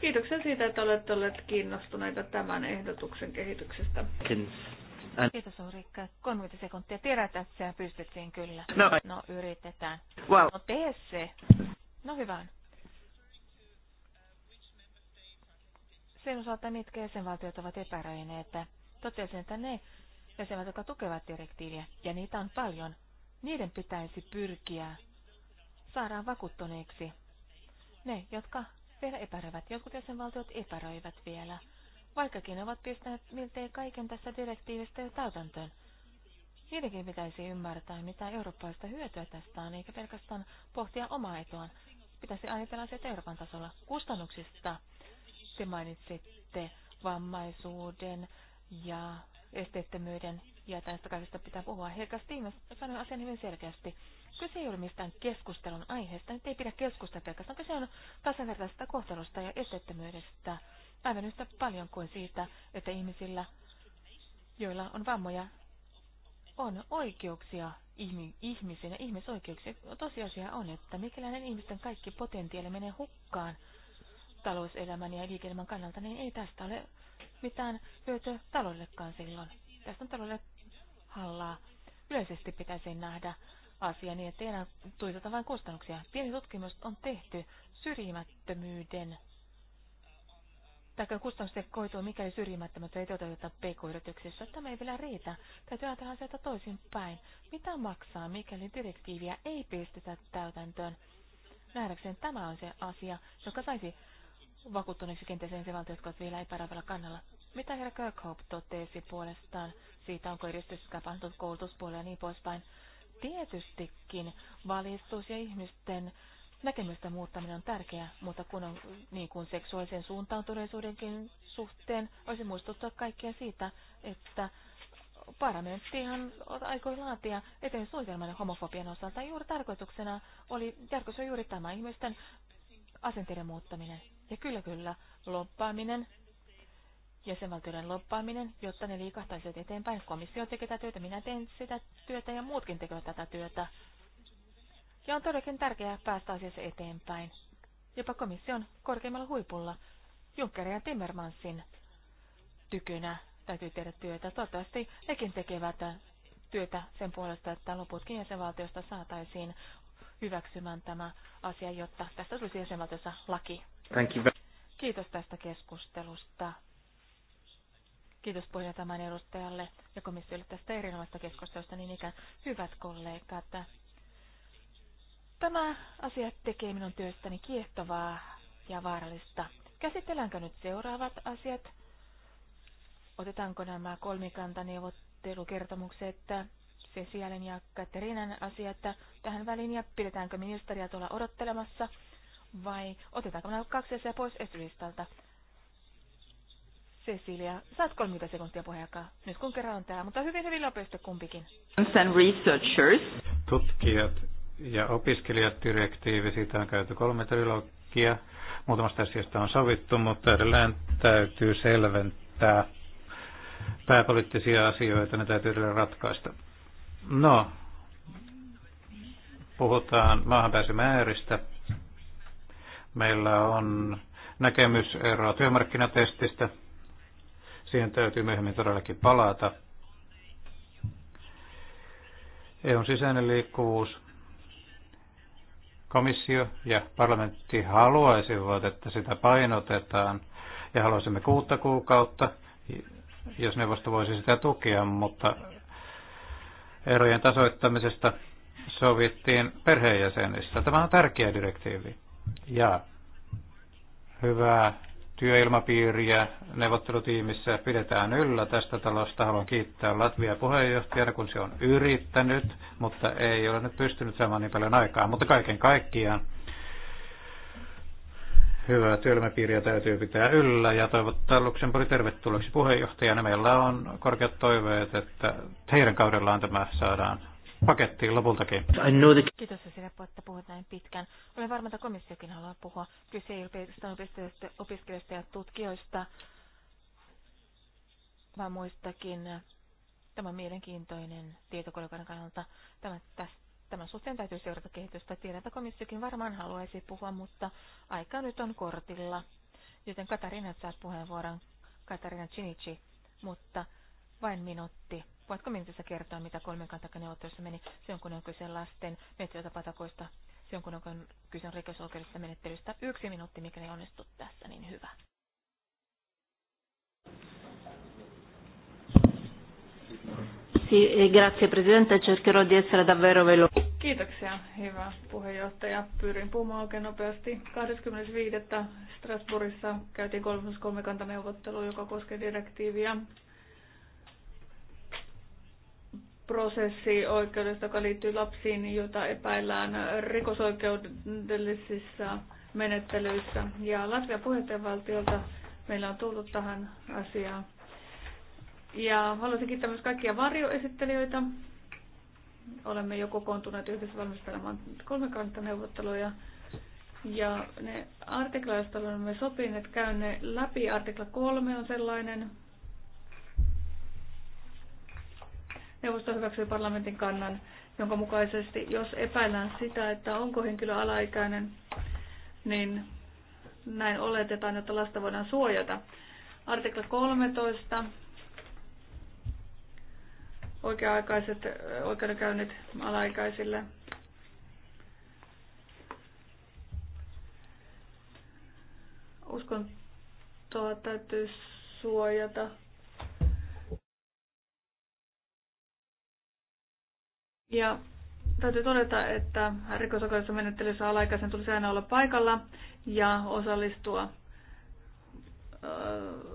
Kiitoksia siitä, että olette olleet kiinnostuneita tämän ehdotuksen kehityksestä. Kiitos Ulrikka. 30 sekuntia. Tiedät, että se pystyttiin kyllä. No, no yritetään. Well. No tee se. No hyvä. Sen osalta mitkä jäsenvaltiot ovat epäröineet. Totesin, että ne jäsenvaltiot, jotka tukevat direktiiviä, ja niitä on paljon, niiden pitäisi pyrkiä saadaan vakuuttuneeksi. Ne, jotka vielä epäröivät. Jotkut jäsenvaltiot epäröivät vielä, vaikkakin ovat pistäneet miltei kaiken tässä direktiivistä jo täytäntöön. Niidenkin pitäisi ymmärtää, mitä eurooppalaista hyötyä tästä on, eikä pelkästään pohtia omaa etuaan. Pitäisi ajatella asioita Euroopan tasolla. Kustannuksista te mainitsitte vammaisuuden ja esteettömyyden ja tästä kaikesta pitää puhua. Helka Stiimes sanoi asian hyvin selkeästi. Kyse ei ole mistään keskustelun aiheesta, nyt ei pidä keskustella pelkästään. Kyse on tasavertaisesta kohtelusta ja esteettömyydestä aivan yhtä paljon kuin siitä, että ihmisillä, joilla on vammoja, on oikeuksia ihmisiin ja ihmisoikeuksia. Tosiasia on, että mikäläinen ihmisten kaikki potentiaali menee hukkaan talouselämän ja liike-elämän kannalta, niin ei tästä ole mitään hyötyä taloudellekaan silloin. Tästä on taloudelle hallaa. Yleisesti pitäisi nähdä asia niin, ettei enää tuijoteta vain kustannuksia. Pieni tutkimus on tehty syrjimättömyyden tai kustannusten koituu, mikäli syrjimättömyyttä ei toteuteta pk yrityksessä Tämä ei vielä riitä. Täytyy ajatella asioita toisinpäin. Mitä maksaa, mikäli direktiiviä ei pistetä täytäntöön? Nähdäkseen tämä on se asia, joka saisi vakuuttuneeksi kenties valtio, jotka ovat vielä epärävällä kannalla. Mitä herra Kirkhope totesi puolestaan siitä, onko edistys tapahtunut koulutuspuolella ja niin poispäin? Tietystikin valistus ja ihmisten näkemystä muuttaminen on tärkeää, mutta kun on niin kuin seksuaalisen suuntautuneisuudenkin suhteen, olisi muistuttaa kaikkia siitä, että parlamenttihan aikoi laatia eteen suunnitelman homofobian osalta. Juuri tarkoituksena oli, tarkoitus on juuri tämä ihmisten asenteiden muuttaminen. Ja kyllä, kyllä, loppaaminen jäsenvaltioiden loppaaminen, jotta ne liikahtaisivat eteenpäin. Komissio tekee tätä työtä, minä teen sitä työtä ja muutkin tekevät tätä työtä. Ja on todellakin tärkeää päästä asiassa eteenpäin. Jopa komission korkeimmalla huipulla, Junckerin ja Timmermansin tykynä täytyy tehdä työtä. Toivottavasti nekin tekevät työtä sen puolesta, että loputkin jäsenvaltiosta saataisiin hyväksymään tämä asia, jotta tästä tulisi jäsenvaltiossa laki. Thank you. Kiitos tästä keskustelusta. Kiitos Pohjataman edustajalle ja komissiolle tästä erinomaisesta keskustelusta, niin ikään hyvät kollegat. Tämä asia tekee minun työstäni kiehtovaa ja vaarallista. Käsitelläänkö nyt seuraavat asiat? Otetaanko nämä kolmikantaneuvottelukertomukset Cecilien ja Katerinan asiat tähän väliin ja pidetäänkö ministeriä tuolla odottelemassa? Vai otetaanko nämä kaksi asiaa pois esilistalta? Cecilia, saat 30 sekuntia pohjakaa, nyt kun kerran on tää, mutta hyvin hyvin nopeasti kumpikin. researchers. Tutkijat ja opiskelijat direktiivi, siitä on käyty kolme trilogia. Muutamasta asiasta on sovittu, mutta edelleen täytyy selventää pääpoliittisia asioita, ne täytyy edelleen ratkaista. No, puhutaan maahanpääsymääristä. Meillä on näkemysero työmarkkinatestistä. Siihen täytyy myöhemmin todellakin palata. EUn sisäinen liikkuvuus. Komissio ja parlamentti haluaisivat, että sitä painotetaan ja haluaisimme kuutta kuukautta, jos neuvosto voisi sitä tukea, mutta erojen tasoittamisesta sovittiin perheenjäsenissä. Tämä on tärkeä direktiivi ja hyvää työilmapiiriä neuvottelutiimissä pidetään yllä. Tästä talosta haluan kiittää Latvia puheenjohtajana, kun se on yrittänyt, mutta ei ole nyt pystynyt saamaan niin paljon aikaa. Mutta kaiken kaikkiaan hyvää työilmapiiriä täytyy pitää yllä ja toivottaa Luxemburg tervetulleeksi puheenjohtajana. Meillä on korkeat toiveet, että heidän kaudellaan tämä saadaan pakettiin lopultakin. Kiitos sille, että puhut näin pitkään. Olen varma, että komissiokin haluaa puhua. Kyse ei ole opiskelijoista, ja tutkijoista, vaan muistakin. Tämä on mielenkiintoinen tietokonekan kannalta. Tämä, tästä, tämän suhteen täytyy seurata kehitystä. Tiedän, että komissiokin varmaan haluaisi puhua, mutta aika nyt on kortilla. Joten Katarina saa puheenvuoron. Katarina Chinichi, mutta vain minuutti. Voitko minuutissa kertoa, mitä neuvottelussa meni? Se on kun on kyse lasten metsätapatakoista. Se on kun on kyse rikosoikeudellisesta menettelystä. Yksi minuutti, ei onnistu tässä, niin hyvä. E grazie Presidente, cercherò di essere davvero veloce. Kiitoksia, hyvä puheenjohtaja. Pyrin puhumaan oikein nopeasti. 25. Strasbourgissa käytiin kolmas kolmikanta joka koskee direktiiviä prosessi oikeudesta, joka liittyy lapsiin, jota epäillään rikosoikeudellisissa menettelyissä. Ja Latvian puheenjohtajavaltiolta meillä on tullut tähän asiaan. Ja haluaisin kiittää myös kaikkia varjoesittelijöitä. Olemme jo kokoontuneet yhdessä valmistelemaan kolmikantaneuvotteluja. Ja ne artikla, joista olemme sopineet, käyn ne läpi. Artikla 3 on sellainen, Neuvosto hyväksyi parlamentin kannan, jonka mukaisesti, jos epäillään sitä, että onko henkilö alaikäinen, niin näin oletetaan, että lasta voidaan suojata. Artikla 13. Oikea-aikaiset oikeudenkäynnit alaikäisille. Uskontoa täytyy suojata. Ja täytyy todeta, että rikosoikeudessa menettelyssä alaikäisen tulisi aina olla paikalla ja osallistua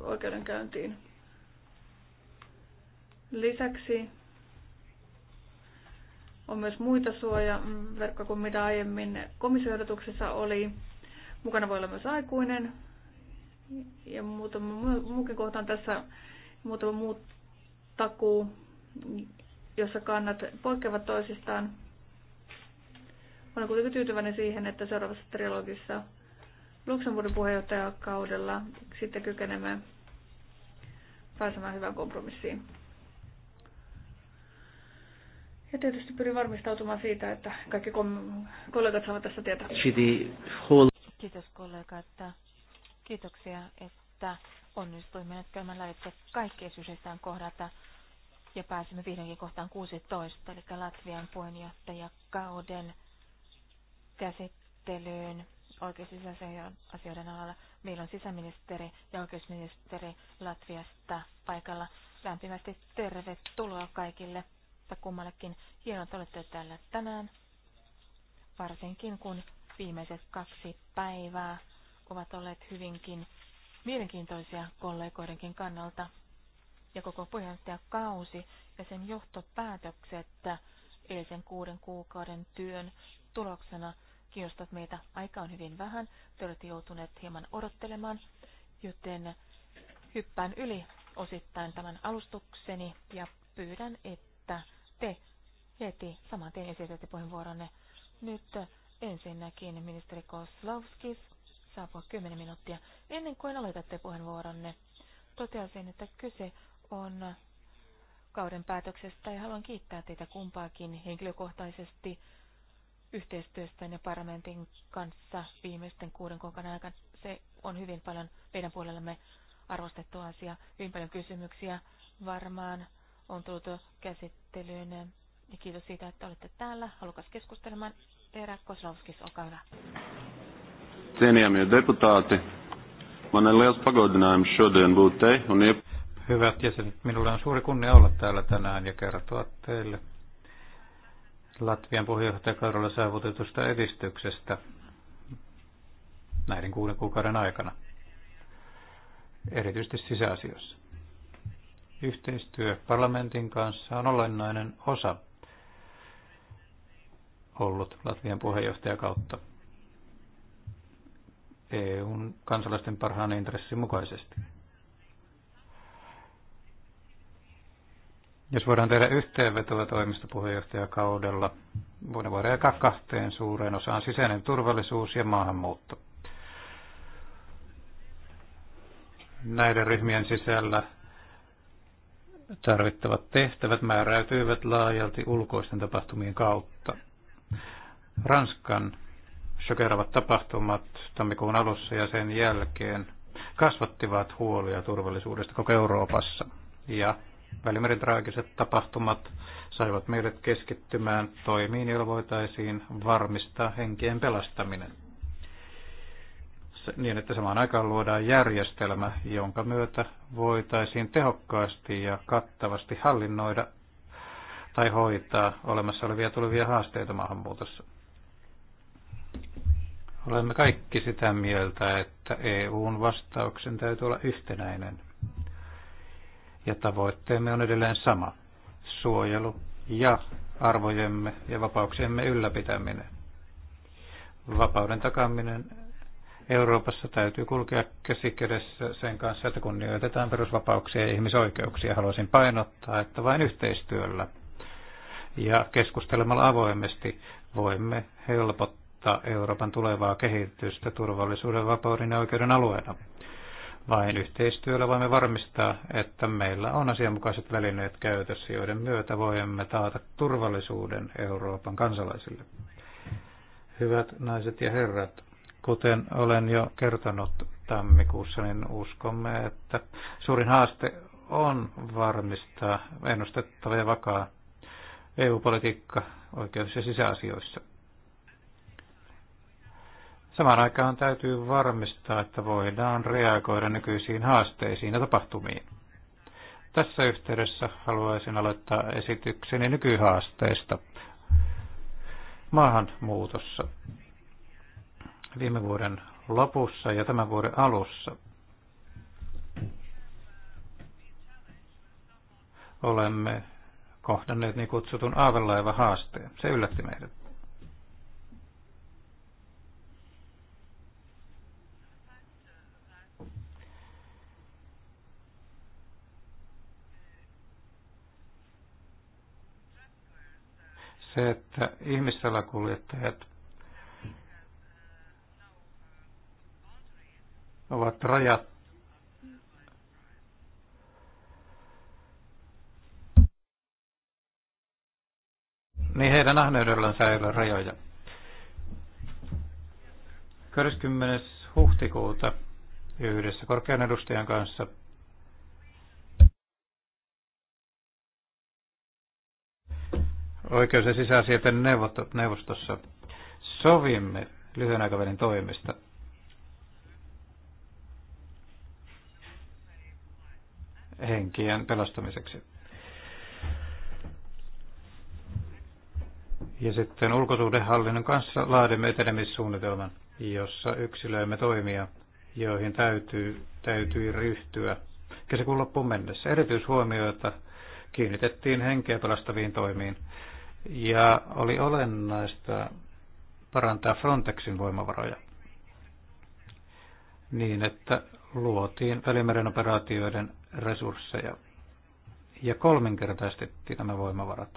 oikeudenkäyntiin. Lisäksi on myös muita suojaverkkoja mm, kuin mitä aiemmin komissioehdotuksessa oli. Mukana voi olla myös aikuinen ja muutama muukin kohta on tässä muutama muu takuu jossa kannat poikkeavat toisistaan. Olen kuitenkin tyytyväinen siihen, että seuraavassa trilogissa Luxemburgin puheenjohtajakaudella sitten kykenemme pääsemään hyvään kompromissiin. Ja tietysti pyrin varmistautumaan siitä, että kaikki kollegat saavat tässä tietää. Kiitos että Kiitoksia, että onnistuimme nyt käymään lävitse kaikkia esitystään kohdata ja pääsemme vihdoinkin kohtaan 16, eli Latvian puheenjohtajakauden käsittelyyn oikeusasioiden alalla. Meillä on sisäministeri ja oikeusministeri Latviasta paikalla. Lämpimästi tervetuloa kaikille tai kummallekin. Hienoa, että olette täällä tänään, varsinkin kun viimeiset kaksi päivää ovat olleet hyvinkin mielenkiintoisia kollegoidenkin kannalta ja koko puheenjohtajakausi ja sen johtopäätökset eilisen kuuden kuukauden työn tuloksena kiinnostavat meitä. Aika on hyvin vähän, te olette joutuneet hieman odottelemaan, joten hyppään yli osittain tämän alustukseni ja pyydän, että te heti saman tien esitätte puheenvuoronne. Nyt ensinnäkin ministeri Koslovskis saapuu 10 minuuttia. Ennen kuin aloitatte puheenvuoronne, toteaisin, että kyse on kauden päätöksestä ja haluan kiittää teitä kumpaakin henkilökohtaisesti yhteistyöstä ja parlamentin kanssa viimeisten kuuden kuukauden aikana. Se on hyvin paljon meidän puolellamme arvostettu asia. Hyvin paljon kysymyksiä varmaan on tullut käsittelyyn. Ja kiitos siitä, että olette täällä. Halukas keskustelemaan. Eera Koslauskis, olkaa hyvä. Cienījamie deputāti, man ir liels pagodinājums šodien būt te un iep... Hyvät jäsenet, minulla on suuri kunnia olla täällä tänään ja kertoa teille Latvian puheenjohtajakaudella saavutetusta edistyksestä näiden kuuden kuukauden aikana, erityisesti sisäasioissa. Yhteistyö parlamentin kanssa on olennainen osa ollut Latvian puheenjohtajakautta EUn kansalaisten parhaan intressin mukaisesti. Jos voidaan tehdä yhteenvetoa toimistopuheenjohtajakaudella, voidaan voida jakaa kahteen suureen osaan sisäinen turvallisuus ja maahanmuutto. Näiden ryhmien sisällä tarvittavat tehtävät määräytyivät laajalti ulkoisten tapahtumien kautta. Ranskan shokeravat tapahtumat tammikuun alussa ja sen jälkeen kasvattivat huolia turvallisuudesta koko Euroopassa. Ja Välimeren traagiset tapahtumat saivat meidät keskittymään toimiin, joilla voitaisiin varmistaa henkien pelastaminen. Niin, että samaan aikaan luodaan järjestelmä, jonka myötä voitaisiin tehokkaasti ja kattavasti hallinnoida tai hoitaa olemassa olevia tulevia haasteita maahanmuutossa. Olemme kaikki sitä mieltä, että EUn vastauksen täytyy olla yhtenäinen – ja tavoitteemme on edelleen sama. Suojelu ja arvojemme ja vapauksiemme ylläpitäminen. Vapauden takaminen Euroopassa täytyy kulkea käsikädessä sen kanssa, että kunnioitetaan perusvapauksia ja ihmisoikeuksia. Haluaisin painottaa, että vain yhteistyöllä ja keskustelemalla avoimesti voimme helpottaa Euroopan tulevaa kehitystä turvallisuuden, vapauden ja oikeuden alueena. Vain yhteistyöllä voimme varmistaa, että meillä on asianmukaiset välineet käytössä, joiden myötä voimme taata turvallisuuden Euroopan kansalaisille. Hyvät naiset ja herrat, kuten olen jo kertonut tammikuussa, niin uskomme, että suurin haaste on varmistaa ennustettava ja vakaa EU-politiikka oikeus- ja sisäasioissa – Samaan aikaan täytyy varmistaa, että voidaan reagoida nykyisiin haasteisiin ja tapahtumiin. Tässä yhteydessä haluaisin aloittaa esitykseni nykyhaasteista maahanmuutossa viime vuoden lopussa ja tämän vuoden alussa. Olemme kohdanneet niin kutsutun aavelaiva haasteen. Se yllätti meidät. se, että ihmissalakuljettajat ovat rajat niin heidän ahneudellansa ei ole rajoja. 20. huhtikuuta yhdessä korkean edustajan kanssa oikeus- ja sisäasioiden neuvostossa sovimme lyhyen aikavälin toimista. henkien pelastamiseksi. Ja sitten ulkosuhdehallinnon kanssa laadimme etenemissuunnitelman, jossa yksilöimme toimia, joihin täytyy, täytyy ryhtyä kesäkuun loppuun mennessä. Erityishuomioita kiinnitettiin henkeä pelastaviin toimiin ja oli olennaista parantaa Frontexin voimavaroja niin, että luotiin Välimeren operaatioiden resursseja ja kolminkertaistettiin nämä voimavarat.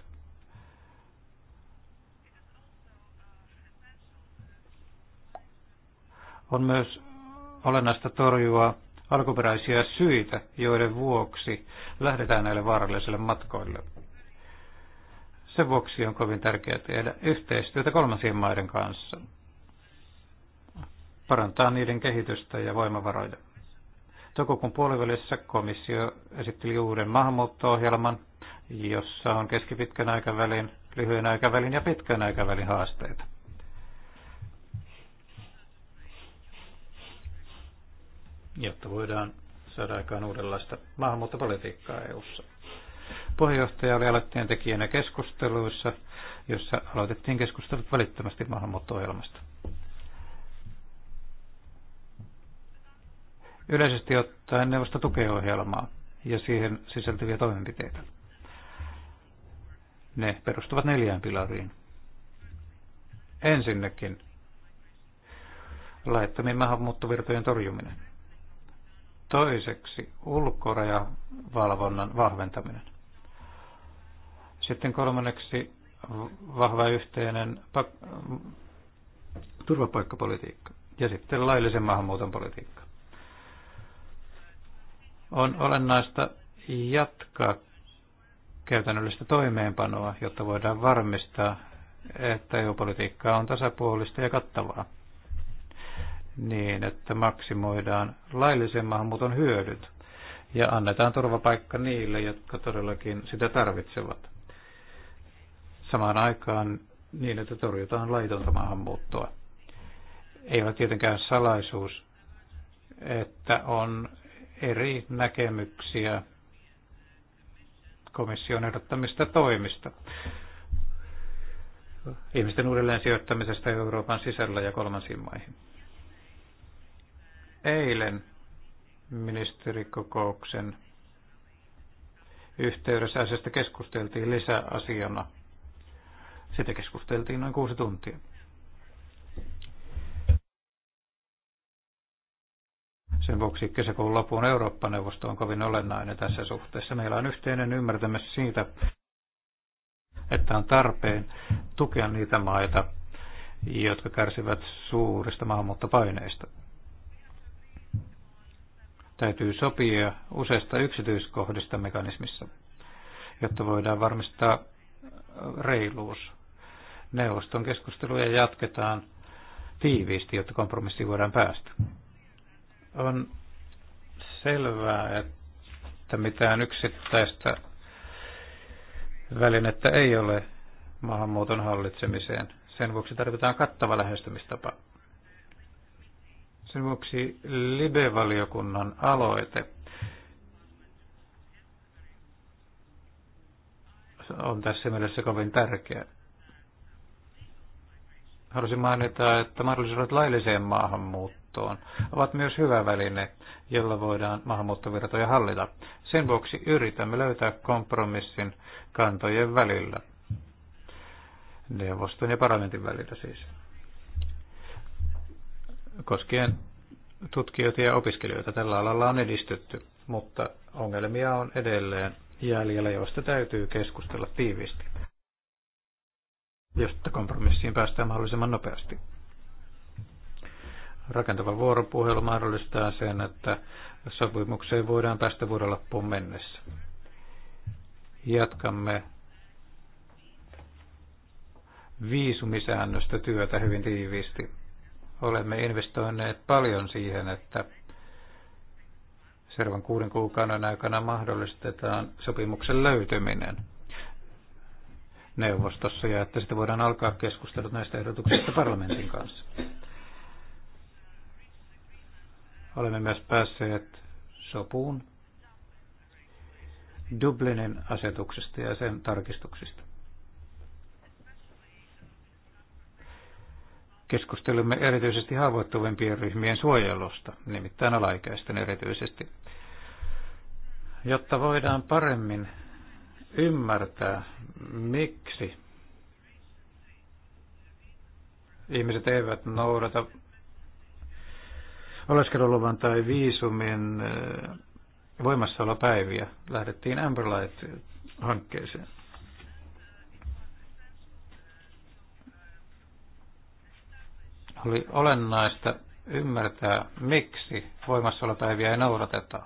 On myös olennaista torjua alkuperäisiä syitä, joiden vuoksi lähdetään näille vaarallisille matkoille – sen vuoksi on kovin tärkeää tehdä yhteistyötä kolmansien maiden kanssa, parantaa niiden kehitystä ja voimavaroja. Toukokuun puolivälissä komissio esitteli uuden maahanmuutto-ohjelman, jossa on keskipitkän aikavälin, lyhyen aikavälin ja pitkän aikavälin haasteita. jotta voidaan saada aikaan uudenlaista maahanmuuttopolitiikkaa EU:ssa. Puheenjohtaja oli aloitteen tekijänä keskusteluissa, jossa aloitettiin keskustelut välittömästi maahanmuutto-ohjelmasta. Yleisesti ottaen neuvosto tukee ohjelmaa ja siihen sisältyviä toimenpiteitä. Ne perustuvat neljään pilariin. Ensinnäkin laittomien maahanmuuttovirtojen torjuminen. Toiseksi ulkorajavalvonnan vahventaminen. Sitten kolmanneksi vahva yhteinen pak- turvapaikkapolitiikka ja sitten laillisen maahanmuuton politiikka. On olennaista jatkaa käytännöllistä toimeenpanoa, jotta voidaan varmistaa, että EU-politiikka on tasapuolista ja kattavaa niin, että maksimoidaan laillisen maahanmuuton hyödyt ja annetaan turvapaikka niille, jotka todellakin sitä tarvitsevat samaan aikaan niin, että torjutaan laitonta maahanmuuttoa. Ei ole tietenkään salaisuus, että on eri näkemyksiä komission ehdottamista toimista. Ihmisten uudelleen sijoittamisesta Euroopan sisällä ja kolmansiin maihin. Eilen ministerikokouksen yhteydessä asiasta keskusteltiin lisäasiana – sitä keskusteltiin noin kuusi tuntia. Sen vuoksi kesäkuun lopun Eurooppa-neuvosto on kovin olennainen tässä suhteessa. Meillä on yhteinen ymmärtämys siitä, että on tarpeen tukea niitä maita, jotka kärsivät suurista maahanmuuttopaineista. Täytyy sopia useista yksityiskohdista mekanismissa, jotta voidaan varmistaa reiluus Neuvoston keskusteluja jatketaan tiiviisti, jotta kompromissi voidaan päästä. On selvää, että mitään yksittäistä välinettä ei ole maahanmuuton hallitsemiseen. Sen vuoksi tarvitaan kattava lähestymistapa. Sen vuoksi Libe-valiokunnan aloite on tässä mielessä kovin tärkeä. Haluaisin mainita, että mahdollisuudet lailliseen maahanmuuttoon ovat myös hyvä väline, jolla voidaan maahanmuuttovirtoja hallita. Sen vuoksi yritämme löytää kompromissin kantojen välillä, neuvoston ja parlamentin välillä siis, koskien tutkijoita ja opiskelijoita. Tällä alalla on edistytty, mutta ongelmia on edelleen jäljellä, joista täytyy keskustella tiiviisti josta kompromissiin päästään mahdollisimman nopeasti. Rakentava vuoropuhelu mahdollistaa sen, että sopimukseen voidaan päästä vuoden loppuun mennessä. Jatkamme viisumisäännöstä työtä hyvin tiiviisti. Olemme investoineet paljon siihen, että seuraavan kuuden kuukauden aikana mahdollistetaan sopimuksen löytyminen – neuvostossa ja että sitten voidaan alkaa keskustelut näistä ehdotuksista parlamentin kanssa. Olemme myös päässeet sopuun Dublinin asetuksesta ja sen tarkistuksista. Keskustelemme erityisesti haavoittuvimpien ryhmien suojelusta, nimittäin alaikäisten erityisesti, jotta voidaan paremmin ymmärtää, miksi ihmiset eivät noudata oleskeluluvan tai viisumin eh, voimassaolopäiviä. Lähdettiin Amberlight-hankkeeseen. Oli olennaista ymmärtää, miksi voimassaolopäiviä ei noudateta.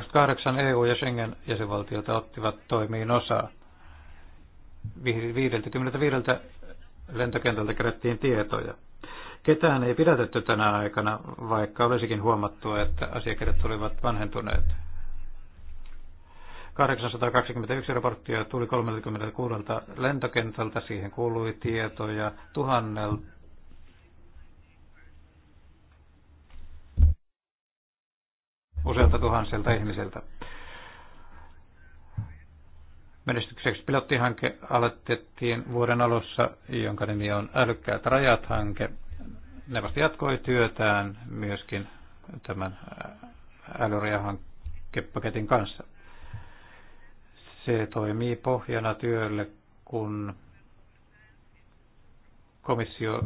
28 EU- ja Schengen-jäsenvaltiota ottivat toimiin osaa. 55 lentokentältä kerättiin tietoja. Ketään ei pidätetty tänä aikana, vaikka olisikin huomattu, että asiakirjat olivat vanhentuneet. 821 raporttia tuli 36 lentokentältä, siihen kuului tietoja tuhannelta useilta tuhansilta ihmisiltä. Menestykseksi pilottihanke aloitettiin vuoden alussa, jonka nimi on Älykkäät rajat-hanke. vasta jatkoi työtään myöskin tämän älyrajahankepaketin kanssa. Se toimii pohjana työlle, kun komissio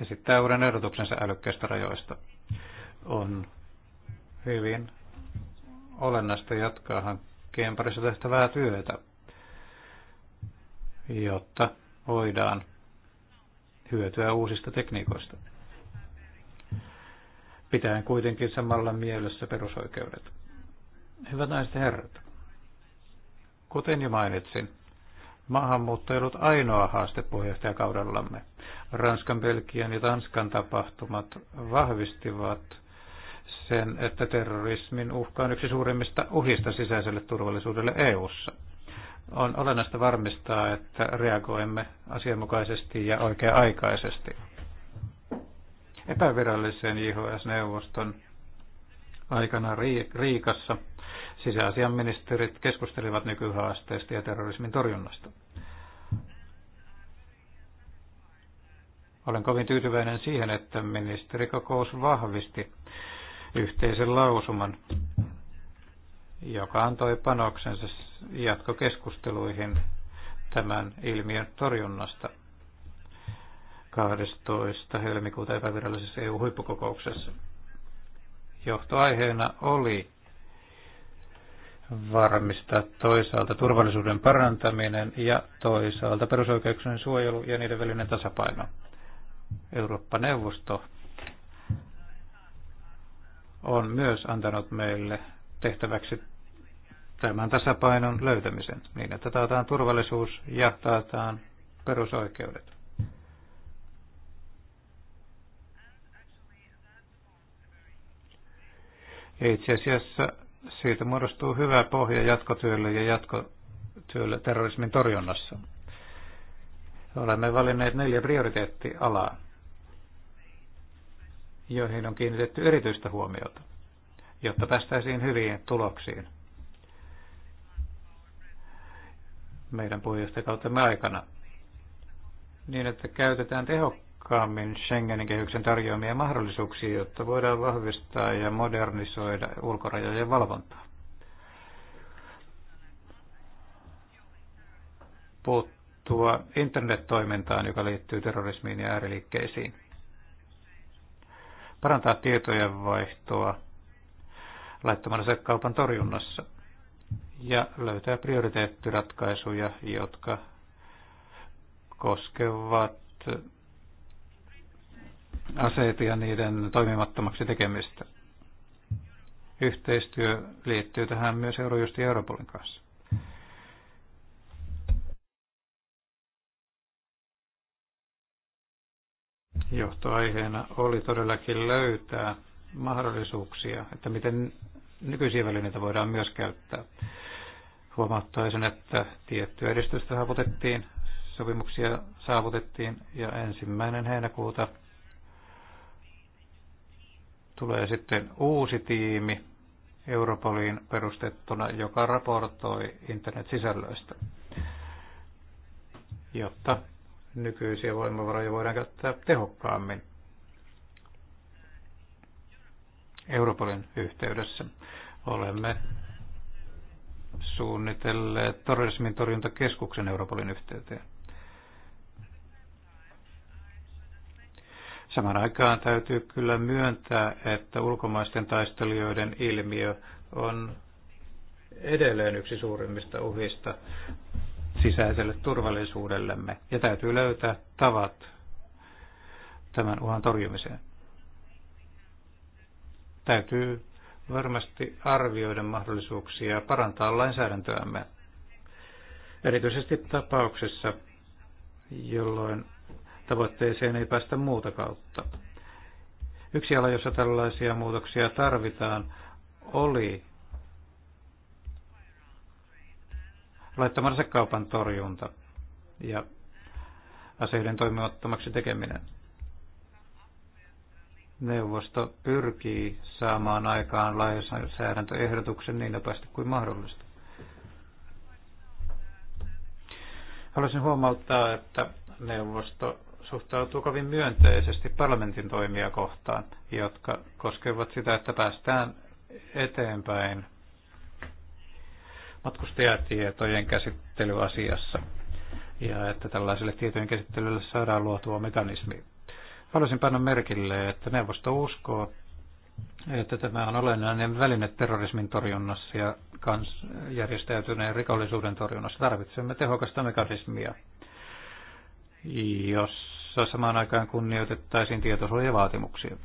esittää uuden ehdotuksensa älykkäistä rajoista. On hyvin olennaista jatkaa hankkeen parissa tehtävää työtä, jotta voidaan hyötyä uusista tekniikoista. Pitäen kuitenkin samalla mielessä perusoikeudet. Hyvät naiset ja herrat, kuten jo mainitsin, maahanmuutto ei ollut ainoa haaste puheenjohtajakaudellamme. Ranskan, Belgian ja Tanskan tapahtumat vahvistivat sen, että terrorismin uhka on yksi suurimmista uhista sisäiselle turvallisuudelle EU:ssa. On olennaista varmistaa, että reagoimme asianmukaisesti ja oikea-aikaisesti. Epävirallisen JHS-neuvoston aikana Riikassa sisäasianministerit keskustelivat nykyhaasteista ja terrorismin torjunnasta. Olen kovin tyytyväinen siihen, että ministerikokous vahvisti yhteisen lausuman, joka antoi panoksensa jatkokeskusteluihin tämän ilmiön torjunnasta 12. helmikuuta epävirallisessa EU-huippukokouksessa. Johtoaiheena oli varmistaa toisaalta turvallisuuden parantaminen ja toisaalta perusoikeuksien suojelu ja niiden välinen tasapaino. Eurooppa-neuvosto on myös antanut meille tehtäväksi tämän tasapainon löytämisen niin, että taataan turvallisuus ja taataan perusoikeudet. Ja itse asiassa siitä muodostuu hyvä pohja jatkotyölle ja jatkotyölle terrorismin torjunnassa. Olemme valinneet neljä prioriteettialaa joihin on kiinnitetty erityistä huomiota, jotta päästäisiin hyviin tuloksiin meidän puheenjohtajakautemme aikana, niin että käytetään tehokkaammin Schengenin kehyksen tarjoamia mahdollisuuksia, jotta voidaan vahvistaa ja modernisoida ulkorajojen valvontaa. Puuttua internettoimintaan, joka liittyy terrorismiin ja ääriliikkeisiin parantaa tietojen vaihtoa laittoman asekaupan torjunnassa ja löytää prioriteettiratkaisuja, jotka koskevat aseita ja niiden toimimattomaksi tekemistä. Yhteistyö liittyy tähän myös Eurojustin ja Europolin kanssa. johtoaiheena oli todellakin löytää mahdollisuuksia, että miten nykyisiä välineitä voidaan myös käyttää. Huomauttaisin, että tiettyä edistystä saavutettiin, sopimuksia saavutettiin ja ensimmäinen heinäkuuta tulee sitten uusi tiimi Europoliin perustettuna, joka raportoi internet-sisällöistä, jotta nykyisiä voimavaroja voidaan käyttää tehokkaammin Europolin yhteydessä. Olemme suunnitelleet terrorismin torjuntakeskuksen Europolin yhteyteen. Saman aikaan täytyy kyllä myöntää, että ulkomaisten taistelijoiden ilmiö on edelleen yksi suurimmista uhista sisäiselle turvallisuudellemme ja täytyy löytää tavat tämän uhan torjumiseen. Täytyy varmasti arvioida mahdollisuuksia parantaa lainsäädäntöämme, erityisesti tapauksessa, jolloin tavoitteeseen ei päästä muuta kautta. Yksi ala, jossa tällaisia muutoksia tarvitaan, oli laittoman kaupan torjunta ja aseiden toimimattomaksi tekeminen. Neuvosto pyrkii saamaan aikaan lainsäädäntöehdotuksen niin nopeasti kuin mahdollista. Haluaisin huomauttaa, että neuvosto suhtautuu kovin myönteisesti parlamentin toimia kohtaan, jotka koskevat sitä, että päästään eteenpäin matkustajatietojen käsittelyasiassa ja että tällaiselle tietojen käsittelylle saadaan luotua mekanismi. Haluaisin panna merkille, että neuvosto uskoo, että tämä on olennainen väline terrorismin torjunnassa ja kans järjestäytyneen rikollisuuden torjunnassa. Tarvitsemme tehokasta mekanismia, jossa samaan aikaan kunnioitettaisiin tietosuojavaatimuksia.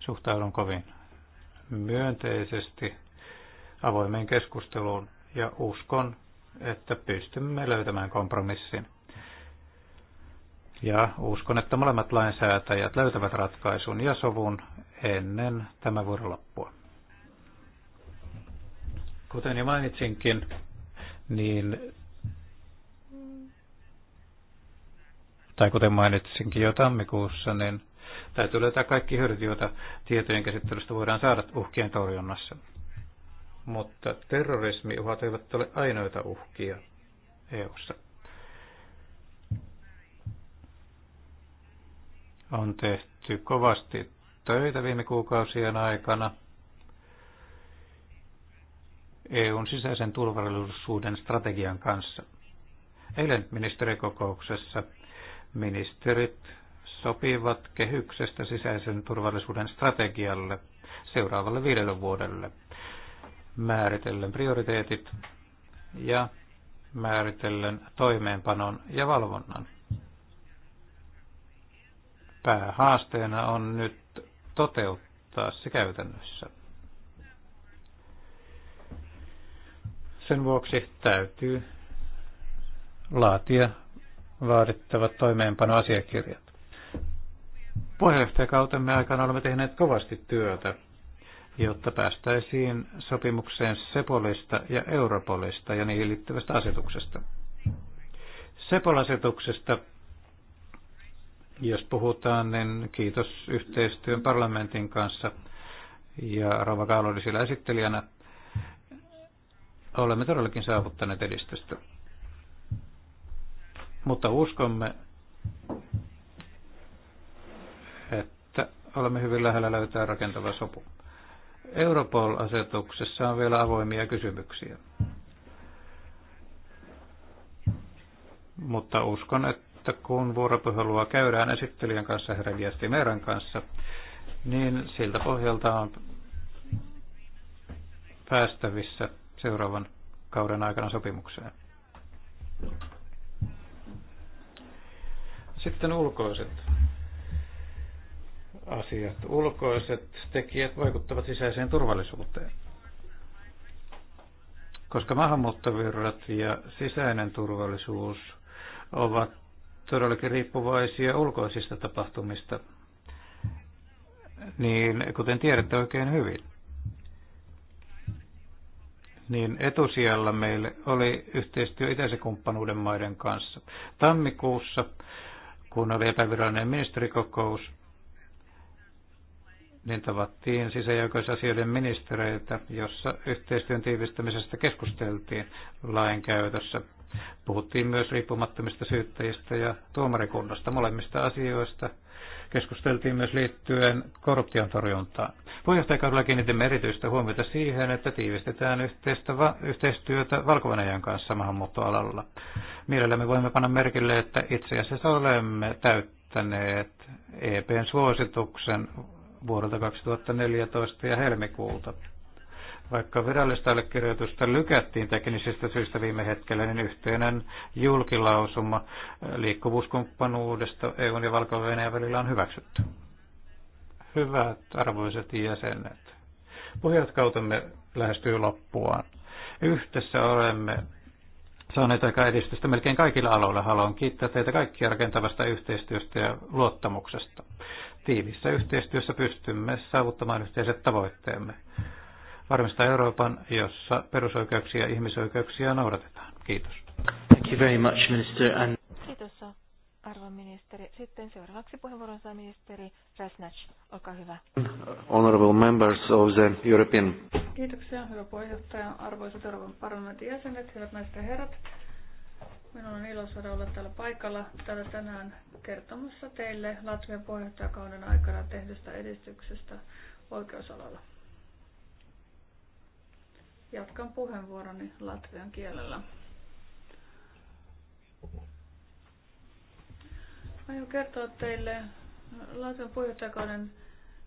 Suhtaudun kovin myönteisesti avoimeen keskusteluun ja uskon, että pystymme löytämään kompromissin. Ja uskon, että molemmat lainsäätäjät löytävät ratkaisun ja sovun ennen tämän vuoden loppua. Kuten jo mainitsinkin, niin tai kuten mainitsinkin jo tammikuussa, niin täytyy löytää kaikki hyödyt, joita tietojen käsittelystä voidaan saada uhkien torjunnassa mutta terrorismiuhat eivät ole ainoita uhkia EU:ssa. On tehty kovasti töitä viime kuukausien aikana EUn sisäisen turvallisuuden strategian kanssa. Eilen ministerikokouksessa ministerit sopivat kehyksestä sisäisen turvallisuuden strategialle seuraavalle viidelle vuodelle määritellen prioriteetit ja määritellen toimeenpanon ja valvonnan. Päähaasteena on nyt toteuttaa se käytännössä. Sen vuoksi täytyy laatia vaadittavat toimeenpanoasiakirjat. Puheenjohtajakautemme aikana olemme tehneet kovasti työtä jotta päästäisiin sopimukseen Sepolista ja Europolista ja niihin liittyvästä asetuksesta. Sepol-asetuksesta, jos puhutaan, niin kiitos yhteistyön parlamentin kanssa ja Rova Kaalolisilla esittelijänä. Olemme todellakin saavuttaneet edistystä. Mutta uskomme, että olemme hyvin lähellä löytää rakentava sopu. Europol-asetuksessa on vielä avoimia kysymyksiä. Mutta uskon, että kun vuoropuhelua käydään esittelijän kanssa, herra Viesti Meeran kanssa, niin siltä pohjalta on päästävissä seuraavan kauden aikana sopimukseen. Sitten ulkoiset asiat. Ulkoiset tekijät vaikuttavat sisäiseen turvallisuuteen. Koska maahanmuuttovirrat ja sisäinen turvallisuus ovat todellakin riippuvaisia ulkoisista tapahtumista, niin kuten tiedätte oikein hyvin, niin etusijalla meille oli yhteistyö itäisen kumppanuuden maiden kanssa. Tammikuussa, kun oli epävirallinen ministerikokous, niin tavattiin sisäjoukoisasioiden ministereitä, jossa yhteistyön tiivistämisestä keskusteltiin lain käytössä. Puhuttiin myös riippumattomista syyttäjistä ja tuomarikunnasta molemmista asioista. Keskusteltiin myös liittyen korruption torjuntaan. Puheenjohtajakaudella kiinnitimme erityistä huomiota siihen, että tiivistetään yhteistä va- yhteistyötä valko kanssa maahanmuuttoalalla. Mielellämme voimme panna merkille, että itse asiassa olemme täyttäneet EPn suosituksen vuodelta 2014 ja helmikuulta. Vaikka virallista allekirjoitusta lykättiin teknisistä syistä viime hetkellä, niin yhteinen julkilausuma äh, liikkuvuuskumppanuudesta EUn ja valko välillä on hyväksytty. Hyvät arvoiset jäsenet, puheenjohtajakautemme lähestyy loppuaan. Yhdessä olemme saaneet aika edistystä melkein kaikilla aloilla. Haluan kiittää teitä kaikkia rakentavasta yhteistyöstä ja luottamuksesta tiivissä yhteistyössä pystymme saavuttamaan yhteiset tavoitteemme. Varmistaa Euroopan, jossa perusoikeuksia ja ihmisoikeuksia noudatetaan. Kiitos. Thank you very much, Minister. And... Kiitos, arvon ministeri. Sitten seuraavaksi puheenvuoron saa ministeri Rasnach. Olkaa hyvä. Honorable members of the European... Kiitoksia, hyvä puheenjohtaja, arvoisat Euroopan parlamentin jäsenet, hyvät naiset ja herrat. Minulla on ilo saada olla täällä paikalla täällä tänään kertomassa teille Latvian puheenjohtajakauden aikana tehdystä edistyksestä oikeusalalla. Jatkan puheenvuoroni latvian kielellä. Aion kertoa teille Latvian puheenjohtajakauden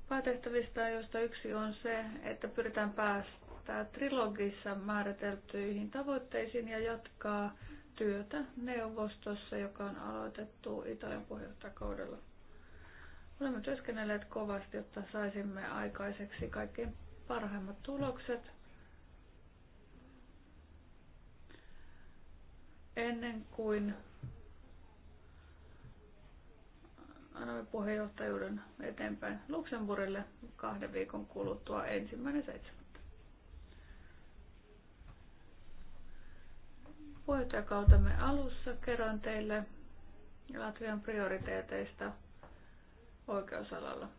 päätehtävistä, joista yksi on se, että pyritään päästä trilogissa määriteltyihin tavoitteisiin ja jatkaa työtä neuvostossa, joka on aloitettu Italian kaudella. Olemme työskennelleet kovasti, jotta saisimme aikaiseksi kaikkein parhaimmat tulokset. Ennen kuin annamme puheenjohtajuuden eteenpäin Luxemburille kahden viikon kuluttua ensimmäinen seitsemän. Puheenjohtajakautemme alussa kerron teille Latvian prioriteeteista oikeusalalla.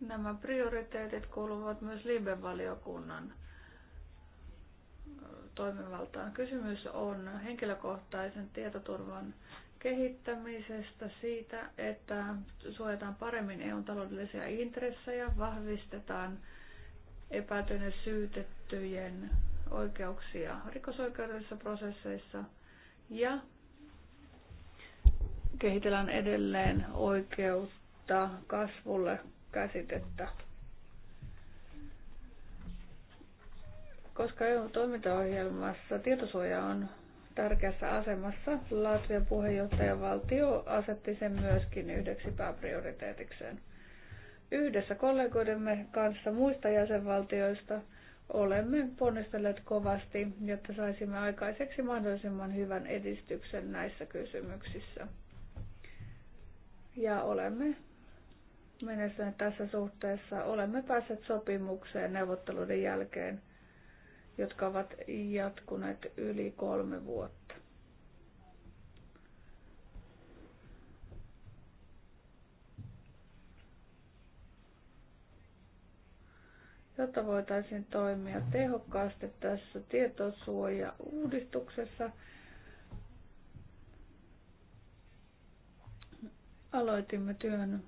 Nämä prioriteetit kuuluvat myös Libe-valiokunnan toimivaltaan. Kysymys on henkilökohtaisen tietoturvan kehittämisestä, siitä, että suojataan paremmin EUn taloudellisia intressejä, vahvistetaan epätyneen syytettyjen oikeuksia rikosoikeudellisissa prosesseissa ja kehitellään edelleen oikeutta kasvulle käsitettä. Koska EU-toimintaohjelmassa tietosuoja on tärkeässä asemassa, Latvian puheenjohtajavaltio asetti sen myöskin yhdeksi pääprioriteetikseen – Yhdessä kollegoidemme kanssa muista jäsenvaltioista olemme ponnistelleet kovasti, jotta saisimme aikaiseksi mahdollisimman hyvän edistyksen näissä kysymyksissä. Ja olemme menestyneet tässä suhteessa. Olemme päässeet sopimukseen neuvotteluiden jälkeen, jotka ovat jatkuneet yli kolme vuotta. jotta voitaisiin toimia tehokkaasti tässä tietosuoja-uudistuksessa. Aloitimme työn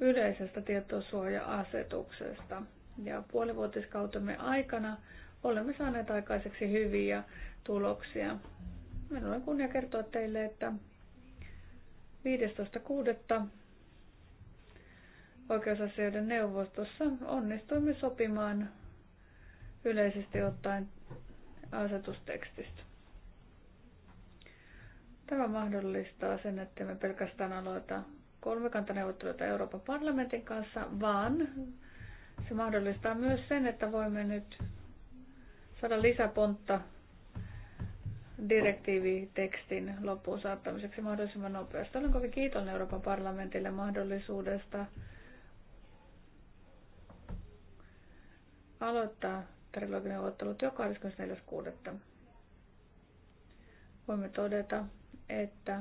yleisestä tietosuoja-asetuksesta ja puolivuotiskautemme aikana olemme saaneet aikaiseksi hyviä tuloksia. Minulla on kunnia kertoa teille, että 15.6 oikeusasioiden neuvostossa onnistuimme sopimaan yleisesti ottaen asetustekstistä. Tämä mahdollistaa sen, että me pelkästään aloita kolmikantaneuvotteluita Euroopan parlamentin kanssa, vaan se mahdollistaa myös sen, että voimme nyt saada lisäpontta direktiivitekstin loppuun saattamiseksi mahdollisimman nopeasti. Olen kovin kiitollinen Euroopan parlamentille mahdollisuudesta aloittaa trilogineuvottelut jo 24.6. Voimme todeta, että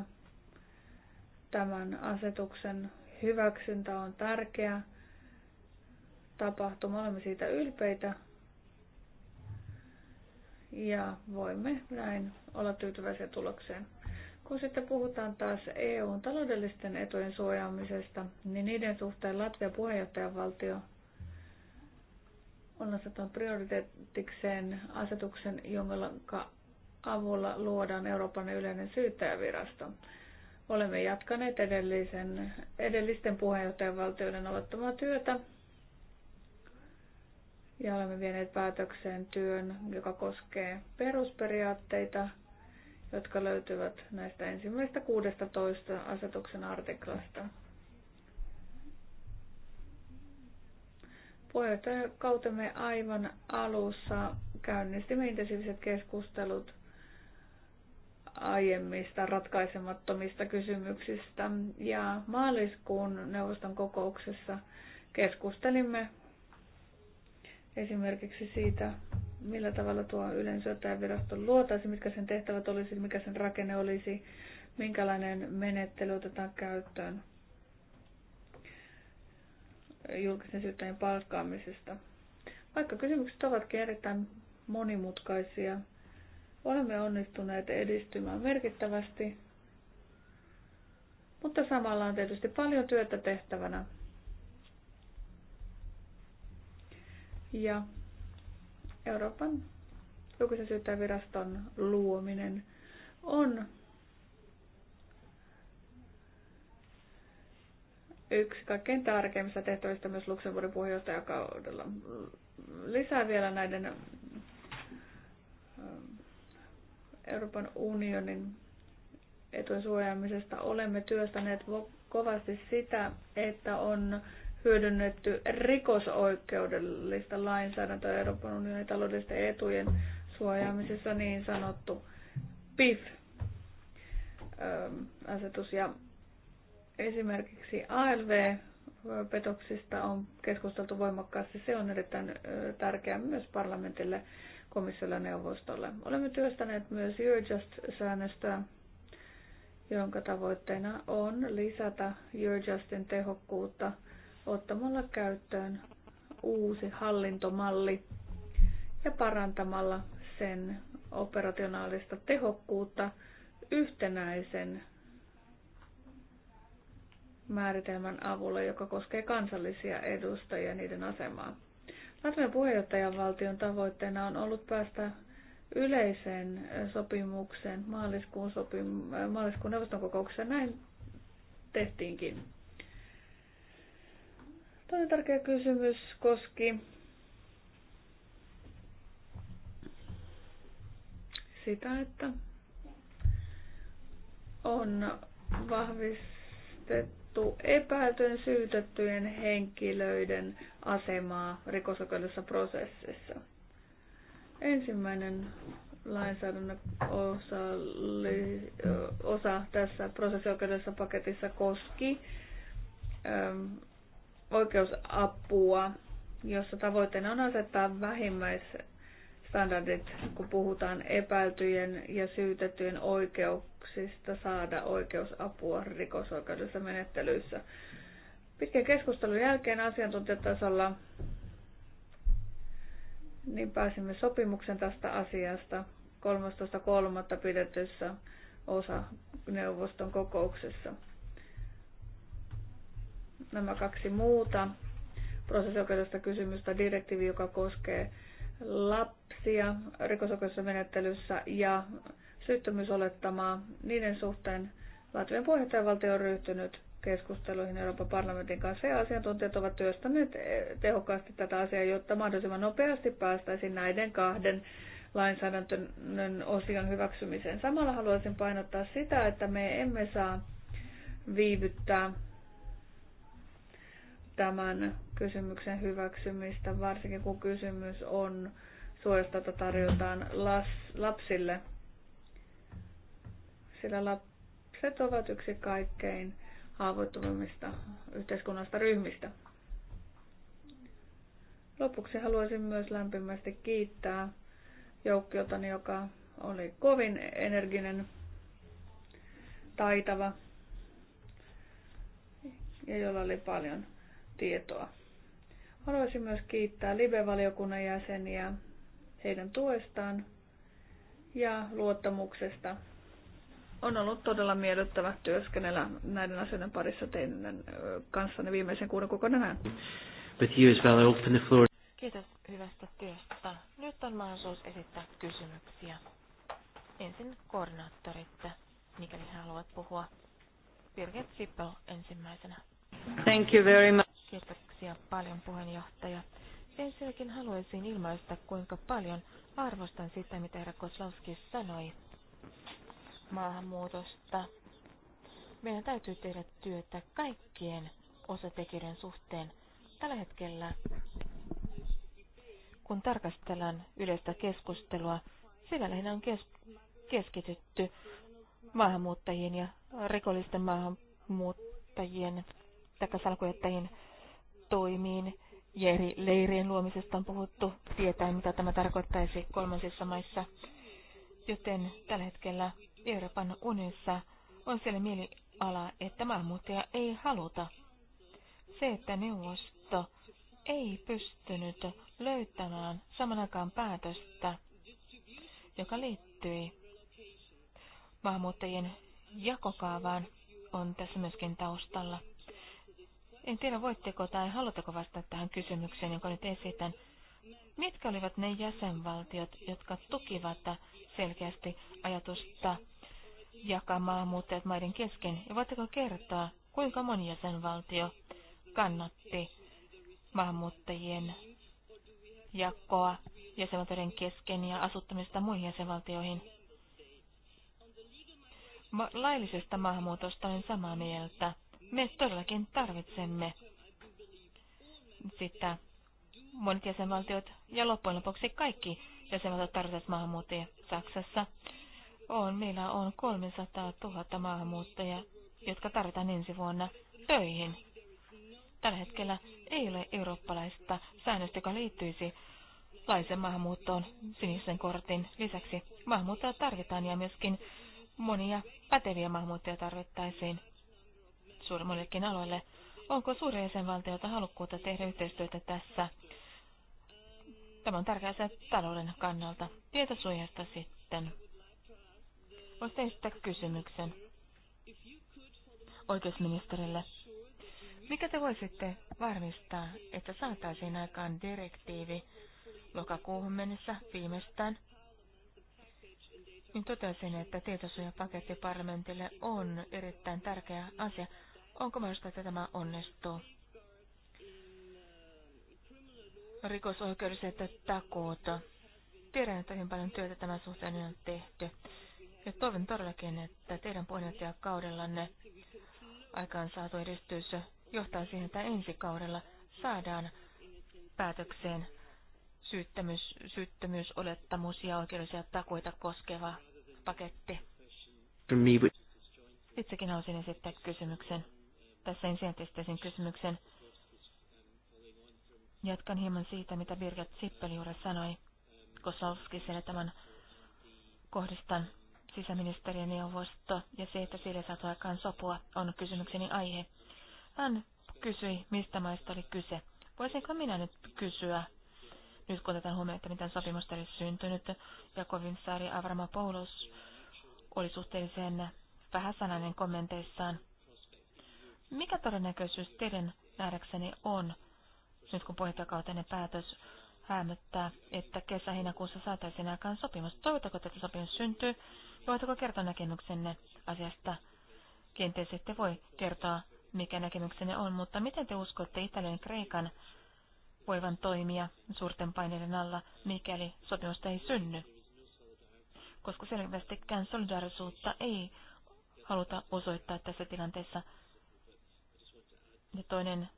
tämän asetuksen hyväksyntä on tärkeä tapahtuma. Olemme siitä ylpeitä ja voimme näin olla tyytyväisiä tulokseen. Kun sitten puhutaan taas EUn taloudellisten etujen suojaamisesta, niin niiden suhteen Latvia puheenjohtajavaltio on asetan prioriteettikseen asetuksen, jonka avulla luodaan Euroopan yleinen syyttäjävirasto. Olemme jatkaneet edellisen, edellisten puheenjohtajavaltioiden aloittamaa työtä ja olemme vieneet päätökseen työn, joka koskee perusperiaatteita, jotka löytyvät näistä ensimmäistä 16 asetuksen artiklasta. Puheenjohtajakautemme aivan alussa käynnistimme intensiiviset keskustelut aiemmista ratkaisemattomista kysymyksistä ja maaliskuun neuvoston kokouksessa keskustelimme esimerkiksi siitä, millä tavalla tuo yleisöjohtajavirasto luotaisi, mitkä sen tehtävät olisi, mikä sen rakenne olisi, minkälainen menettely otetaan käyttöön julkisen syyttäjän palkkaamisesta. Vaikka kysymykset ovatkin erittäin monimutkaisia, olemme onnistuneet edistymään merkittävästi, mutta samalla on tietysti paljon työtä tehtävänä. Ja Euroopan julkisen syyttäjän luominen on yksi kaikkein tärkeimmistä tehtävistä myös Luxemburgin puheenjohtajakaudella. Lisää vielä näiden ähm, Euroopan unionin etujen suojaamisesta olemme työstäneet kovasti sitä, että on hyödynnetty rikosoikeudellista lainsäädäntöä Euroopan unionin taloudellisten etujen suojaamisessa niin sanottu PIF-asetus. Ähm, ja Esimerkiksi ALV-petoksista on keskusteltu voimakkaasti. Se on erittäin tärkeää myös parlamentille, komissiolle ja neuvostolle. Olemme työstäneet myös Eurojust-säännöstöä, jonka tavoitteena on lisätä Eurojustin tehokkuutta ottamalla käyttöön uusi hallintomalli ja parantamalla sen operationaalista tehokkuutta yhtenäisen määritelmän avulla, joka koskee kansallisia edustajia ja niiden asemaa. Latvian valtion tavoitteena on ollut päästä yleiseen sopimukseen maaliskuun, sopim- maaliskuun neuvoston kokouksessa. Näin tehtiinkin. Toinen tärkeä kysymys koski sitä, että on vahvistettu parannettu epäiltyjen syytettyjen henkilöiden asemaa rikosoikeudessa prosessissa. Ensimmäinen lainsäädännön osa, li, osa tässä prosessioikeudessa paketissa koski ö, ähm, oikeusapua, jossa tavoitteena on asettaa vähimmäisstandardit, kun puhutaan epäiltyjen ja syytettyjen oikeu, mahdollisuuksista saada oikeusapua rikosoikeudellisissa menettelyissä. Pitkän keskustelun jälkeen asiantuntijatasolla niin pääsimme sopimuksen tästä asiasta 13.3. pidetyssä osa neuvoston kokouksessa. Nämä kaksi muuta prosessioikeudesta kysymystä, direktiivi, joka koskee lapsia rikosoikeudessa menettelyssä ja syyttömyysolettamaa niiden suhteen Latvian puheenjohtajavaltio on ryhtynyt keskusteluihin Euroopan parlamentin kanssa ja asiantuntijat ovat työstäneet eh, tehokkaasti tätä asiaa, jotta mahdollisimman nopeasti päästäisiin näiden kahden lainsäädännön osion hyväksymiseen. Samalla haluaisin painottaa sitä, että me emme saa viivyttää tämän kysymyksen hyväksymistä, varsinkin kun kysymys on suojasta, jota tarjotaan las, lapsille – sillä lapset ovat yksi kaikkein haavoittuvimmista yhteiskunnasta ryhmistä. Lopuksi haluaisin myös lämpimästi kiittää joukkiotani, joka oli kovin energinen, taitava ja jolla oli paljon tietoa. Haluaisin myös kiittää live-valiokunnan jäseniä heidän tuestaan ja luottamuksesta on ollut todella miellyttävä työskennellä näiden asioiden parissa teidän ne viimeisen kuuden kuukauden Kiitos hyvästä työstä. Nyt on mahdollisuus esittää kysymyksiä. Ensin koordinaattorit, mikäli haluat puhua. Birgit Sippel ensimmäisenä. Thank you very much. Kiitoksia paljon puheenjohtaja. Ensinnäkin haluaisin ilmaista, kuinka paljon arvostan sitä, mitä herra Koslowski sanoi maahanmuutosta. Meidän täytyy tehdä työtä kaikkien osatekijöiden suhteen. Tällä hetkellä, kun tarkastellaan yleistä keskustelua, sillä lähinnä on kes- keskitytty maahanmuuttajien ja rikollisten maahanmuuttajien tai toimiin ja eri leirien luomisesta on puhuttu, tietää mitä tämä tarkoittaisi kolmansissa maissa. Joten tällä hetkellä Euroopan unionissa on siellä mieliala, että maahanmuuttaja ei haluta. Se, että neuvosto ei pystynyt löytämään aikaan päätöstä, joka liittyi maahanmuuttajien jakokaavaan, on tässä myöskin taustalla. En tiedä, voitteko tai haluatteko vastata tähän kysymykseen, jonka nyt esitän. Mitkä olivat ne jäsenvaltiot, jotka tukivat selkeästi ajatusta jakaa maahanmuuttajat maiden kesken? Ja voitteko kertoa, kuinka moni jäsenvaltio kannatti maahanmuuttajien jakoa jäsenvaltioiden kesken ja asuttamista muihin jäsenvaltioihin? Ma- laillisesta maahanmuutosta olen samaa mieltä. Me todellakin tarvitsemme sitä. Monet jäsenvaltiot ja loppujen lopuksi kaikki jäsenvaltiot tarvitsevat maahanmuuttajia Saksassa on, meillä on 300 000 maahanmuuttajaa, jotka tarvitaan ensi vuonna töihin. Tällä hetkellä ei ole eurooppalaista säännöstä, joka liittyisi laisen maahanmuuttoon sinisen kortin lisäksi. Maahanmuuttajia tarvitaan ja myöskin monia päteviä maahanmuuttajia tarvittaisiin suurimmillekin aloille. Onko suuri jäsenvaltioita halukkuutta tehdä yhteistyötä tässä? Tämä on tärkeää talouden kannalta. Tietosuojasta sitten. Voisi esittää kysymyksen oikeusministerille. Mikä te voisitte varmistaa, että saataisiin aikaan direktiivi lokakuuhun mennessä viimeistään? Niin totesin, että tietosuojapaketti parlamentille on erittäin tärkeä asia. Onko mahdollista, että tämä onnistuu? Rikosoikeudelliset takuut. Tiedän, että hyvin paljon työtä tämän suhteen on tehty. Ja toivon todellakin, että teidän puheenjohtajakaudellanne aikaan saatu edistys johtaa siihen, että ensi kaudella saadaan päätökseen syyttämys, olettamus ja oikeudellisia takuita koskeva paketti. Itsekin haluaisin esittää kysymyksen. Tässä ensin kysymyksen. Jatkan hieman siitä, mitä Birgit Sippeli juuri sanoi. Kosovskiselle tämän kohdistan neuvosto ja se, että sille saatu aikaan sopua, on kysymykseni aihe. Hän kysyi, mistä maista oli kyse. Voisinko minä nyt kysyä, nyt kun otetaan huomioon, että mitään sopimusta oli syntynyt, ja kovinsaari Paulus oli suhteellisen vähäsanainen kommenteissaan. Mikä todennäköisyys teidän nähdäkseni on, nyt kun puheenjohtajakautenne päätös hämöttää, että kesä-heinäkuussa saataisiin aikaan sopimus. Toivotako, että sopimus syntyy? Voitako kertoa näkemyksenne asiasta? Kenties ette voi kertoa, mikä näkemyksenne on, mutta miten te uskotte Italian Kreikan voivan toimia suurten paineiden alla, mikäli sopimusta ei synny? Koska selvästikään solidaarisuutta ei haluta osoittaa tässä tilanteessa. Ja toinen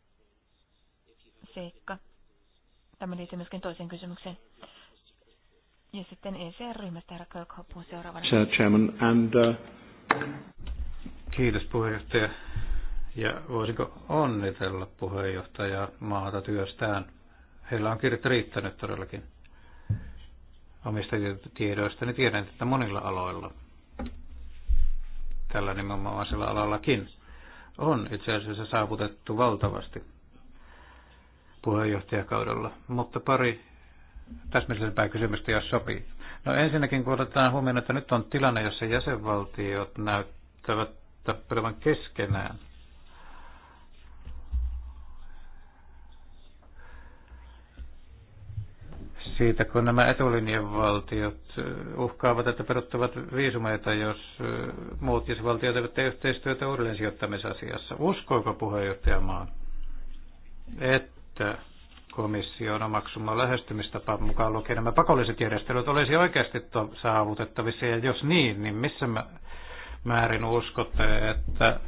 seikka Tämä liittyy myöskin toiseen kysymykseen. Ja sitten ECR-ryhmästä herra Kölkhoppu seuraavana. Sir Chairman, and, uh... Kiitos puheenjohtaja. Ja voisinko onnitella puheenjohtaja maata työstään? Heillä on kirjat riittänyt todellakin omista tiedoista, niin tiedän, että monilla aloilla, tällä nimenomaisella alallakin, on itse asiassa saavutettu valtavasti puheenjohtajakaudella, mutta pari täsmällisempää kysymystä, jos sopii. No ensinnäkin, kun otetaan huomioon, että nyt on tilanne, jossa jäsenvaltiot näyttävät tappelevan keskenään, siitä, kun nämä etulinjan valtiot eh, uhkaavat, että peruttavat viisumeita, jos eh, muut jäsenvaltiot eivät tee yhteistyötä uudelleen sijoittamisasiassa. Uskoiko puheenjohtajamaa, että että komission omaksuma lähestymistapa mukaan lukien nämä pakolliset järjestelyt olisi oikeasti saavutettavissa, ja jos niin, niin missä määrin uskotte, että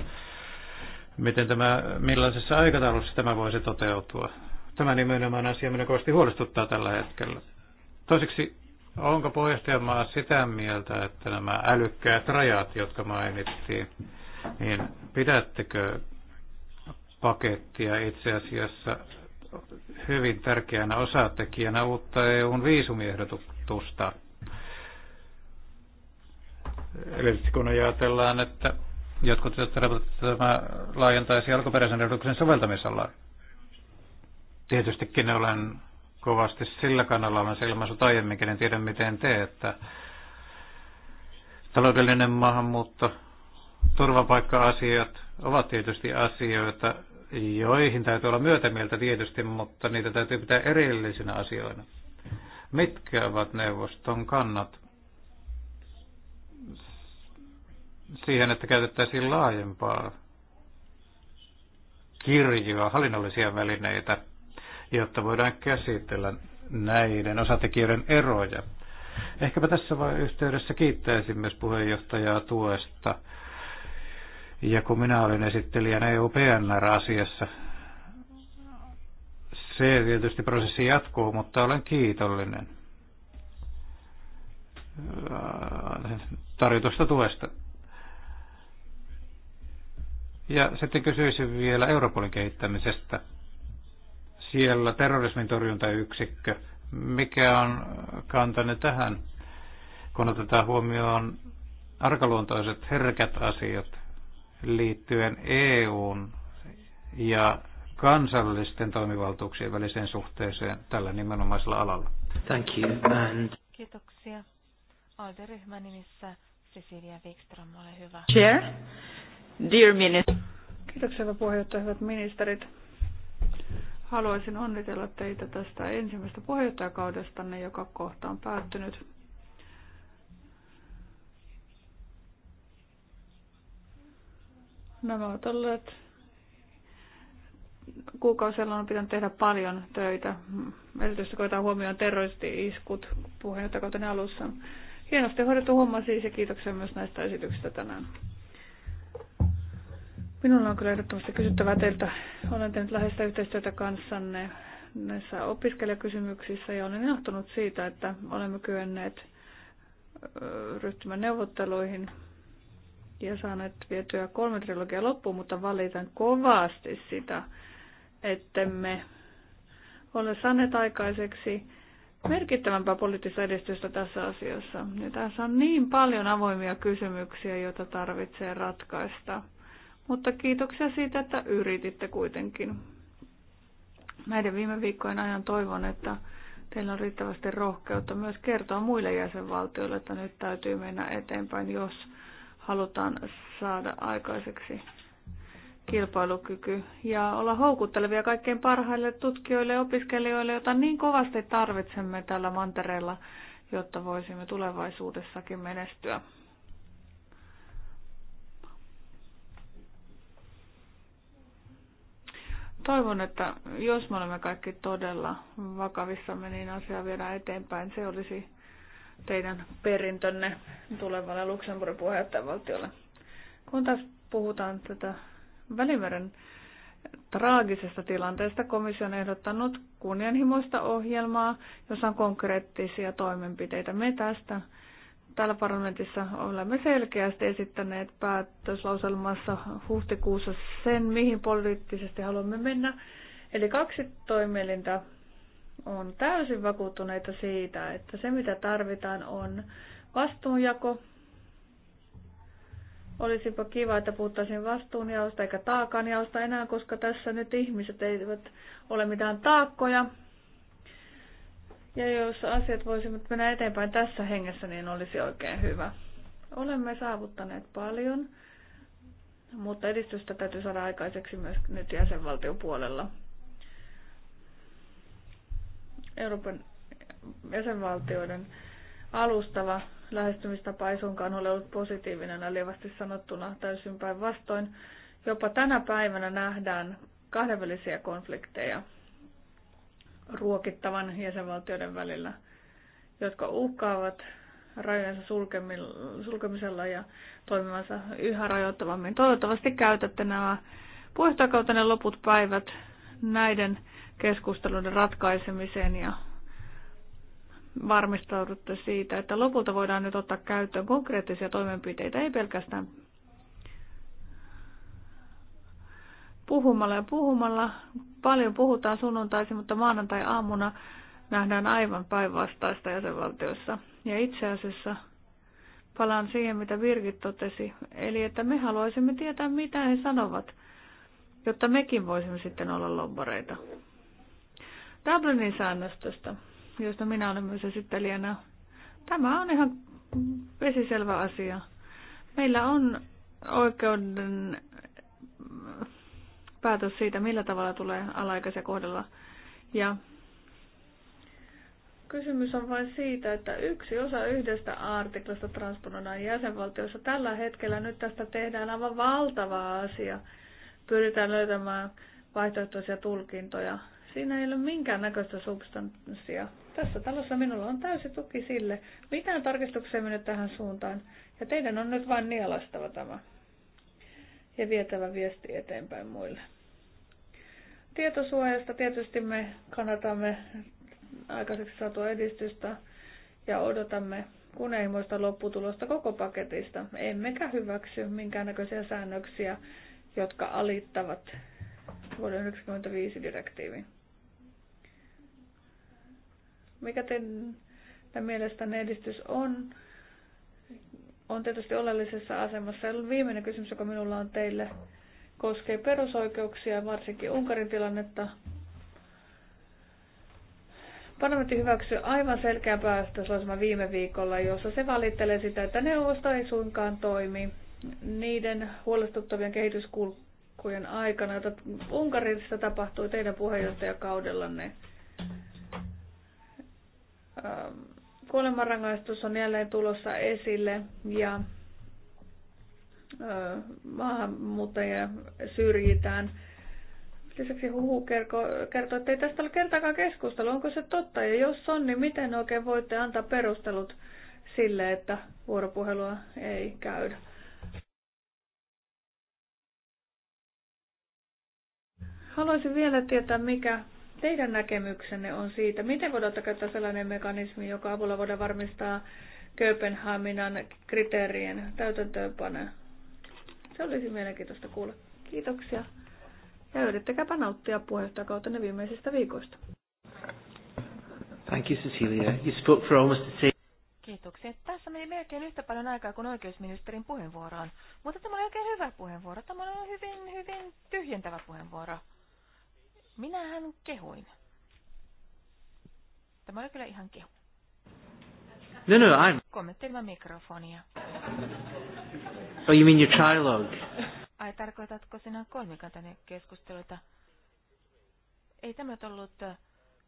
miten tämä, millaisessa aikataulussa tämä voisi toteutua? Tämä nimenomaan asia minä kovasti huolestuttaa tällä hetkellä. Toiseksi, onko puheenjohtajamaa sitä mieltä, että nämä älykkäät rajat, jotka mainittiin, niin pidättekö pakettia itse asiassa hyvin tärkeänä osatekijänä uutta EUn viisumiehdotusta. Eli kun ajatellaan, että jotkut ajattelevat, että tämä laajentaisi alkuperäisen ehdotuksen soveltamisalla, Tietystikin olen kovasti sillä kannalla, olen se aiemminkin, en tiedä miten te, että taloudellinen maahanmuutto, turvapaikka-asiat ovat tietysti asioita, joihin täytyy olla myötämieltä tietysti, mutta niitä täytyy pitää erillisinä asioina. Mitkä ovat neuvoston kannat siihen, että käytettäisiin laajempaa kirjoa hallinnollisia välineitä, jotta voidaan käsitellä näiden osatekijöiden eroja. Ehkäpä tässä yhteydessä kiittäisin myös puheenjohtajaa tuesta ja kun minä olin esittelijänä EU-PNR-asiassa, se tietysti prosessi jatkuu, mutta olen kiitollinen äh, tarjotusta tuesta. Ja sitten kysyisin vielä Europolin kehittämisestä. Siellä terrorismin torjuntayksikkö. Mikä on kantanne tähän, kun otetaan huomioon arkaluontoiset herkät asiat, liittyen EUn ja kansallisten toimivaltuuksien väliseen suhteeseen tällä nimenomaisella alalla. Thank you. And... Kiitoksia. Alderyhmän nimissä Cecilia Wikström, ole hyvä. Chair, dear minister. Kiitoksia, hyvä puheenjohtaja, hyvät ministerit. Haluaisin onnitella teitä tästä ensimmäisestä puheenjohtajakaudestanne, joka kohta on päättynyt. Nämä ovat olleet kuukausilla on pitänyt tehdä paljon töitä. Erityisesti koetaan huomioon terroristi-iskut puheenjohtajakauten alussa. Hienosti hoidettu homma siis ja kiitoksia myös näistä esityksistä tänään. Minulla on kyllä ehdottomasti kysyttävää teiltä. Olen tehnyt läheistä yhteistyötä kanssanne näissä opiskelijakysymyksissä ja olen johtunut siitä, että olemme kyenneet ryhtymään neuvotteluihin ja saaneet vietyä kolme trilogia loppuun, mutta valitan kovasti sitä, ettemme ole saaneet aikaiseksi merkittävämpää poliittista edistystä tässä asiassa. Ja tässä on niin paljon avoimia kysymyksiä, joita tarvitsee ratkaista. Mutta kiitoksia siitä, että yrititte kuitenkin. Näiden viime viikkojen ajan toivon, että teillä on riittävästi rohkeutta myös kertoa muille jäsenvaltioille, että nyt täytyy mennä eteenpäin, jos halutaan saada aikaiseksi kilpailukyky ja olla houkuttelevia kaikkein parhaille tutkijoille ja opiskelijoille, joita niin kovasti tarvitsemme tällä mantereella, jotta voisimme tulevaisuudessakin menestyä. Toivon, että jos me olemme kaikki todella vakavissamme, niin asiaa viedään eteenpäin. Se olisi teidän perintönne tulevalle Luxemburgin puheenjohtajavaltiolle. Kun taas puhutaan tätä Välimeren traagisesta tilanteesta, komissio on ehdottanut kunnianhimoista ohjelmaa, jossa on konkreettisia toimenpiteitä. Me tästä täällä parlamentissa olemme selkeästi esittäneet päätöslauselmassa huhtikuussa sen, mihin poliittisesti haluamme mennä. Eli kaksi toimielintä on täysin vakuuttuneita siitä, että se mitä tarvitaan on vastuunjako. Olisipa kiva, että puhuttaisiin vastuunjaosta eikä taakanjaosta enää, koska tässä nyt ihmiset eivät ole mitään taakkoja. Ja jos asiat voisivat mennä eteenpäin tässä hengessä, niin olisi oikein hyvä. Olemme saavuttaneet paljon, mutta edistystä täytyy saada aikaiseksi myös nyt jäsenvaltion puolella. Euroopan jäsenvaltioiden alustava lähestymistapa ei suinkaan ole ollut positiivinen, lievästi sanottuna täysin päinvastoin. Jopa tänä päivänä nähdään kahdenvälisiä konflikteja ruokittavan jäsenvaltioiden välillä, jotka uhkaavat rajojensa sulkemisella ja toimivansa yhä rajoittavammin. Toivottavasti käytätte nämä puheenjohtajakautenne loput päivät näiden keskusteluiden ratkaisemiseen ja varmistaudutte siitä, että lopulta voidaan nyt ottaa käyttöön konkreettisia toimenpiteitä, ei pelkästään puhumalla ja puhumalla. Paljon puhutaan sunnuntaisin, mutta maanantai-aamuna nähdään aivan päinvastaista jäsenvaltiossa. Ja itse asiassa palaan siihen, mitä Virgit totesi, eli että me haluaisimme tietää, mitä he sanovat, jotta mekin voisimme sitten olla lobbareita. Dublinin säännöstöstä, josta minä olen myös esittelijänä. Tämä on ihan vesiselvä asia. Meillä on oikeuden mm, päätös siitä, millä tavalla tulee alaikäisiä kohdella. Ja kysymys on vain siitä, että yksi osa yhdestä artiklasta transponoidaan jäsenvaltiossa. Tällä hetkellä nyt tästä tehdään aivan valtava asia. Pyritään löytämään vaihtoehtoisia tulkintoja Siinä ei ole minkäännäköistä substanssia. Tässä talossa minulla on täysi tuki sille. Mitään tarkistuksia mennyt tähän suuntaan. Ja teidän on nyt vain nielastava tämä. Ja vietävä viesti eteenpäin muille. Tietosuojasta tietysti me kannatamme aikaiseksi saatua edistystä ja odotamme kunnianhimoista lopputulosta koko paketista. Emmekä hyväksy minkäännäköisiä säännöksiä, jotka alittavat vuoden 1995 direktiivin. Mikä teidän mielestänne edistys on? On tietysti oleellisessa asemassa. Ja viimeinen kysymys, joka minulla on teille, koskee perusoikeuksia, varsinkin Unkarin tilannetta. Parlamentti hyväksyi aivan selkeän päästöslausuma viime viikolla, jossa se valittelee sitä, että neuvosto ei suinkaan toimi niiden huolestuttavien kehityskulkujen aikana, joita Unkarissa tapahtui teidän puheenjohtajakaudellanne. Ähm, kuolemanrangaistus on jälleen tulossa esille ja äh, maahanmuuttajia syrjitään. Lisäksi huhu kertoo, että ei tästä ole kertaakaan keskustelua. Onko se totta? Ja jos on, niin miten oikein voitte antaa perustelut sille, että vuoropuhelua ei käydä? Haluaisin vielä tietää, mikä teidän näkemyksenne on siitä, miten voidaan käyttää sellainen mekanismi, joka avulla voidaan varmistaa Kööpenhaminan kriteerien täytäntöönpane. Se olisi mielenkiintoista kuulla. Kiitoksia. Ja yrittäkääpä nauttia puheenjohtajakautenne viimeisistä viikoista. Thank you, Cecilia. You spoke for almost the same... Kiitoksia. Tässä meni melkein yhtä paljon aikaa kuin oikeusministerin puheenvuoroon. Mutta tämä oli oikein hyvä puheenvuoro. Tämä oli hyvin, hyvin tyhjentävä puheenvuoro. Minähän kehuin. Tämä oli kyllä ihan kehu. No, no, I'm... Kommenttelemaan mikrofonia. Oh, you mean your trilogue? Ai, tarkoitatko sinä kolmikantainen keskusteluita? Ei tämä ollut äh,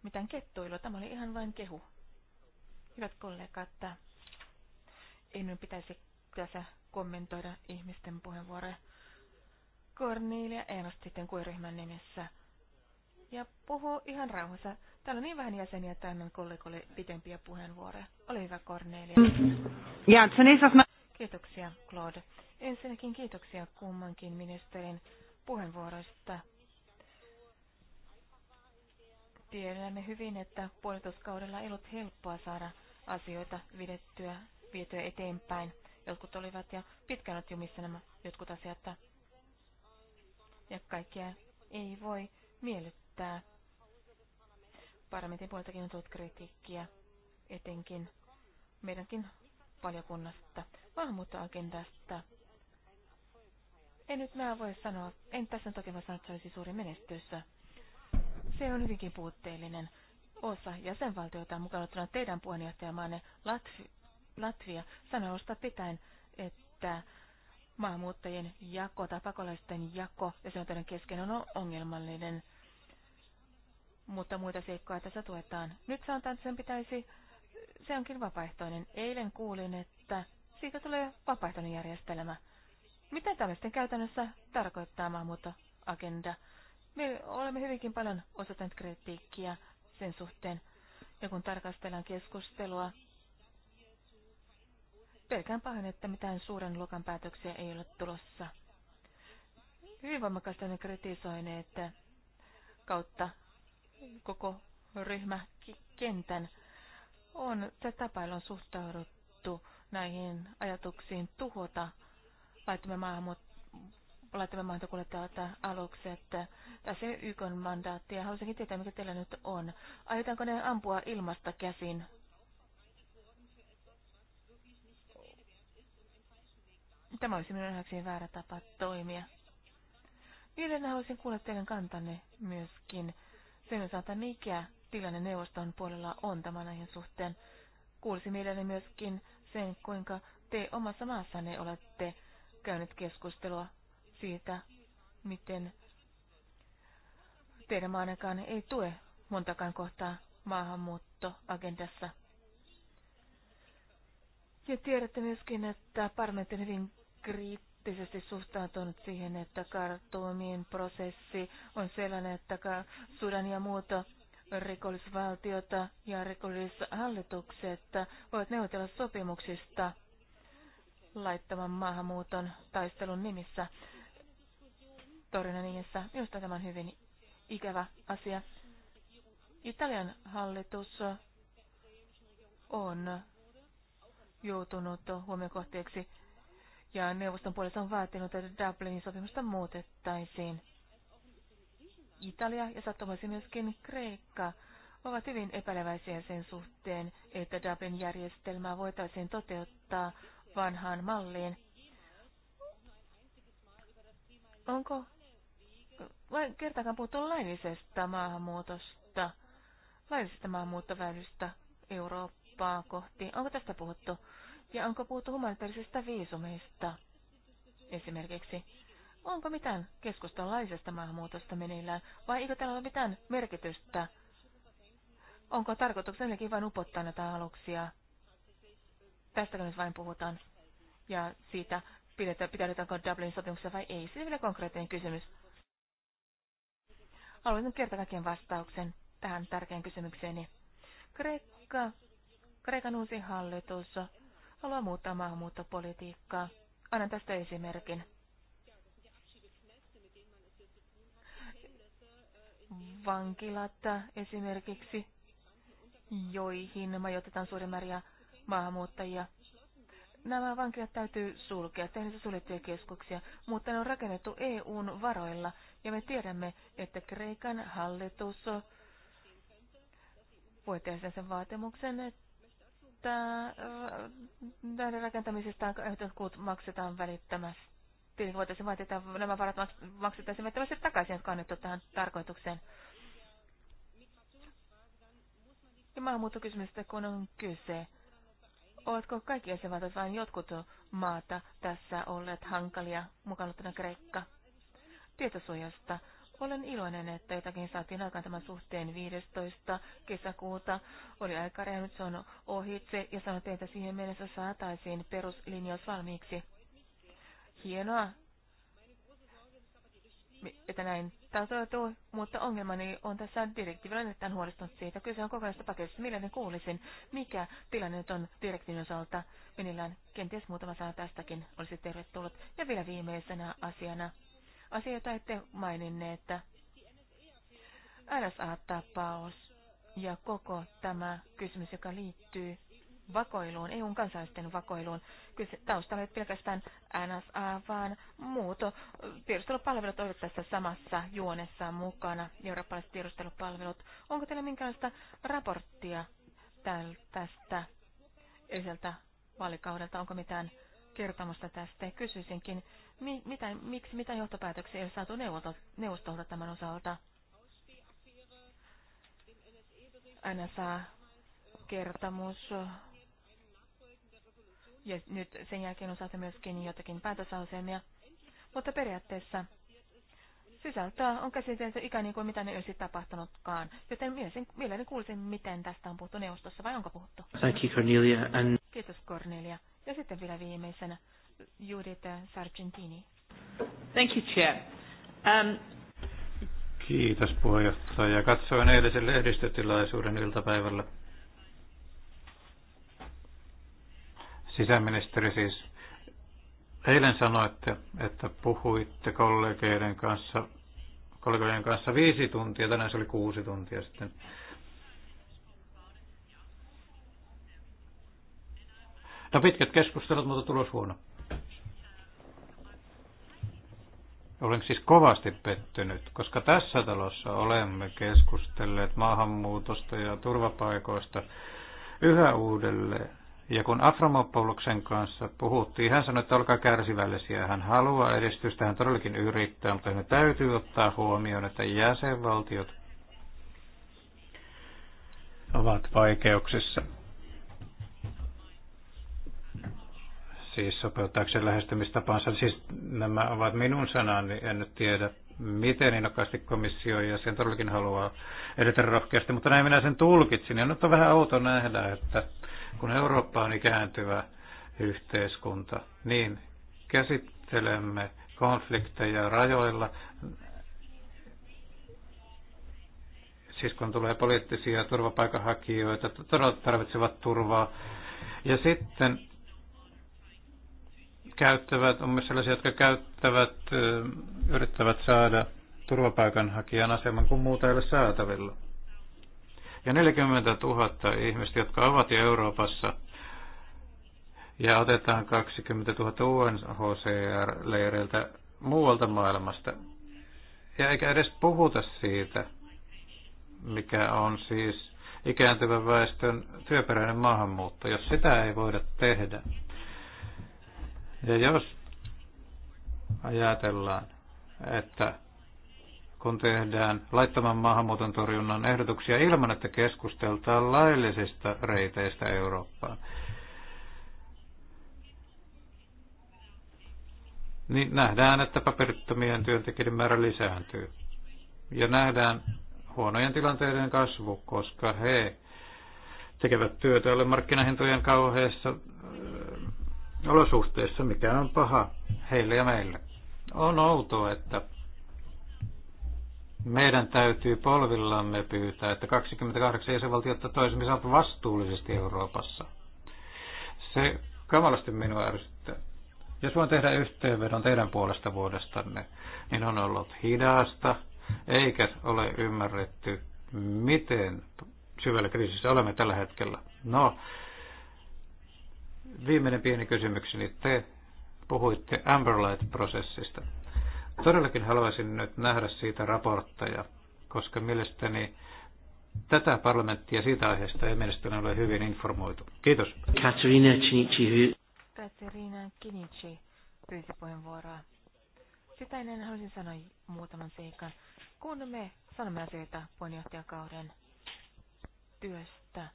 mitään kettuilua, tämä oli ihan vain kehu. Hyvät kollegat, äh, ei nyt pitäisi tässä kommentoida ihmisten puheenvuoroja. Cornelia Ernst sitten kuiryhmän nimessä ja puhu ihan rauhassa. Täällä on niin vähän jäseniä, että annan kollegoille pitempiä puheenvuoroja. Ole hyvä, Cornelia. Kiitoksia, Claude. Ensinnäkin kiitoksia kummankin ministerin puheenvuoroista. Tiedämme hyvin, että puolitoiskaudella ei ollut helppoa saada asioita videttyä, vietyä eteenpäin. Jotkut olivat ja pitkään jumissa nämä jotkut asiat. Ja kaikkia ei voi miellyttää että parlamentin puoltakin on tullut kritiikkiä, etenkin meidänkin valiokunnasta, maahanmuuttoagendasta. En nyt mä voi sanoa, en tässä toki voi sanoa, että se olisi suuri menestys. Se on hyvinkin puutteellinen. Osa jäsenvaltioita mukaan ottuna teidän puheenjohtajamaanne Latvi, Latvia sanoista pitäen, että maahanmuuttajien jako tai pakolaisten jako ja se on teidän kesken on ongelmallinen mutta muita seikkoja tässä tuetaan. Nyt sanotaan, että sen pitäisi, se onkin vapaaehtoinen. Eilen kuulin, että siitä tulee vapaaehtoinen järjestelmä. Mitä tämä sitten käytännössä tarkoittaa maahanmuuttoagenda? Me olemme hyvinkin paljon osoittaneet kritiikkiä sen suhteen. Ja kun tarkastellaan keskustelua, pelkään pahoin, että mitään suuren luokan päätöksiä ei ole tulossa. Hyvin voimakkaasti on kritisoineet kautta koko ryhmä kentän on, tapailla on suhtauduttu näihin ajatuksiin tuhota laitamme maahanmuut laitamme maahantokuljettajalta että Tässä ei YK mandaatti ja haluaisinkin tietää, mikä teillä nyt on. Aiotaanko ne ampua ilmasta käsin? Tämä olisi minun nähdäkseni väärä tapa toimia. Mielelläni haluaisin kuulla teidän kantanne myöskin sen osalta, mikä tilanne neuvoston puolella on tämän aiheen suhteen. Kuulisi mielelläni myöskin sen, kuinka te omassa maassanne olette käyneet keskustelua siitä, miten teidän maanakaan ei tue montakaan kohtaa maahanmuuttoagendassa. Ja tiedätte myöskin, että parlamentti on hyvin kriittinen skeptisesti suhtautunut siihen, että kartuumin prosessi on sellainen, että Sudan ja muuta rikollisvaltiota ja rikollishallitukset voivat neuvotella sopimuksista laittavan maahanmuuton taistelun nimissä, torjunnan nimissä. Minusta tämä on hyvin ikävä asia. Italian hallitus on joutunut huomiokohteeksi ja neuvoston puolesta on vaatinut, että Dublinin sopimusta muutettaisiin. Italia ja sattumaisi myöskin Kreikka ovat hyvin epäileväisiä sen suhteen, että Dublin-järjestelmää voitaisiin toteuttaa vanhaan malliin. Onko kertaakaan puhuttu laillisesta maahanmuutosta, laillisesta maahanmuuttoväylystä Eurooppaa kohti? Onko tästä puhuttu? Ja onko puhuttu humanitaarisista viisumeista esimerkiksi? Onko mitään keskustalaisesta maahanmuutosta meneillään vai eikö täällä ole mitään merkitystä? Onko tarkoituksenakin vain upottaa näitä aluksia? Tästäkö nyt vain puhutaan? Ja siitä, pidetäänkö Dublin sopimuksessa vai ei? Se siis on vielä konkreettinen kysymys. Haluan nyt kertoa kaiken vastauksen tähän tärkeään kysymykseeni. Kreikka, Kreikan uusi hallitus haluaa muuttaa maahanmuuttopolitiikkaa. Annan tästä esimerkin. Vankilat esimerkiksi, joihin majoitetaan suuri määrä maahanmuuttajia. Nämä vankilat täytyy sulkea, tehdä suljettuja keskuksia, mutta ne on rakennettu EUn varoilla, ja me tiedämme, että Kreikan hallitus voi tehdä sen vaatimuksen, että että äh, näiden rakentamisesta kuut maksetaan välittömästi. Tietenkin voitaisiin vaatia, että nämä varat maksettaisiin välittömästi takaisin, jotka on tähän tarkoitukseen. Ja maahanmuuttokysymystä kun on kyse, oletko kaikki jäsenvaltiot vain jotkut maata tässä olleet hankalia, mukaan Kreikka? Tietosuojasta olen iloinen, että jotakin saatiin aikaan tämän suhteen 15. kesäkuuta. Oli aika nyt se on ohitse ja sanottiin, että siihen mennessä saataisiin peruslinjaus valmiiksi. Hienoa, että näin tasoituu, mutta ongelmani on tässä direktiivillä nyt tämän huolestunut siitä. Kyse on kokonaista paketista. Millä ne kuulisin, mikä tilanne nyt on direktiivin osalta? Minillään kenties muutama sana tästäkin olisi tervetullut. Ja vielä viimeisenä asiana Asia, jota ette maininneet, että NSA-tapaus ja koko tämä kysymys, joka liittyy vakoiluun, EUn kansalaisten vakoiluun. Kyse taustalla ei pelkästään NSA, vaan muut tiedustelupalvelut ovat tässä samassa juonessa mukana, eurooppalaiset tiedustelupalvelut. Onko teillä minkäänlaista raporttia tästä yhdeltä vaalikaudelta? Onko mitään kertomusta tästä? Kysyisinkin, mi, mitä, miksi, mitä johtopäätöksiä ei ole saatu neuvostolta tämän osalta? NSA-kertomus. Ja nyt sen jälkeen on saatu myöskin jotakin päätösasemia. Mutta periaatteessa sisältöä on käsitelty ikään niin kuin mitä ne olisi tapahtunutkaan. Joten mielelläni, mielelläni kuulisin, miten tästä on puhuttu neuvostossa vai onko puhuttu. Thank you, Cornelia. And... Kiitos Cornelia. Ja sitten vielä viimeisenä Judith Sargentini. Thank you, Chair. Um, Kiitos puheenjohtaja. Katsoin eilisen lehdistötilaisuuden iltapäivällä. Sisäministeri siis eilen sanoitte, että puhuitte kollegeiden kanssa, kollegojen kanssa viisi tuntia, tänään se oli kuusi tuntia sitten. No pitkät keskustelut, mutta tulos huono. Olen siis kovasti pettynyt, koska tässä talossa olemme keskustelleet maahanmuutosta ja turvapaikoista yhä uudelleen. Ja kun Aframopouluksen kanssa puhuttiin, hän sanoi, että olkaa kärsivällisiä. Hän haluaa edistystä, hän todellakin yrittää, mutta hän täytyy ottaa huomioon, että jäsenvaltiot ovat vaikeuksissa. siis sopeuttaakseen lähestymistapaansa. Siis nämä ovat minun sanani, en nyt tiedä miten innokkaasti komissio ja sen todellakin haluaa edetä rohkeasti, mutta näin minä sen tulkitsin. Ja nyt on vähän outo nähdä, että kun Eurooppa on ikääntyvä yhteiskunta, niin käsittelemme konflikteja rajoilla. Siis kun tulee poliittisia turvapaikanhakijoita, todella tarvitsevat turvaa. Ja sitten käyttävät, on myös sellaisia, jotka käyttävät, yrittävät saada turvapaikanhakijan aseman, kun muuta ei ole saatavilla. Ja 40 000 ihmistä, jotka ovat jo Euroopassa, ja otetaan 20 000 UNHCR-leireiltä muualta maailmasta. Ja eikä edes puhuta siitä, mikä on siis ikääntyvän väestön työperäinen maahanmuutto, jos sitä ei voida tehdä ja jos ajatellaan, että kun tehdään laittoman maahanmuuton torjunnan ehdotuksia ilman, että keskusteltaan laillisista reiteistä Eurooppaan, niin nähdään, että paperittomien työntekijöiden määrä lisääntyy. Ja nähdään huonojen tilanteiden kasvu, koska he tekevät työtä alle markkinahintojen kauheessa olosuhteissa, mikä on paha heille ja meille. On outoa, että meidän täytyy polvillamme pyytää, että 28 jäsenvaltiota toimisivat vastuullisesti Euroopassa. Se kamalasti minua ärsyttää. Jos voin tehdä yhteenvedon teidän puolesta vuodestanne, niin on ollut hidasta, eikä ole ymmärretty, miten syvällä kriisissä olemme tällä hetkellä. No, Viimeinen pieni kysymykseni. Te puhuitte Amberlight-prosessista. Todellakin haluaisin nyt nähdä siitä raportteja, koska mielestäni tätä parlamenttia siitä aiheesta ei mielestäni ole hyvin informoitu. Kiitos. Katerina Kinici, Katerina Kinici pyysi puheenvuoroa. Sitä ennen haluaisin sanoa muutaman seikan. Kun me sanomme asioita puheenjohtajakauden työstä,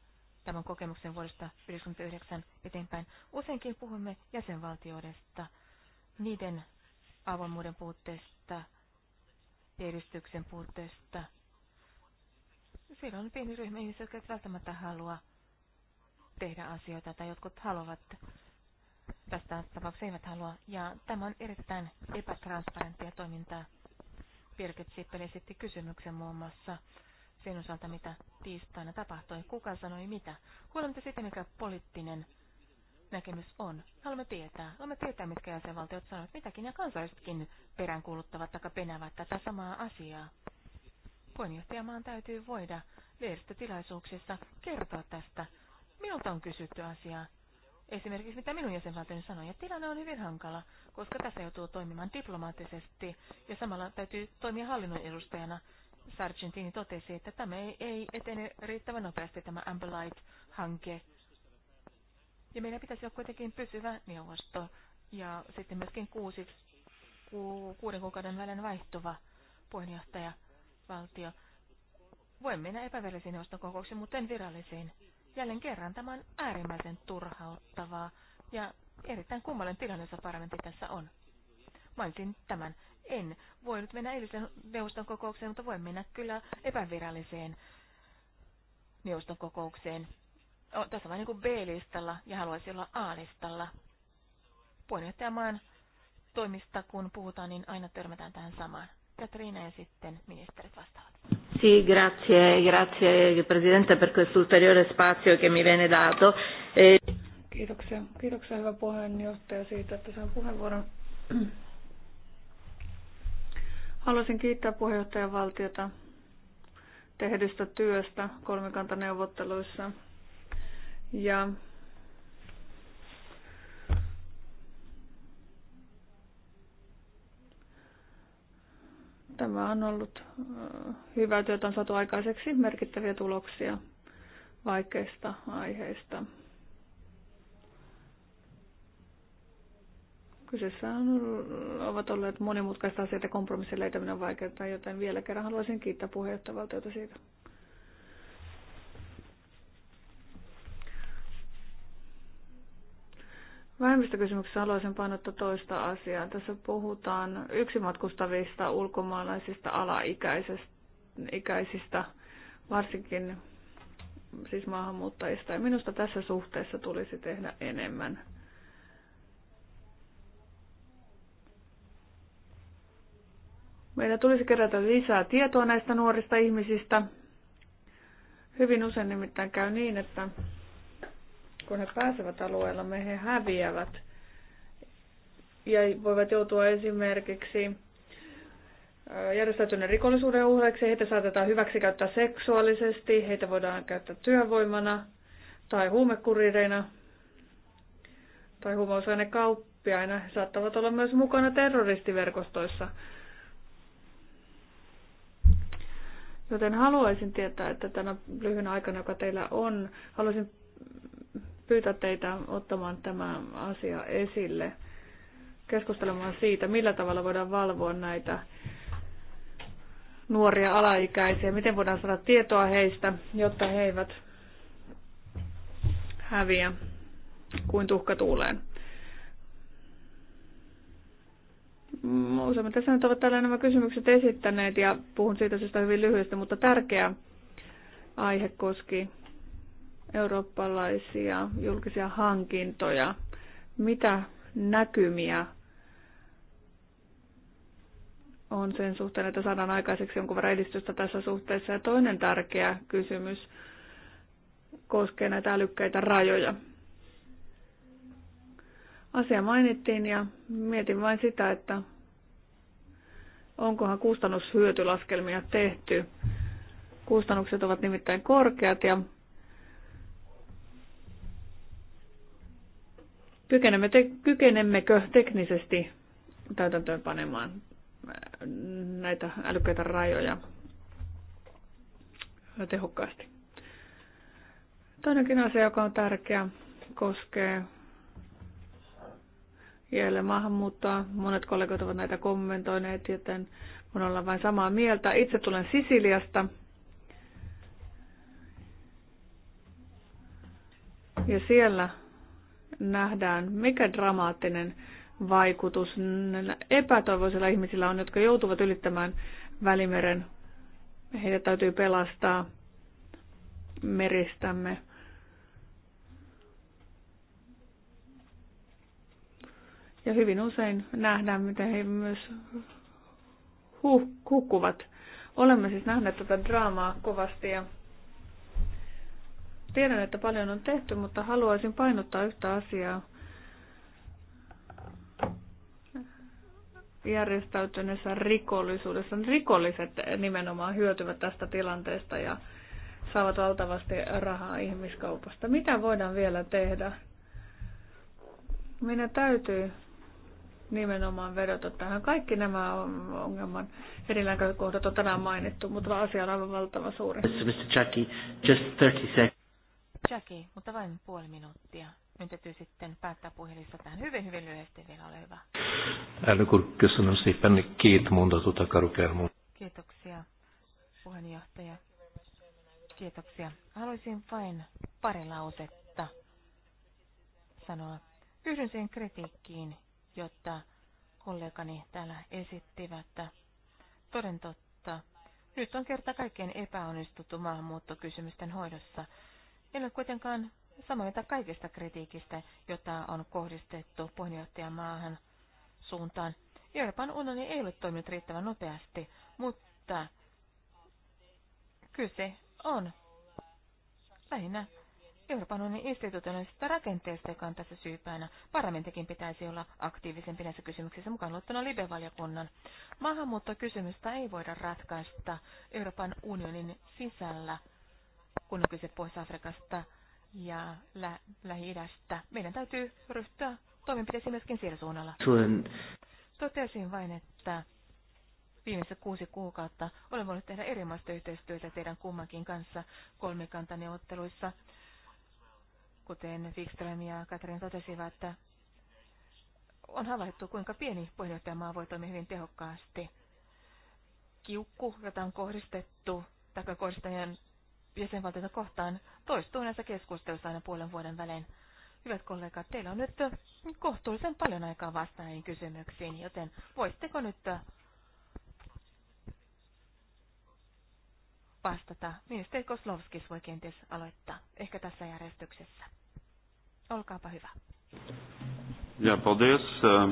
tämän kokemuksen vuodesta 1999 eteenpäin. Useinkin puhumme jäsenvaltioidesta, niiden avoimuuden puutteesta, edistyksen puutteesta. Siellä on pieni ryhmä ihmisiä, jotka eivät välttämättä halua tehdä asioita tai jotkut haluavat tästä tapauksessa eivät halua. Ja tämä on erittäin epätransparenttia toimintaa. Birgit Sippeli esitti kysymyksen muun muassa sen osalta, mitä tiistaina tapahtui. Kuka sanoi mitä? Huolimatta siitä, mikä poliittinen näkemys on. Haluamme tietää. Haluamme tietää, mitkä jäsenvaltiot sanovat mitäkin, ja kansalaisetkin peräänkuuluttavat tai penävät tätä samaa asiaa. Puheenjohtajamaan täytyy voida tilaisuuksissa kertoa tästä. Minulta on kysytty asiaa. Esimerkiksi mitä minun jäsenvaltioni sanoi, ja tilanne on hyvin hankala, koska tässä joutuu toimimaan diplomaattisesti, ja samalla täytyy toimia hallinnon edustajana Sargentini totesi, että tämä ei etene riittävän nopeasti tämä Amber Light-hanke. Ja meillä pitäisi olla kuitenkin pysyvä neuvosto ja sitten myöskin kuusi, ku, kuuden kuukauden välein vaihtuva puheenjohtaja valtio. Voin mennä epävirallisiin neuvoston kokouksiin, mutta en virallisiin. Jälleen kerran tämä on äärimmäisen turhauttavaa ja erittäin kummallinen tilanne, jossa parlamentti tässä on. Mainitsin tämän. En voi nyt mennä eilisen neuvoston kokoukseen, mutta voin mennä kyllä epäviralliseen neuvoston kokoukseen. O, tässä vain niin B-listalla ja haluaisin olla A-listalla. Puheenjohtajamaan toimista, kun puhutaan, niin aina törmätään tähän samaan. Katriina ja sitten ministerit vastaavat. Sì, grazie, grazie Presidente per questo ulteriore spazio che mi viene dato. E... Kiitoksia, kiitoksia hyvä puheenjohtaja siitä, että saan puheenvuoron. Haluaisin kiittää valtiota tehdystä työstä kolmikantaneuvotteluissa. Ja tämä on ollut hyvä työtä on saatu aikaiseksi merkittäviä tuloksia vaikeista aiheista. Kyseessä on, ovat olleet monimutkaista asioita kompromissin löytäminen vaikeuttaa, joten vielä kerran haluaisin kiittää puheenjohtajavaltiota siitä. Vähemmistökysymyksessä haluaisin painottaa toista asiaa. Tässä puhutaan yksimatkustavista ulkomaalaisista alaikäisistä, varsinkin siis maahanmuuttajista. Ja minusta tässä suhteessa tulisi tehdä enemmän. Meidän tulisi kerätä lisää tietoa näistä nuorista ihmisistä. Hyvin usein nimittäin käy niin, että kun he pääsevät me he häviävät ja voivat joutua esimerkiksi järjestäytyneen rikollisuuden uhreiksi. Heitä saatetaan hyväksikäyttää seksuaalisesti, heitä voidaan käyttää työvoimana tai huumekurireina tai huumausainekauppiaina. He saattavat olla myös mukana terroristiverkostoissa. Joten haluaisin tietää, että tänä lyhyen aikana, joka teillä on, haluaisin pyytää teitä ottamaan tämä asia esille, keskustelemaan siitä, millä tavalla voidaan valvoa näitä nuoria alaikäisiä, miten voidaan saada tietoa heistä, jotta he eivät häviä kuin tuhka tuuleen. useimmat nyt ovat täällä nämä kysymykset esittäneet ja puhun siitä syystä hyvin lyhyesti, mutta tärkeä aihe koski eurooppalaisia julkisia hankintoja. Mitä näkymiä on sen suhteen, että saadaan aikaiseksi jonkun verran edistystä tässä suhteessa. Ja toinen tärkeä kysymys koskee näitä älykkäitä rajoja. Asia mainittiin ja mietin vain sitä, että onkohan kustannushyötylaskelmia tehty. Kustannukset ovat nimittäin korkeat ja kykenemme te, kykenemmekö teknisesti täytäntöön panemaan äh, näitä älykkäitä rajoja tehokkaasti. Toinenkin asia, joka on tärkeä, koskee iälle maahanmuuttoa. Monet kollegat ovat näitä kommentoineet, joten kun ollaan vain samaa mieltä. Itse tulen Sisiliasta. Ja siellä nähdään, mikä dramaattinen vaikutus epätoivoisilla ihmisillä on, jotka joutuvat ylittämään Välimeren. Heitä täytyy pelastaa meristämme. Ja hyvin usein nähdään, miten he myös hukkuvat. Olemme siis nähneet tätä draamaa kovasti ja tiedän, että paljon on tehty, mutta haluaisin painottaa yhtä asiaa. Järjestäytyneessä rikollisuudessa rikolliset nimenomaan hyötyvät tästä tilanteesta ja saavat valtavasti rahaa ihmiskaupasta. Mitä voidaan vielä tehdä? Minä täytyy nimenomaan vedota tähän. Kaikki nämä ongelman eri on tänään mainittu, mutta asia on aivan valtava suuri. Mr. Jackie, just 30 seconds. Jackie, mutta vain puoli minuuttia. Nyt täytyy sitten päättää puhelista tähän hyvin, hyvin lyhyesti vielä, ole hyvä. Älykurkkysynön siipen niin kiit muuta tuota karukermuun. Kiitoksia, puheenjohtaja. Kiitoksia. Haluaisin vain pari lausetta sanoa. Yhdyn siihen kritiikkiin, jotta kollegani täällä esittivät. Toden totta. Nyt on kerta kaikkien epäonnistuttu maahanmuuttokysymysten hoidossa. En ole kuitenkaan samoita kaikista kritiikistä, jota on kohdistettu maahan suuntaan. Euroopan unioni ei ole toiminut riittävän nopeasti, mutta kyse on lähinnä Euroopan unionin instituutioista rakenteesta, joka on tässä syypäänä. Parlamentikin pitäisi olla aktiivisempi näissä kysymyksissä mukaan luottuna libe valiokunnan Maahanmuuttokysymystä ei voida ratkaista Euroopan unionin sisällä, kun on kyse pois Afrikasta ja lä- Lähi-idästä. Meidän täytyy ryhtyä toimenpiteisiin myöskin siellä suunnalla. Suen. Totesin vain, että viimeisessä kuusi kuukautta olen voinut tehdä erilaista yhteistyötä teidän kummankin kanssa kolmikantaneuvotteluissa kuten Wikström ja Katrin totesivat, että on havaittu, kuinka pieni puheenjohtajamaa voi toimia hyvin tehokkaasti. Kiukku, jota on kohdistettu tai kohdistajan jäsenvaltioita kohtaan, toistuu näissä keskusteluissa aina puolen vuoden välein. Hyvät kollegat, teillä on nyt kohtuullisen paljon aikaa vastaajien kysymyksiin, joten voitteko nyt vastata. Ministeri Koslovskis voi kenties aloittaa, ehkä tässä järjestyksessä. Olkaapa hyvä. Ja paldies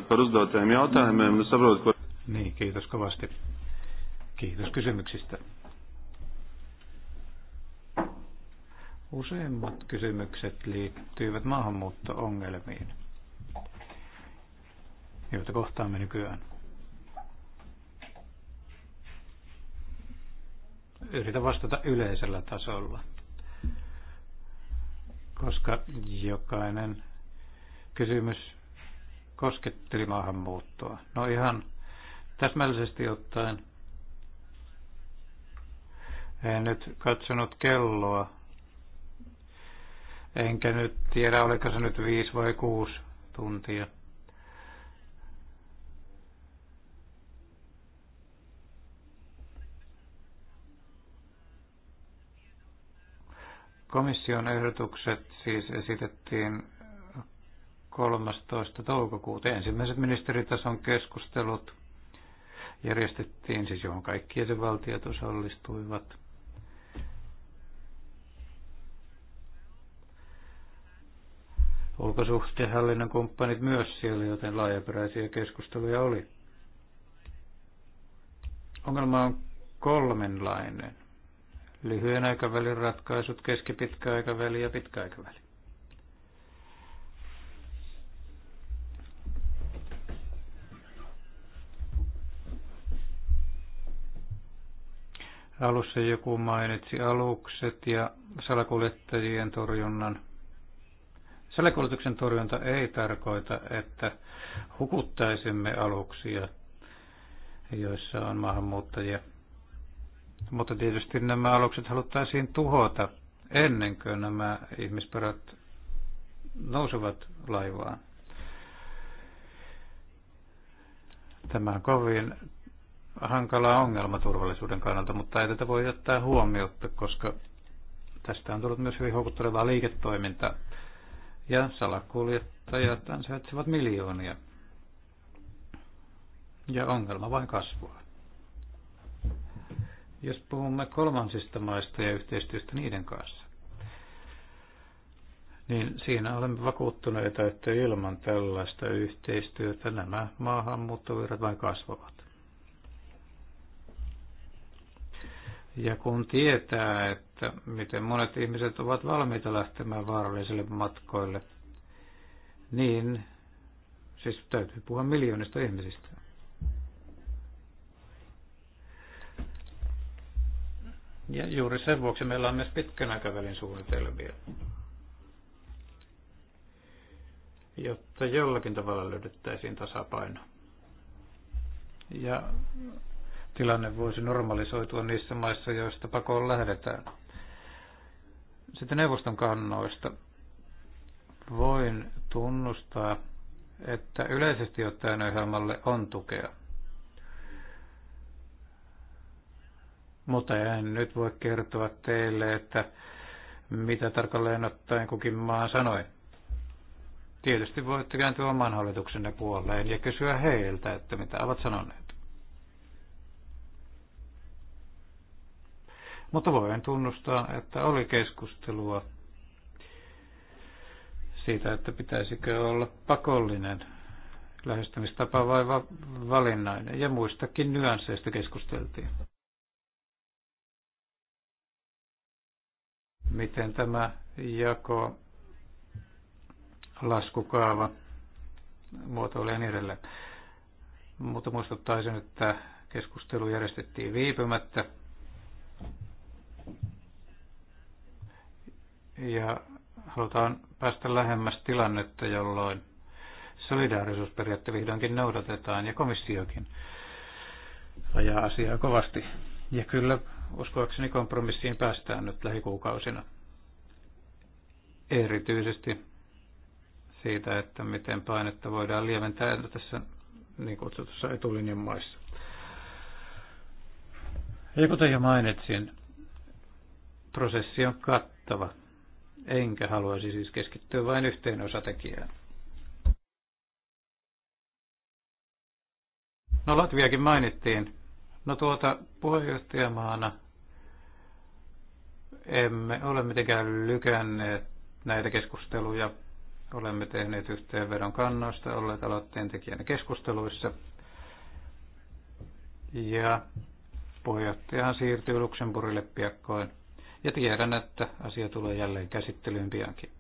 par uzdotajiem jautājumiem. Niin, kiitos kovasti. Kiitos kysymyksistä. Useimmat kysymykset liittyivät maahanmuutto-ongelmiin, joita kohtaamme nykyään. Yritän vastata yleisellä tasolla, koska jokainen kysymys kosketteli maahanmuuttoa. No ihan täsmällisesti ottaen en nyt katsonut kelloa. Enkä nyt tiedä, oliko se nyt viisi vai kuusi tuntia. Komission ehdotukset siis esitettiin 13. toukokuuta. Ensimmäiset ministeritason keskustelut järjestettiin, siis johon kaikki jäsenvaltiot osallistuivat. Ulkosuhteenhallinnon kumppanit myös siellä, joten laajaperäisiä keskusteluja oli. Ongelma on kolmenlainen lyhyen aikavälin ratkaisut, keskipitkä aikaväli ja pitkä aikaväli. Alussa joku mainitsi alukset ja salakuljettajien torjunnan. Salakuljetuksen torjunta ei tarkoita, että hukuttaisimme aluksia, joissa on maahanmuuttajia – mutta tietysti nämä alukset haluttaisiin tuhota ennen kuin nämä ihmisperät nousevat laivaan. Tämä on kovin hankala ongelma turvallisuuden kannalta, mutta ei tätä voi jättää huomiota, koska tästä on tullut myös hyvin houkuttelevaa liiketoiminta. Ja salakuljettajat ansaitsevat miljoonia. Ja ongelma vain kasvaa jos puhumme kolmansista maista ja yhteistyöstä niiden kanssa, niin siinä olemme vakuuttuneita, että ilman tällaista yhteistyötä nämä maahanmuuttovirrat vain kasvavat. Ja kun tietää, että miten monet ihmiset ovat valmiita lähtemään vaarallisille matkoille, niin siis täytyy puhua miljoonista ihmisistä. Ja juuri sen vuoksi meillä on myös pitkän aikavälin suunnitelmia, jotta jollakin tavalla löydettäisiin tasapaino. Ja tilanne voisi normalisoitua niissä maissa, joista pakoon lähdetään. Sitten neuvoston kannoista voin tunnustaa, että yleisesti ottaen ohjelmalle on tukea – mutta en nyt voi kertoa teille, että mitä tarkalleen ottaen kukin maa sanoi. Tietysti voitte kääntyä oman hallituksenne puoleen ja kysyä heiltä, että mitä ovat sanoneet. Mutta voin tunnustaa, että oli keskustelua siitä, että pitäisikö olla pakollinen lähestymistapa vai valinnainen. Ja muistakin nyansseista keskusteltiin. miten tämä jako, laskukaava, muotoilu ja niin edelleen. Mutta muistuttaisin, että keskustelu järjestettiin viipymättä. Ja halutaan päästä lähemmäs tilannetta, jolloin solidaarisuusperiaatte vihdoinkin noudatetaan ja komissiokin ajaa asiaa kovasti. Ja kyllä uskoakseni kompromissiin päästään nyt lähikuukausina. Erityisesti siitä, että miten painetta voidaan lieventää tässä niin kutsutussa etulinjan maissa. Ja kuten jo mainitsin, prosessi on kattava, enkä haluaisi siis keskittyä vain yhteen osatekijään. No Latviakin mainittiin. No tuota puheenjohtajamaana emme ole mitenkään lykänneet näitä keskusteluja. Olemme tehneet yhteenvedon kannoista, olleet aloitteen tekijänä keskusteluissa. Ja puheenjohtajahan siirtyy Luxemburgille piakkoin. Ja tiedän, että asia tulee jälleen käsittelyyn piankin.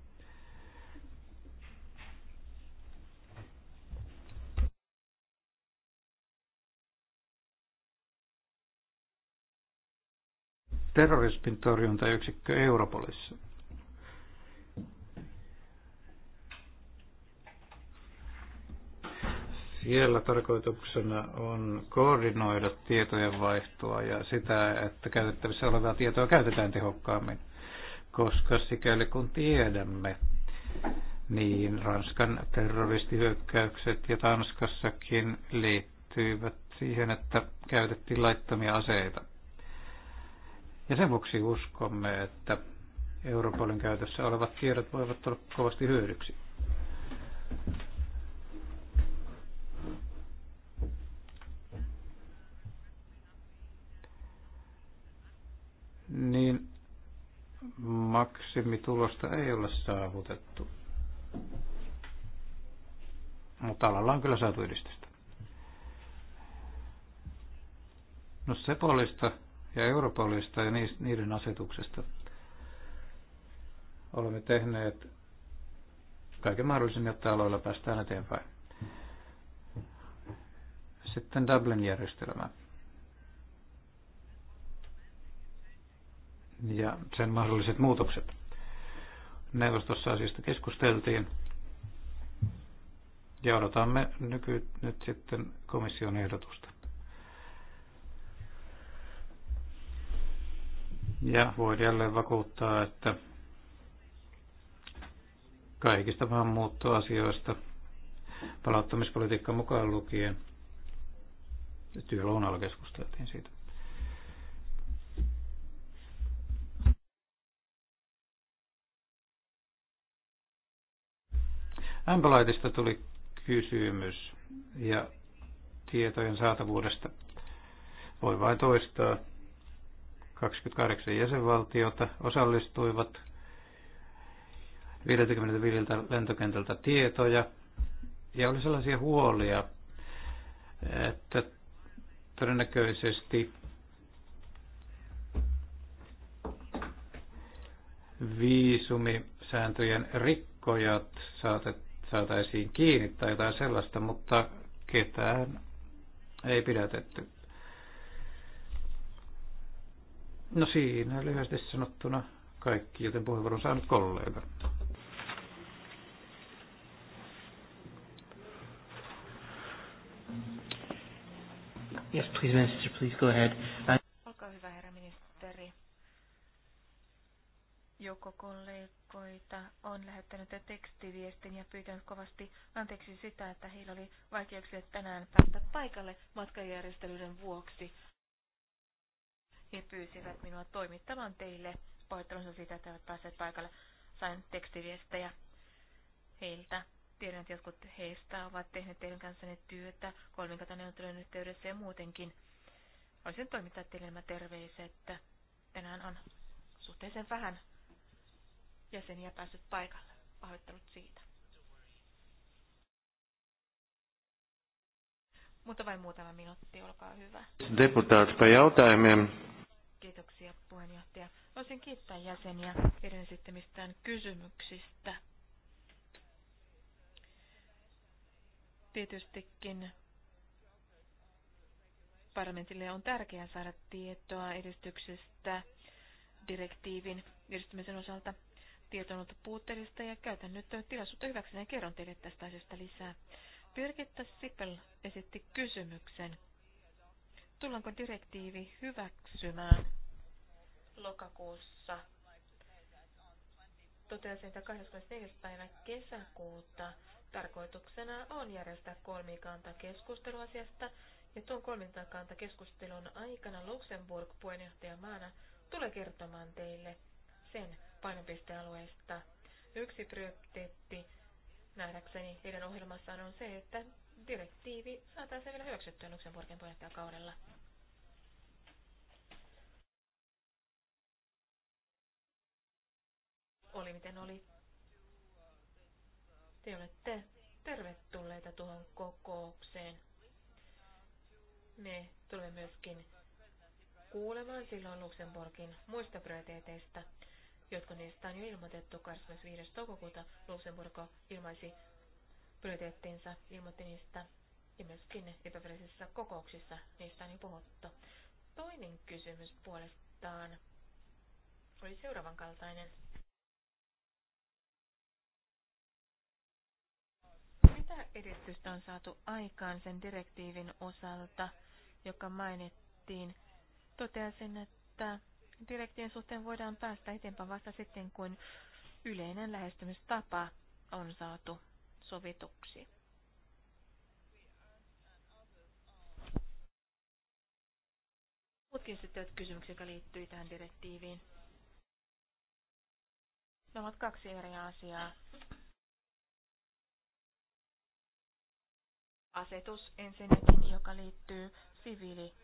terrorismin torjuntayksikkö Europolissa. Siellä tarkoituksena on koordinoida tietojen vaihtoa ja sitä, että käytettävissä olevaa tietoa käytetään tehokkaammin, koska sikäli kun tiedämme, niin Ranskan terroristihyökkäykset ja Tanskassakin liittyivät siihen, että käytettiin laittomia aseita. Ja sen vuoksi uskomme, että Europolin käytössä olevat tiedot voivat olla kovasti hyödyksi. Niin maksimitulosta ei ole saavutettu. Mutta alalla on kyllä saatu edistystä. No Sepolista ja Europolista ja niiden asetuksesta. Olemme tehneet kaiken mahdollisen, jotta aloilla päästään eteenpäin. Sitten Dublin-järjestelmä. Ja sen mahdolliset muutokset. Neuvostossa asiasta keskusteltiin. Ja odotamme nyky, nyt sitten komission ehdotusta. Ja voin jälleen vakuuttaa, että kaikista muuttoasioista palauttamispolitiikka mukaan lukien, työlounalla keskusteltiin siitä. Ämpölaitista tuli kysymys ja tietojen saatavuudesta. Voi vain toistaa, 28 jäsenvaltiota osallistuivat 55 lentokentältä tietoja ja oli sellaisia huolia, että todennäköisesti viisumisääntöjen rikkojat saataisiin kiinni tai jotain sellaista, mutta ketään ei pidätetty. No siinä lyhyesti sanottuna kaikki, joten puheenvuoron saanut kollega. Yes, please, Minister, please go ahead. Olkaa hyvä, herra ministeri. Joko kollegoita on lähettänyt tekstiviestin ja pyytänyt kovasti anteeksi sitä, että heillä oli vaikeuksia tänään päästä paikalle matkajärjestelyiden vuoksi. He pyysivät minua toimittamaan teille pahoittelunsa siitä, että eivät päässeet paikalle. Sain tekstiviestejä heiltä. Tiedän, että jotkut heistä ovat tehneet teidän kanssanne työtä kolminkataneuvottelujen yhteydessä ja muutenkin. Olisin toimittaa teille nämä terveiset, että tänään on suhteellisen vähän jäseniä päässyt paikalle. Pahoittelut siitä. Mutta vain muutama minuutti, olkaa hyvä. Deputaat, jautajamien Kiitoksia puheenjohtaja. Voisin kiittää jäseniä heidän esittämistään kysymyksistä. Tietystikin parlamentille on tärkeää saada tietoa edistyksestä direktiivin edistymisen osalta. Tieto on puutteellista ja käytän nyt tilaisuutta hyväkseni ja kerron teille tästä asiasta lisää. Birgitta Sipel esitti kysymyksen tullaanko direktiivi hyväksymään lokakuussa. Totesin, että 24. päivä kesäkuuta tarkoituksena on järjestää kolmikanta keskusteluasiasta ja tuon kolmikanta keskustelun aikana Luxemburg puheenjohtajamaana tulee kertomaan teille sen painopistealueesta. Yksi prioriteetti nähdäkseni heidän ohjelmassaan on se, että direktiivi saataisiin vielä hyväksyttyä Luxemburgin puheenjohtajakaudella. Oli miten oli. Te olette tervetulleita tuohon kokoukseen. Me tulemme myöskin kuulemaan silloin Luxemburgin muista prioriteeteista, Jotkut niistä on jo ilmoitettu 25. toukokuuta. Luxemburgo ilmaisi prioriteettinsa, ilmoitti niistä ja myöskin epävirallisissa kokouksissa niistä on puhuttu. Toinen kysymys puolestaan oli seuraavan kaltainen. Mitä edistystä on saatu aikaan sen direktiivin osalta, joka mainittiin? Toteasin, että direktiivin suhteen voidaan päästä eteenpäin vasta sitten, kun yleinen lähestymistapa on saatu sovituksi. Muutkin sitten kysymyksiä, jotka liittyy tähän direktiiviin. Ne ovat kaksi eri asiaa. Asetus ensinnäkin, joka liittyy siviili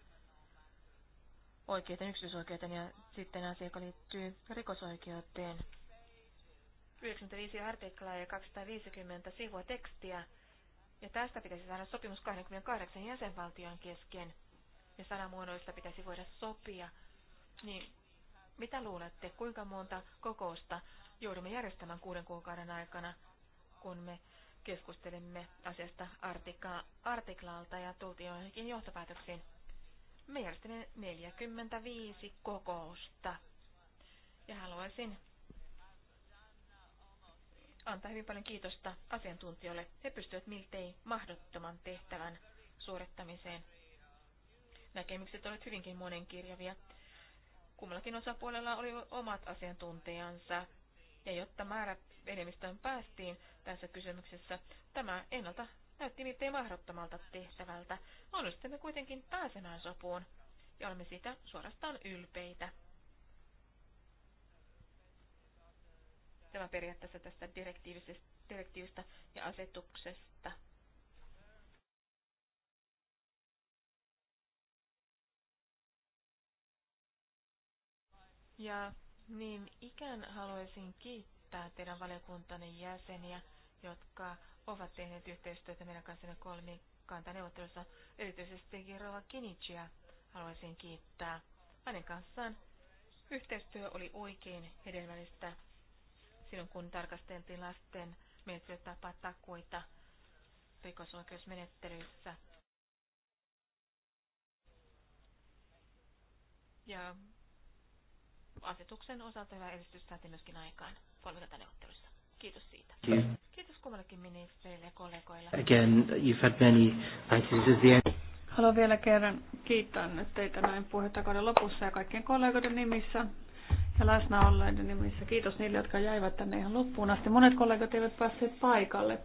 oikeuteen, yksityisoikeuteen ja sitten asia, joka liittyy rikosoikeuteen. 95 artiklaa ja 250 sivua tekstiä, ja tästä pitäisi saada sopimus 28 jäsenvaltion kesken, ja sanamuodoista pitäisi voida sopia. Niin mitä luulette, kuinka monta kokousta joudumme järjestämään kuuden kuukauden aikana, kun me keskustelimme asiasta artikla, artiklaalta ja tultiin johonkin johtopäätöksiin? Me järjestimme 45 kokousta. Ja haluaisin antaa hyvin paljon kiitosta asiantuntijoille. He pystyvät miltei mahdottoman tehtävän suorittamiseen. Näkemykset olivat hyvinkin monenkirjavia. Kummallakin osapuolella oli omat asiantuntijansa, ja jotta määrä enemmistöön päästiin tässä kysymyksessä, tämä ennalta näytti miltei mahdottomalta tehtävältä. Onnistuimme kuitenkin pääsemään sopuun, ja olemme siitä suorastaan ylpeitä. tämä periaatteessa tästä direktiivistä ja asetuksesta. Ja niin ikään haluaisin kiittää teidän valiokuntanne jäseniä, jotka ovat tehneet yhteistyötä meidän kanssamme kolmikantaneuvottelussa. Erityisesti Rova Kinichia haluaisin kiittää. Hänen kanssaan yhteistyö oli oikein hedelmällistä silloin, kun tarkasteltiin lasten menettelytapatakuita rikosoikeusmenettelyissä. Ja asetuksen osalta hyvä edistys saatiin myöskin aikaan kolmikantaneuvottelussa. Kiitos siitä. Kiitos, Kiitos kummallekin ministerille ja kollegoille. Again, you've had many the end. Haluan vielä kerran kiittää nyt teitä näin puheenjohtajakauden lopussa ja kaikkien kollegoiden nimissä ja läsnä olleiden nimissä. Kiitos niille, jotka jäivät tänne ihan loppuun asti. Monet kollegat eivät päässeet paikalle.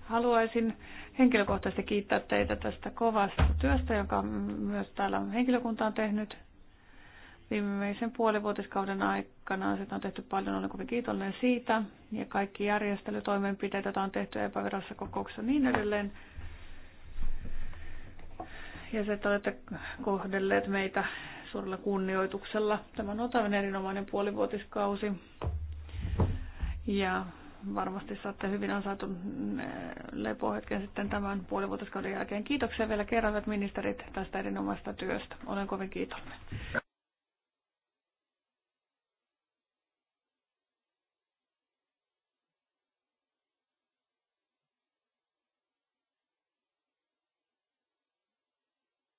Haluaisin henkilökohtaisesti kiittää teitä tästä kovasta työstä, joka myös täällä henkilökunta on tehnyt viimeisen puolivuotiskauden aikana. Sitä on tehty paljon, olen kovin kiitollinen siitä. Ja kaikki järjestelytoimenpiteet, joita on tehty epävirassa kokouksessa niin edelleen. Ja se, että olette kohdelleet meitä suurella kunnioituksella. Tämä on Otavan erinomainen puolivuotiskausi. Ja varmasti saatte hyvin ansaitu mm, lepohetken sitten tämän puolivuotiskauden jälkeen. Kiitoksia vielä kerran, ministerit, tästä erinomaista työstä. Olen kovin kiitollinen.